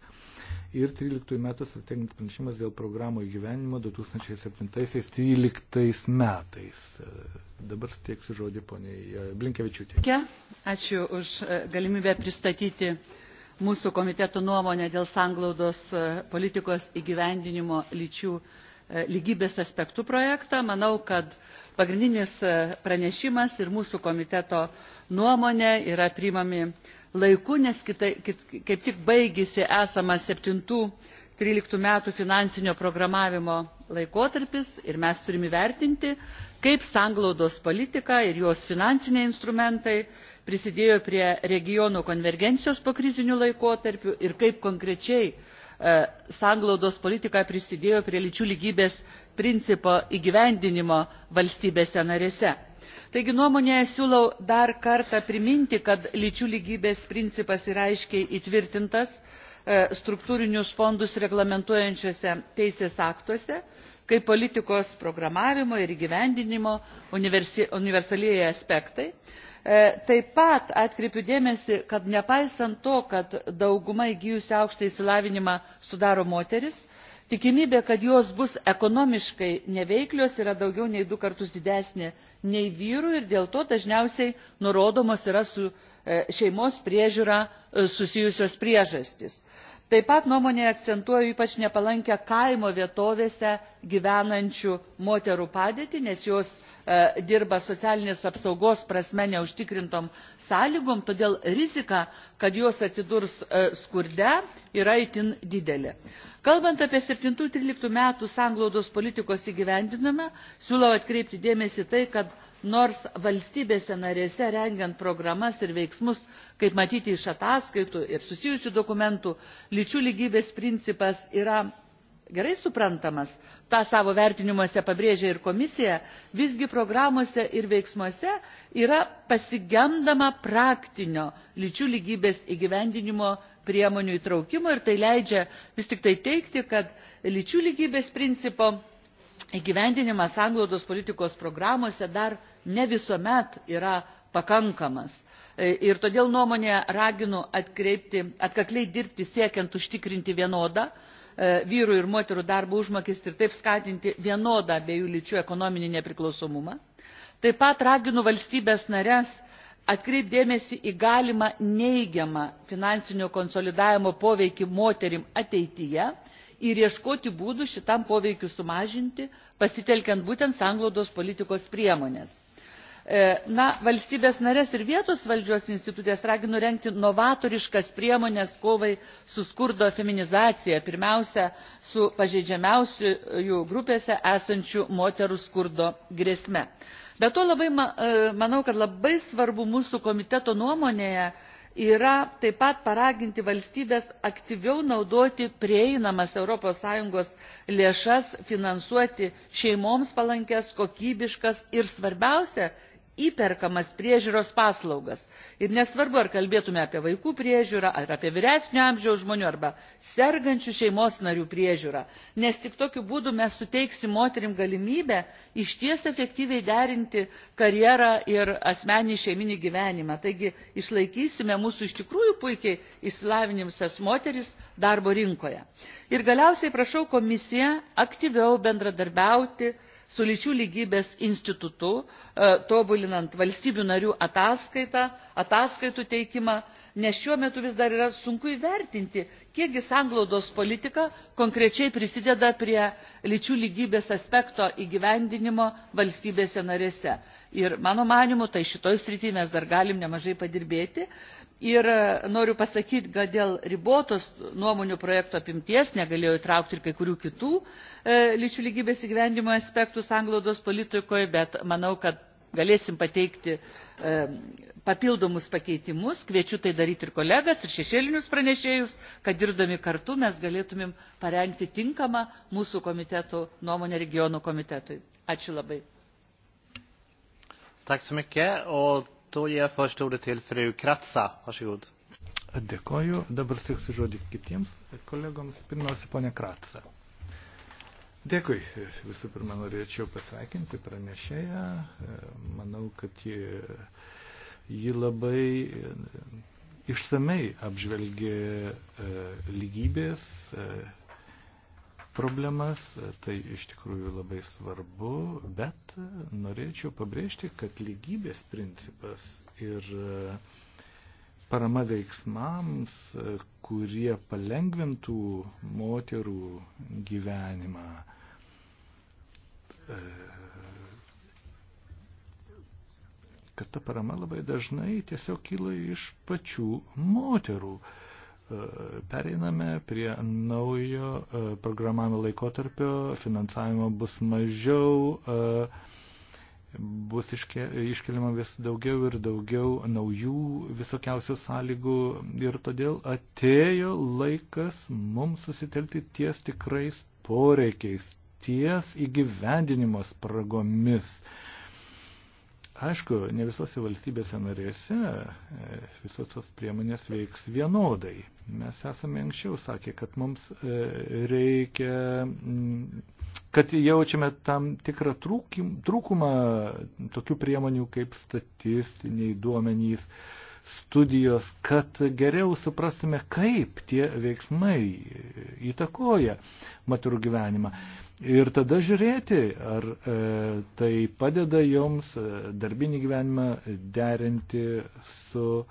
[SPEAKER 1] ir 13 metų strateginis pranešimas dėl programų įgyvenimo 2007-2013 metais. Dabar stieksiu žodį poniai e, Blinkevičiūtė.
[SPEAKER 3] Ačiū už e, galimybę pristatyti mūsų komiteto nuomonę dėl sanglaudos e, politikos įgyvendinimo lyčių lygybės aspektų projektą. Manau, kad pagrindinis e, pranešimas ir mūsų komiteto nuomonė yra priimami laiku nes kitai, kit, kaip tik baigėsi esamas septintų tryliktų metų finansinio programavimo laikotarpis ir mes turime įvertinti kaip sanglaudos politika ir jos finansiniai instrumentai prisidėjo prie regionų konvergencijos pokriziniu laikotarpiu ir kaip konkrečiai E, sanglaudos politika prisidėjo prie lyčių lygybės principo įgyvendinimo valstybėse narėse. taigi nuomonėje siūlau dar kartą priminti kad lyčių lygybės principas yra aiškiai įtvirtintas e, struktūrinius fondus reglamentuojančiuose teisės aktuose kaip politikos programavimo ir įgyvendinimo universalieji aspektai E, taip pat atkreipiu dėmesį kad nepaisant to kad dauguma įgijusių aukštąjį išsilavinimą sudaro moterys tikimybė kad jos bus ekonomiškai neveiklios yra daugiau nei du kartus didesnė nei vyrų ir dėl to dažniausiai nurodomos yra su e, šeimos priežiūra e, susijusios priežastys taip pat nuomonėje akcentuoju ypač nepalankią kaimo vietovėse gyvenančių moterų padėtį nes jos e, dirba socialinės apsaugos prasme neužtikrintom sąlygom todėl rizika kad jos atsidurs e, skurde yra itin didelė. kalbant apie septyni trylika metų sanglaudos politikos įgyvendinimą siūlau atkreipti dėmesį į tai kad nors valstybėse narėse rengiant programas ir veiksmus kaip matyti iš ataskaitų ir susijusių dokumentų lyčių lygybės principas yra gerai suprantamas tą savo vertinimuose pabrėžia ir komisija visgi programose ir veiksmuose yra pasigendama praktinio lyčių lygybės įgyvendinimo priemonių įtraukimo ir tai leidžia vis tik tai teigti kad lyčių lygybės principo įgyvendinimas sanglaudos politikos programose dar ne visuomet yra pakankamas. E, ir todėl nuomonė raginu atkreipti, atkakliai dirbti siekiant užtikrinti vienodą e, vyrų ir moterų darbo užmokestį ir taip skatinti vienodą abiejų lyčių ekonominį nepriklausomumą. Taip pat raginu valstybės narės atkreipdėmėsi į galimą neigiamą finansinio konsolidavimo poveikį moterim ateityje ir ieškoti būdų šitam poveikiu sumažinti pasitelkiant būtent sanglaudos politikos priemones. E, na valstybes nares ir vietos valdžios institucijas raginu rengti novatoriškas priemones kovai su skurdo feminizacija pirmiausia su pažeidžiamiausiųjų grupėse esančių moterų skurdo grėsme. be to labai e, manau kad labai svarbu mūsų komiteto nuomonėje yra taip pat paraginti valstybes aktyviau naudoti prieinamas europos sąjungos lėšas finansuoti šeimoms palankias kokybiškas ir svarbiausia įperkamas priežiūros paslaugas ir nesvarbu ar kalbėtume apie vaikų priežiūrą ar apie vyresnio amžiaus žmonių arba sergančių šeimos narių priežiūrą nes tik tokiu būdu mes suteiksime moterims galimybę išties efektyviai derinti karjerą ir asmeninį šeiminį gyvenimą taigi išlaikysime mūsų iš tikrųjų puikiai išsilavinusias moteris darbo rinkoje. ir galiausiai prašau komisiją aktyviau bendradarbiauti su lyčių lygybės institutu e, tobulinant valstybių narių ataskaitų teikimą nes šiuo metu vis dar yra sunku įvertinti kiek gi sanglaudos politika konkrečiai prisideda prie lyčių lygybės aspekto įgyvendinimo valstybėse narėse ir mano manymu tai šitoje srityje mes dar galime nemažai padirbėti ir e, noriu pasakyti kad dėl ribotos nuomonių projektų apimties negalėjau įtraukti ir kai kurių kitų e, lyčių lygybės įgyvendinimo aspektų sanglaudos politikoje bet manau kad galėsim pateikti e, papildomus pakeitimus kviečiu tai daryti ir kolegas ir šešėlinius pranešėjus kad dirbdami kartu mes galėtumėm parengti tinkamą mūsų komiteto nuomonę regionų komitetui. ačiū labai.
[SPEAKER 2] Tack så mycket. Och Dėkoju.
[SPEAKER 1] Dabar steiksiu žodį kitiems kolegoms. Pirmiausia, ponė Kratsa. Dėkui. Visų pirma, norėčiau pasveikinti pranešėją. Manau, kad ji, ji labai išsamei apžvelgė e, lygybės e, problemas, tai iš tikrųjų labai svarbu, bet norėčiau pabrėžti, kad lygybės principas ir parama veiksmams, kurie palengvintų moterų gyvenimą, kad ta parama labai dažnai tiesiog kyla iš pačių moterų. E, Pereiname prie naujo e, programavimo laikotarpio, finansavimo bus mažiau, e, bus iškeliama vis daugiau ir daugiau naujų visokiausių sąlygų ir todėl atėjo laikas mums susitelti ties tikrais poreikiais, ties įgyvendinimo spragomis. Uh, Aišku, ne visose valstybėse narėse e, visos tos priemonės veiks vienodai. Mes esame anksčiau sakę, kad mums e, reikia, mm, kad jaučiame tam tikrą trūkumą tokių priemonių kaip statistiniai duomenys, studijos, kad geriau suprastume, kaip tie veiksmai įtakoja maturų gyvenimą. Ir tada žiūrėti, ar e, tai padeda joms e, darbinį gyvenimą derinti su e,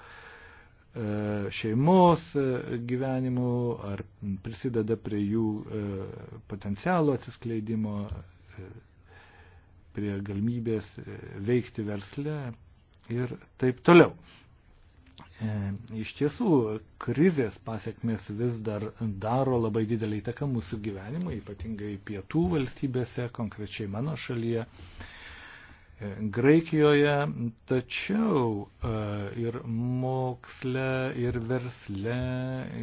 [SPEAKER 1] šeimos e, gyvenimu, ar prisideda prie jų e, potencialo atsiskleidimo, e, prie galimybės e, veikti versle ir taip toliau. E, iš tiesų, krizės pasiekmes vis dar daro labai didelį įtaką mūsų gyvenimui, ypatingai pietų valstybėse, konkrečiai mano šalyje, e, Graikijoje, tačiau e, ir moksle, ir versle,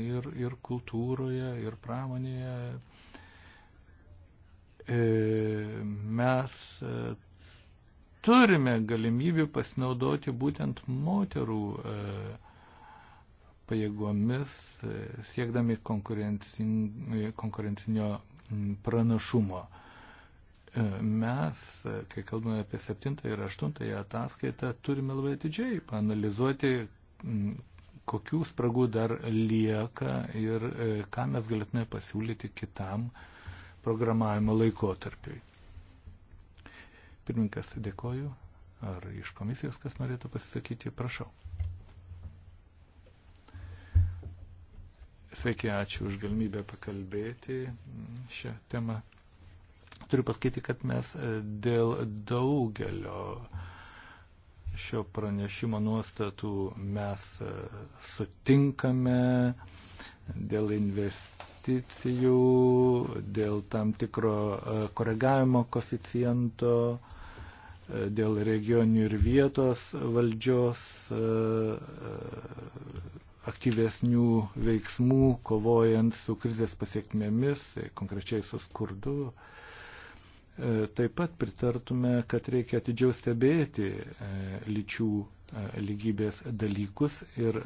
[SPEAKER 1] ir, ir kultūroje, ir pramonėje mes turime galimybių pasinaudoti būtent moterų pajėgomis, e, siekdami e, konkurencinio pranašumo. E, mes, kai kalbame apie septintą ir aštuntąją ataskaitą, turime labai atidžiai panalizuoti, kokių spragų dar lieka ir ką mes galėtume pasiūlyti kitam programavimo laikotarpiui. Pirmininkas, dėkoju. Ar iš komisijos kas norėtų pasisakyti? Prašau. Sveiki, ačiū už galimybę pakalbėti šią temą. Turiu pasakyti, kad mes e, dėl daugelio šio pranešimo nuostatų mes e, sutinkame, dėl investicijų, dėl tam tikro e, koregavimo koficijento, dėl regionių ir vietos valdžios aktyvesnių veiksmų, kovojant su krizės pasiekmėmis, tai konkrečiai su skurdu. E, taip pat pritartume, kad reikia atidžiau stebėti e, lyčių e, lygybės dalykus ir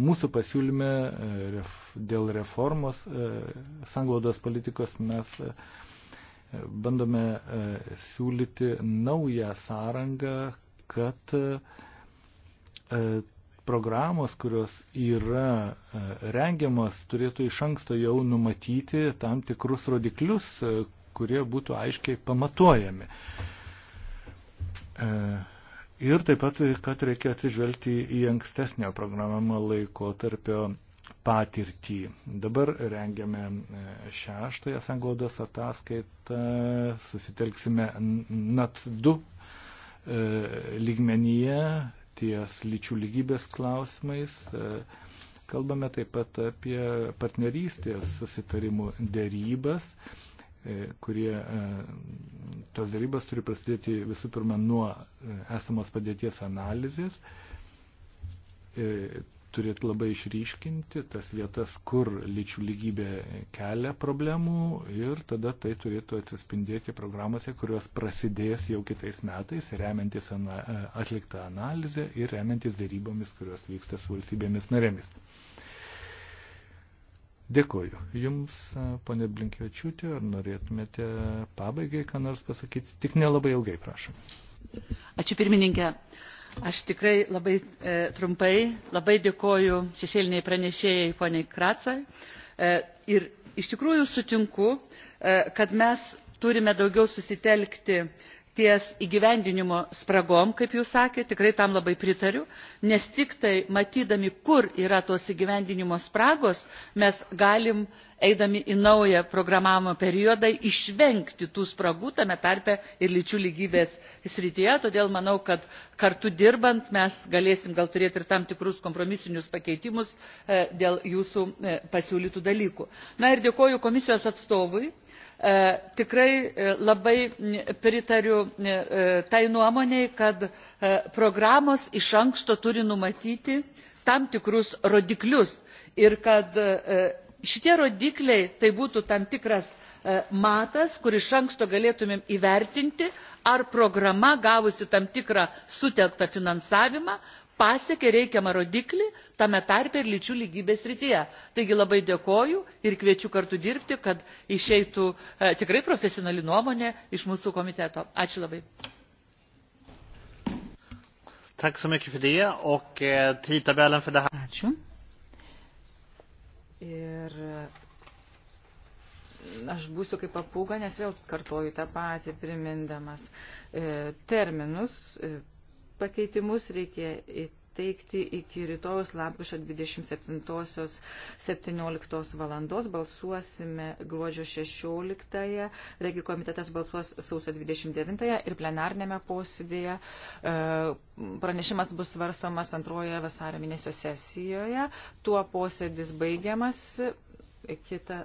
[SPEAKER 1] mūsų pasiūlyme dėl reformos sanglaudos politikos mes bandome siūlyti naują sąrangą, kad programos, kurios yra e, rengiamas, turėtų iš anksto jau numatyti tam tikrus rodiklius, e, kurie būtų aiškiai pamatuojami. E, ir taip pat, kad reikia atsižvelgti į ankstesnio programavimo laiko tarpio patirtį. Dabar rengiame šeštąją sanglaudos ataskaitą, susitelksime NAT 2 lygmenyje ties lyčių lygybės klausimais. E, kalbame taip pat apie partnerystės susitarimų dėrybas, e, kurie e, tos dėrybas turi prasidėti visų pirma nuo esamos padėties analizės turėtų labai išryškinti tas vietas, kur lyčių lygybė kelia problemų ir tada tai turėtų atsispindėti programuose, kurios prasidės jau kitais metais, remiantis ana, e, atliktą analizę ir remiantis darybomis, kurios vyksta su valstybėmis narėmis. Dėkoju. Jums, e, ponė Blinkiočiūtė, ar norėtumėte pabaigai ką nors pasakyti? Tik nelabai ilgai, prašom.
[SPEAKER 3] Ačiū pirmininkė. Uh, Aš tikrai labai e, trumpai, labai dėkoju šešėliniai pranešėjai poniai Kratsai. E, ir iš tikrųjų sutinku, e, kad mes turime daugiau susitelkti ties įgyvendinimo spragom kaip jūs sakėte tikrai tam labai pritariu nes tik tai matydami kur yra tos įgyvendinimo spragos mes galime eidami į naują programavimo periodą išvengti tų spragų tame tarpe ir lyčių lygybės srityje todėl manau kad kartu dirbant mes galėsime gal turėti ir tam tikrus kompromisinius pakeitimus e, dėl jūsų e, pasiūlytų dalykų. na ir dėkoju komisijos atstovui E, tikrai e, labai pritariu e, tai nuomonei kad programos iš anksto turi numatyti tam tikrus rodiklius ir kad šitie rodikliai tai būtų tam tikras matas kur iš anksto galėtumėm įvertinti ar programa gavusi tam tikrą sutelktą finansavimą pasiekė reikiamą rodiklį tame tarpe ir lyčių lygybės srityje. taigi labai dėkoju ir kviečiu kartu dirbti kad išeitų e, tikrai profesionali nuomonė iš mūsų komiteto. ačiū labai.
[SPEAKER 2] Eh, ačiū.
[SPEAKER 3] Ir
[SPEAKER 5] e, aš būsiu kaip papūga, nes vėl kartoju tą patį, primindamas e, terminus. E, Pakeitimus reikia teikti iki rytojus lapkričio 27.17 valandos. Balsuosime gruodžio 16-ąją, regi komitetas balsuos sausio 29-ąją ir plenarnėme posėdėje. E, pranešimas bus svarstomas antroje vasario mėnesio sesijoje. Tuo posėdis baigiamas. Kita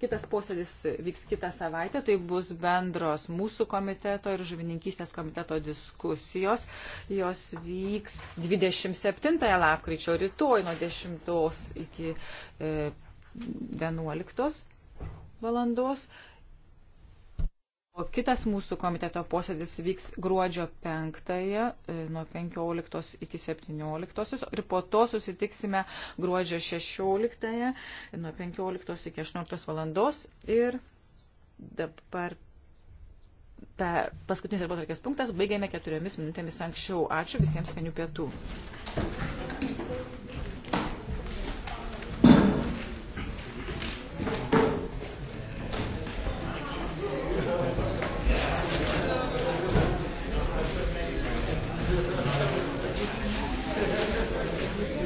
[SPEAKER 5] Kitas posėdis vyks kitą savaitę, tai bus bendros mūsų komiteto ir žuvininkystės komiteto diskusijos. Jos vyks 27 lapkričio rytoj nuo 10 iki 11 e, valandos. O kitas mūsų komiteto posėdis vyks gruodžio 5 e, nuo 15 iki 17 ir po to susitiksime gruodžio 16 nuo 15 iki 18 valandos ir dabar pe, paskutinis darbo tarkės punktas baigėme keturiomis minutėmis anksčiau. Ačiū visiems skanių pietų.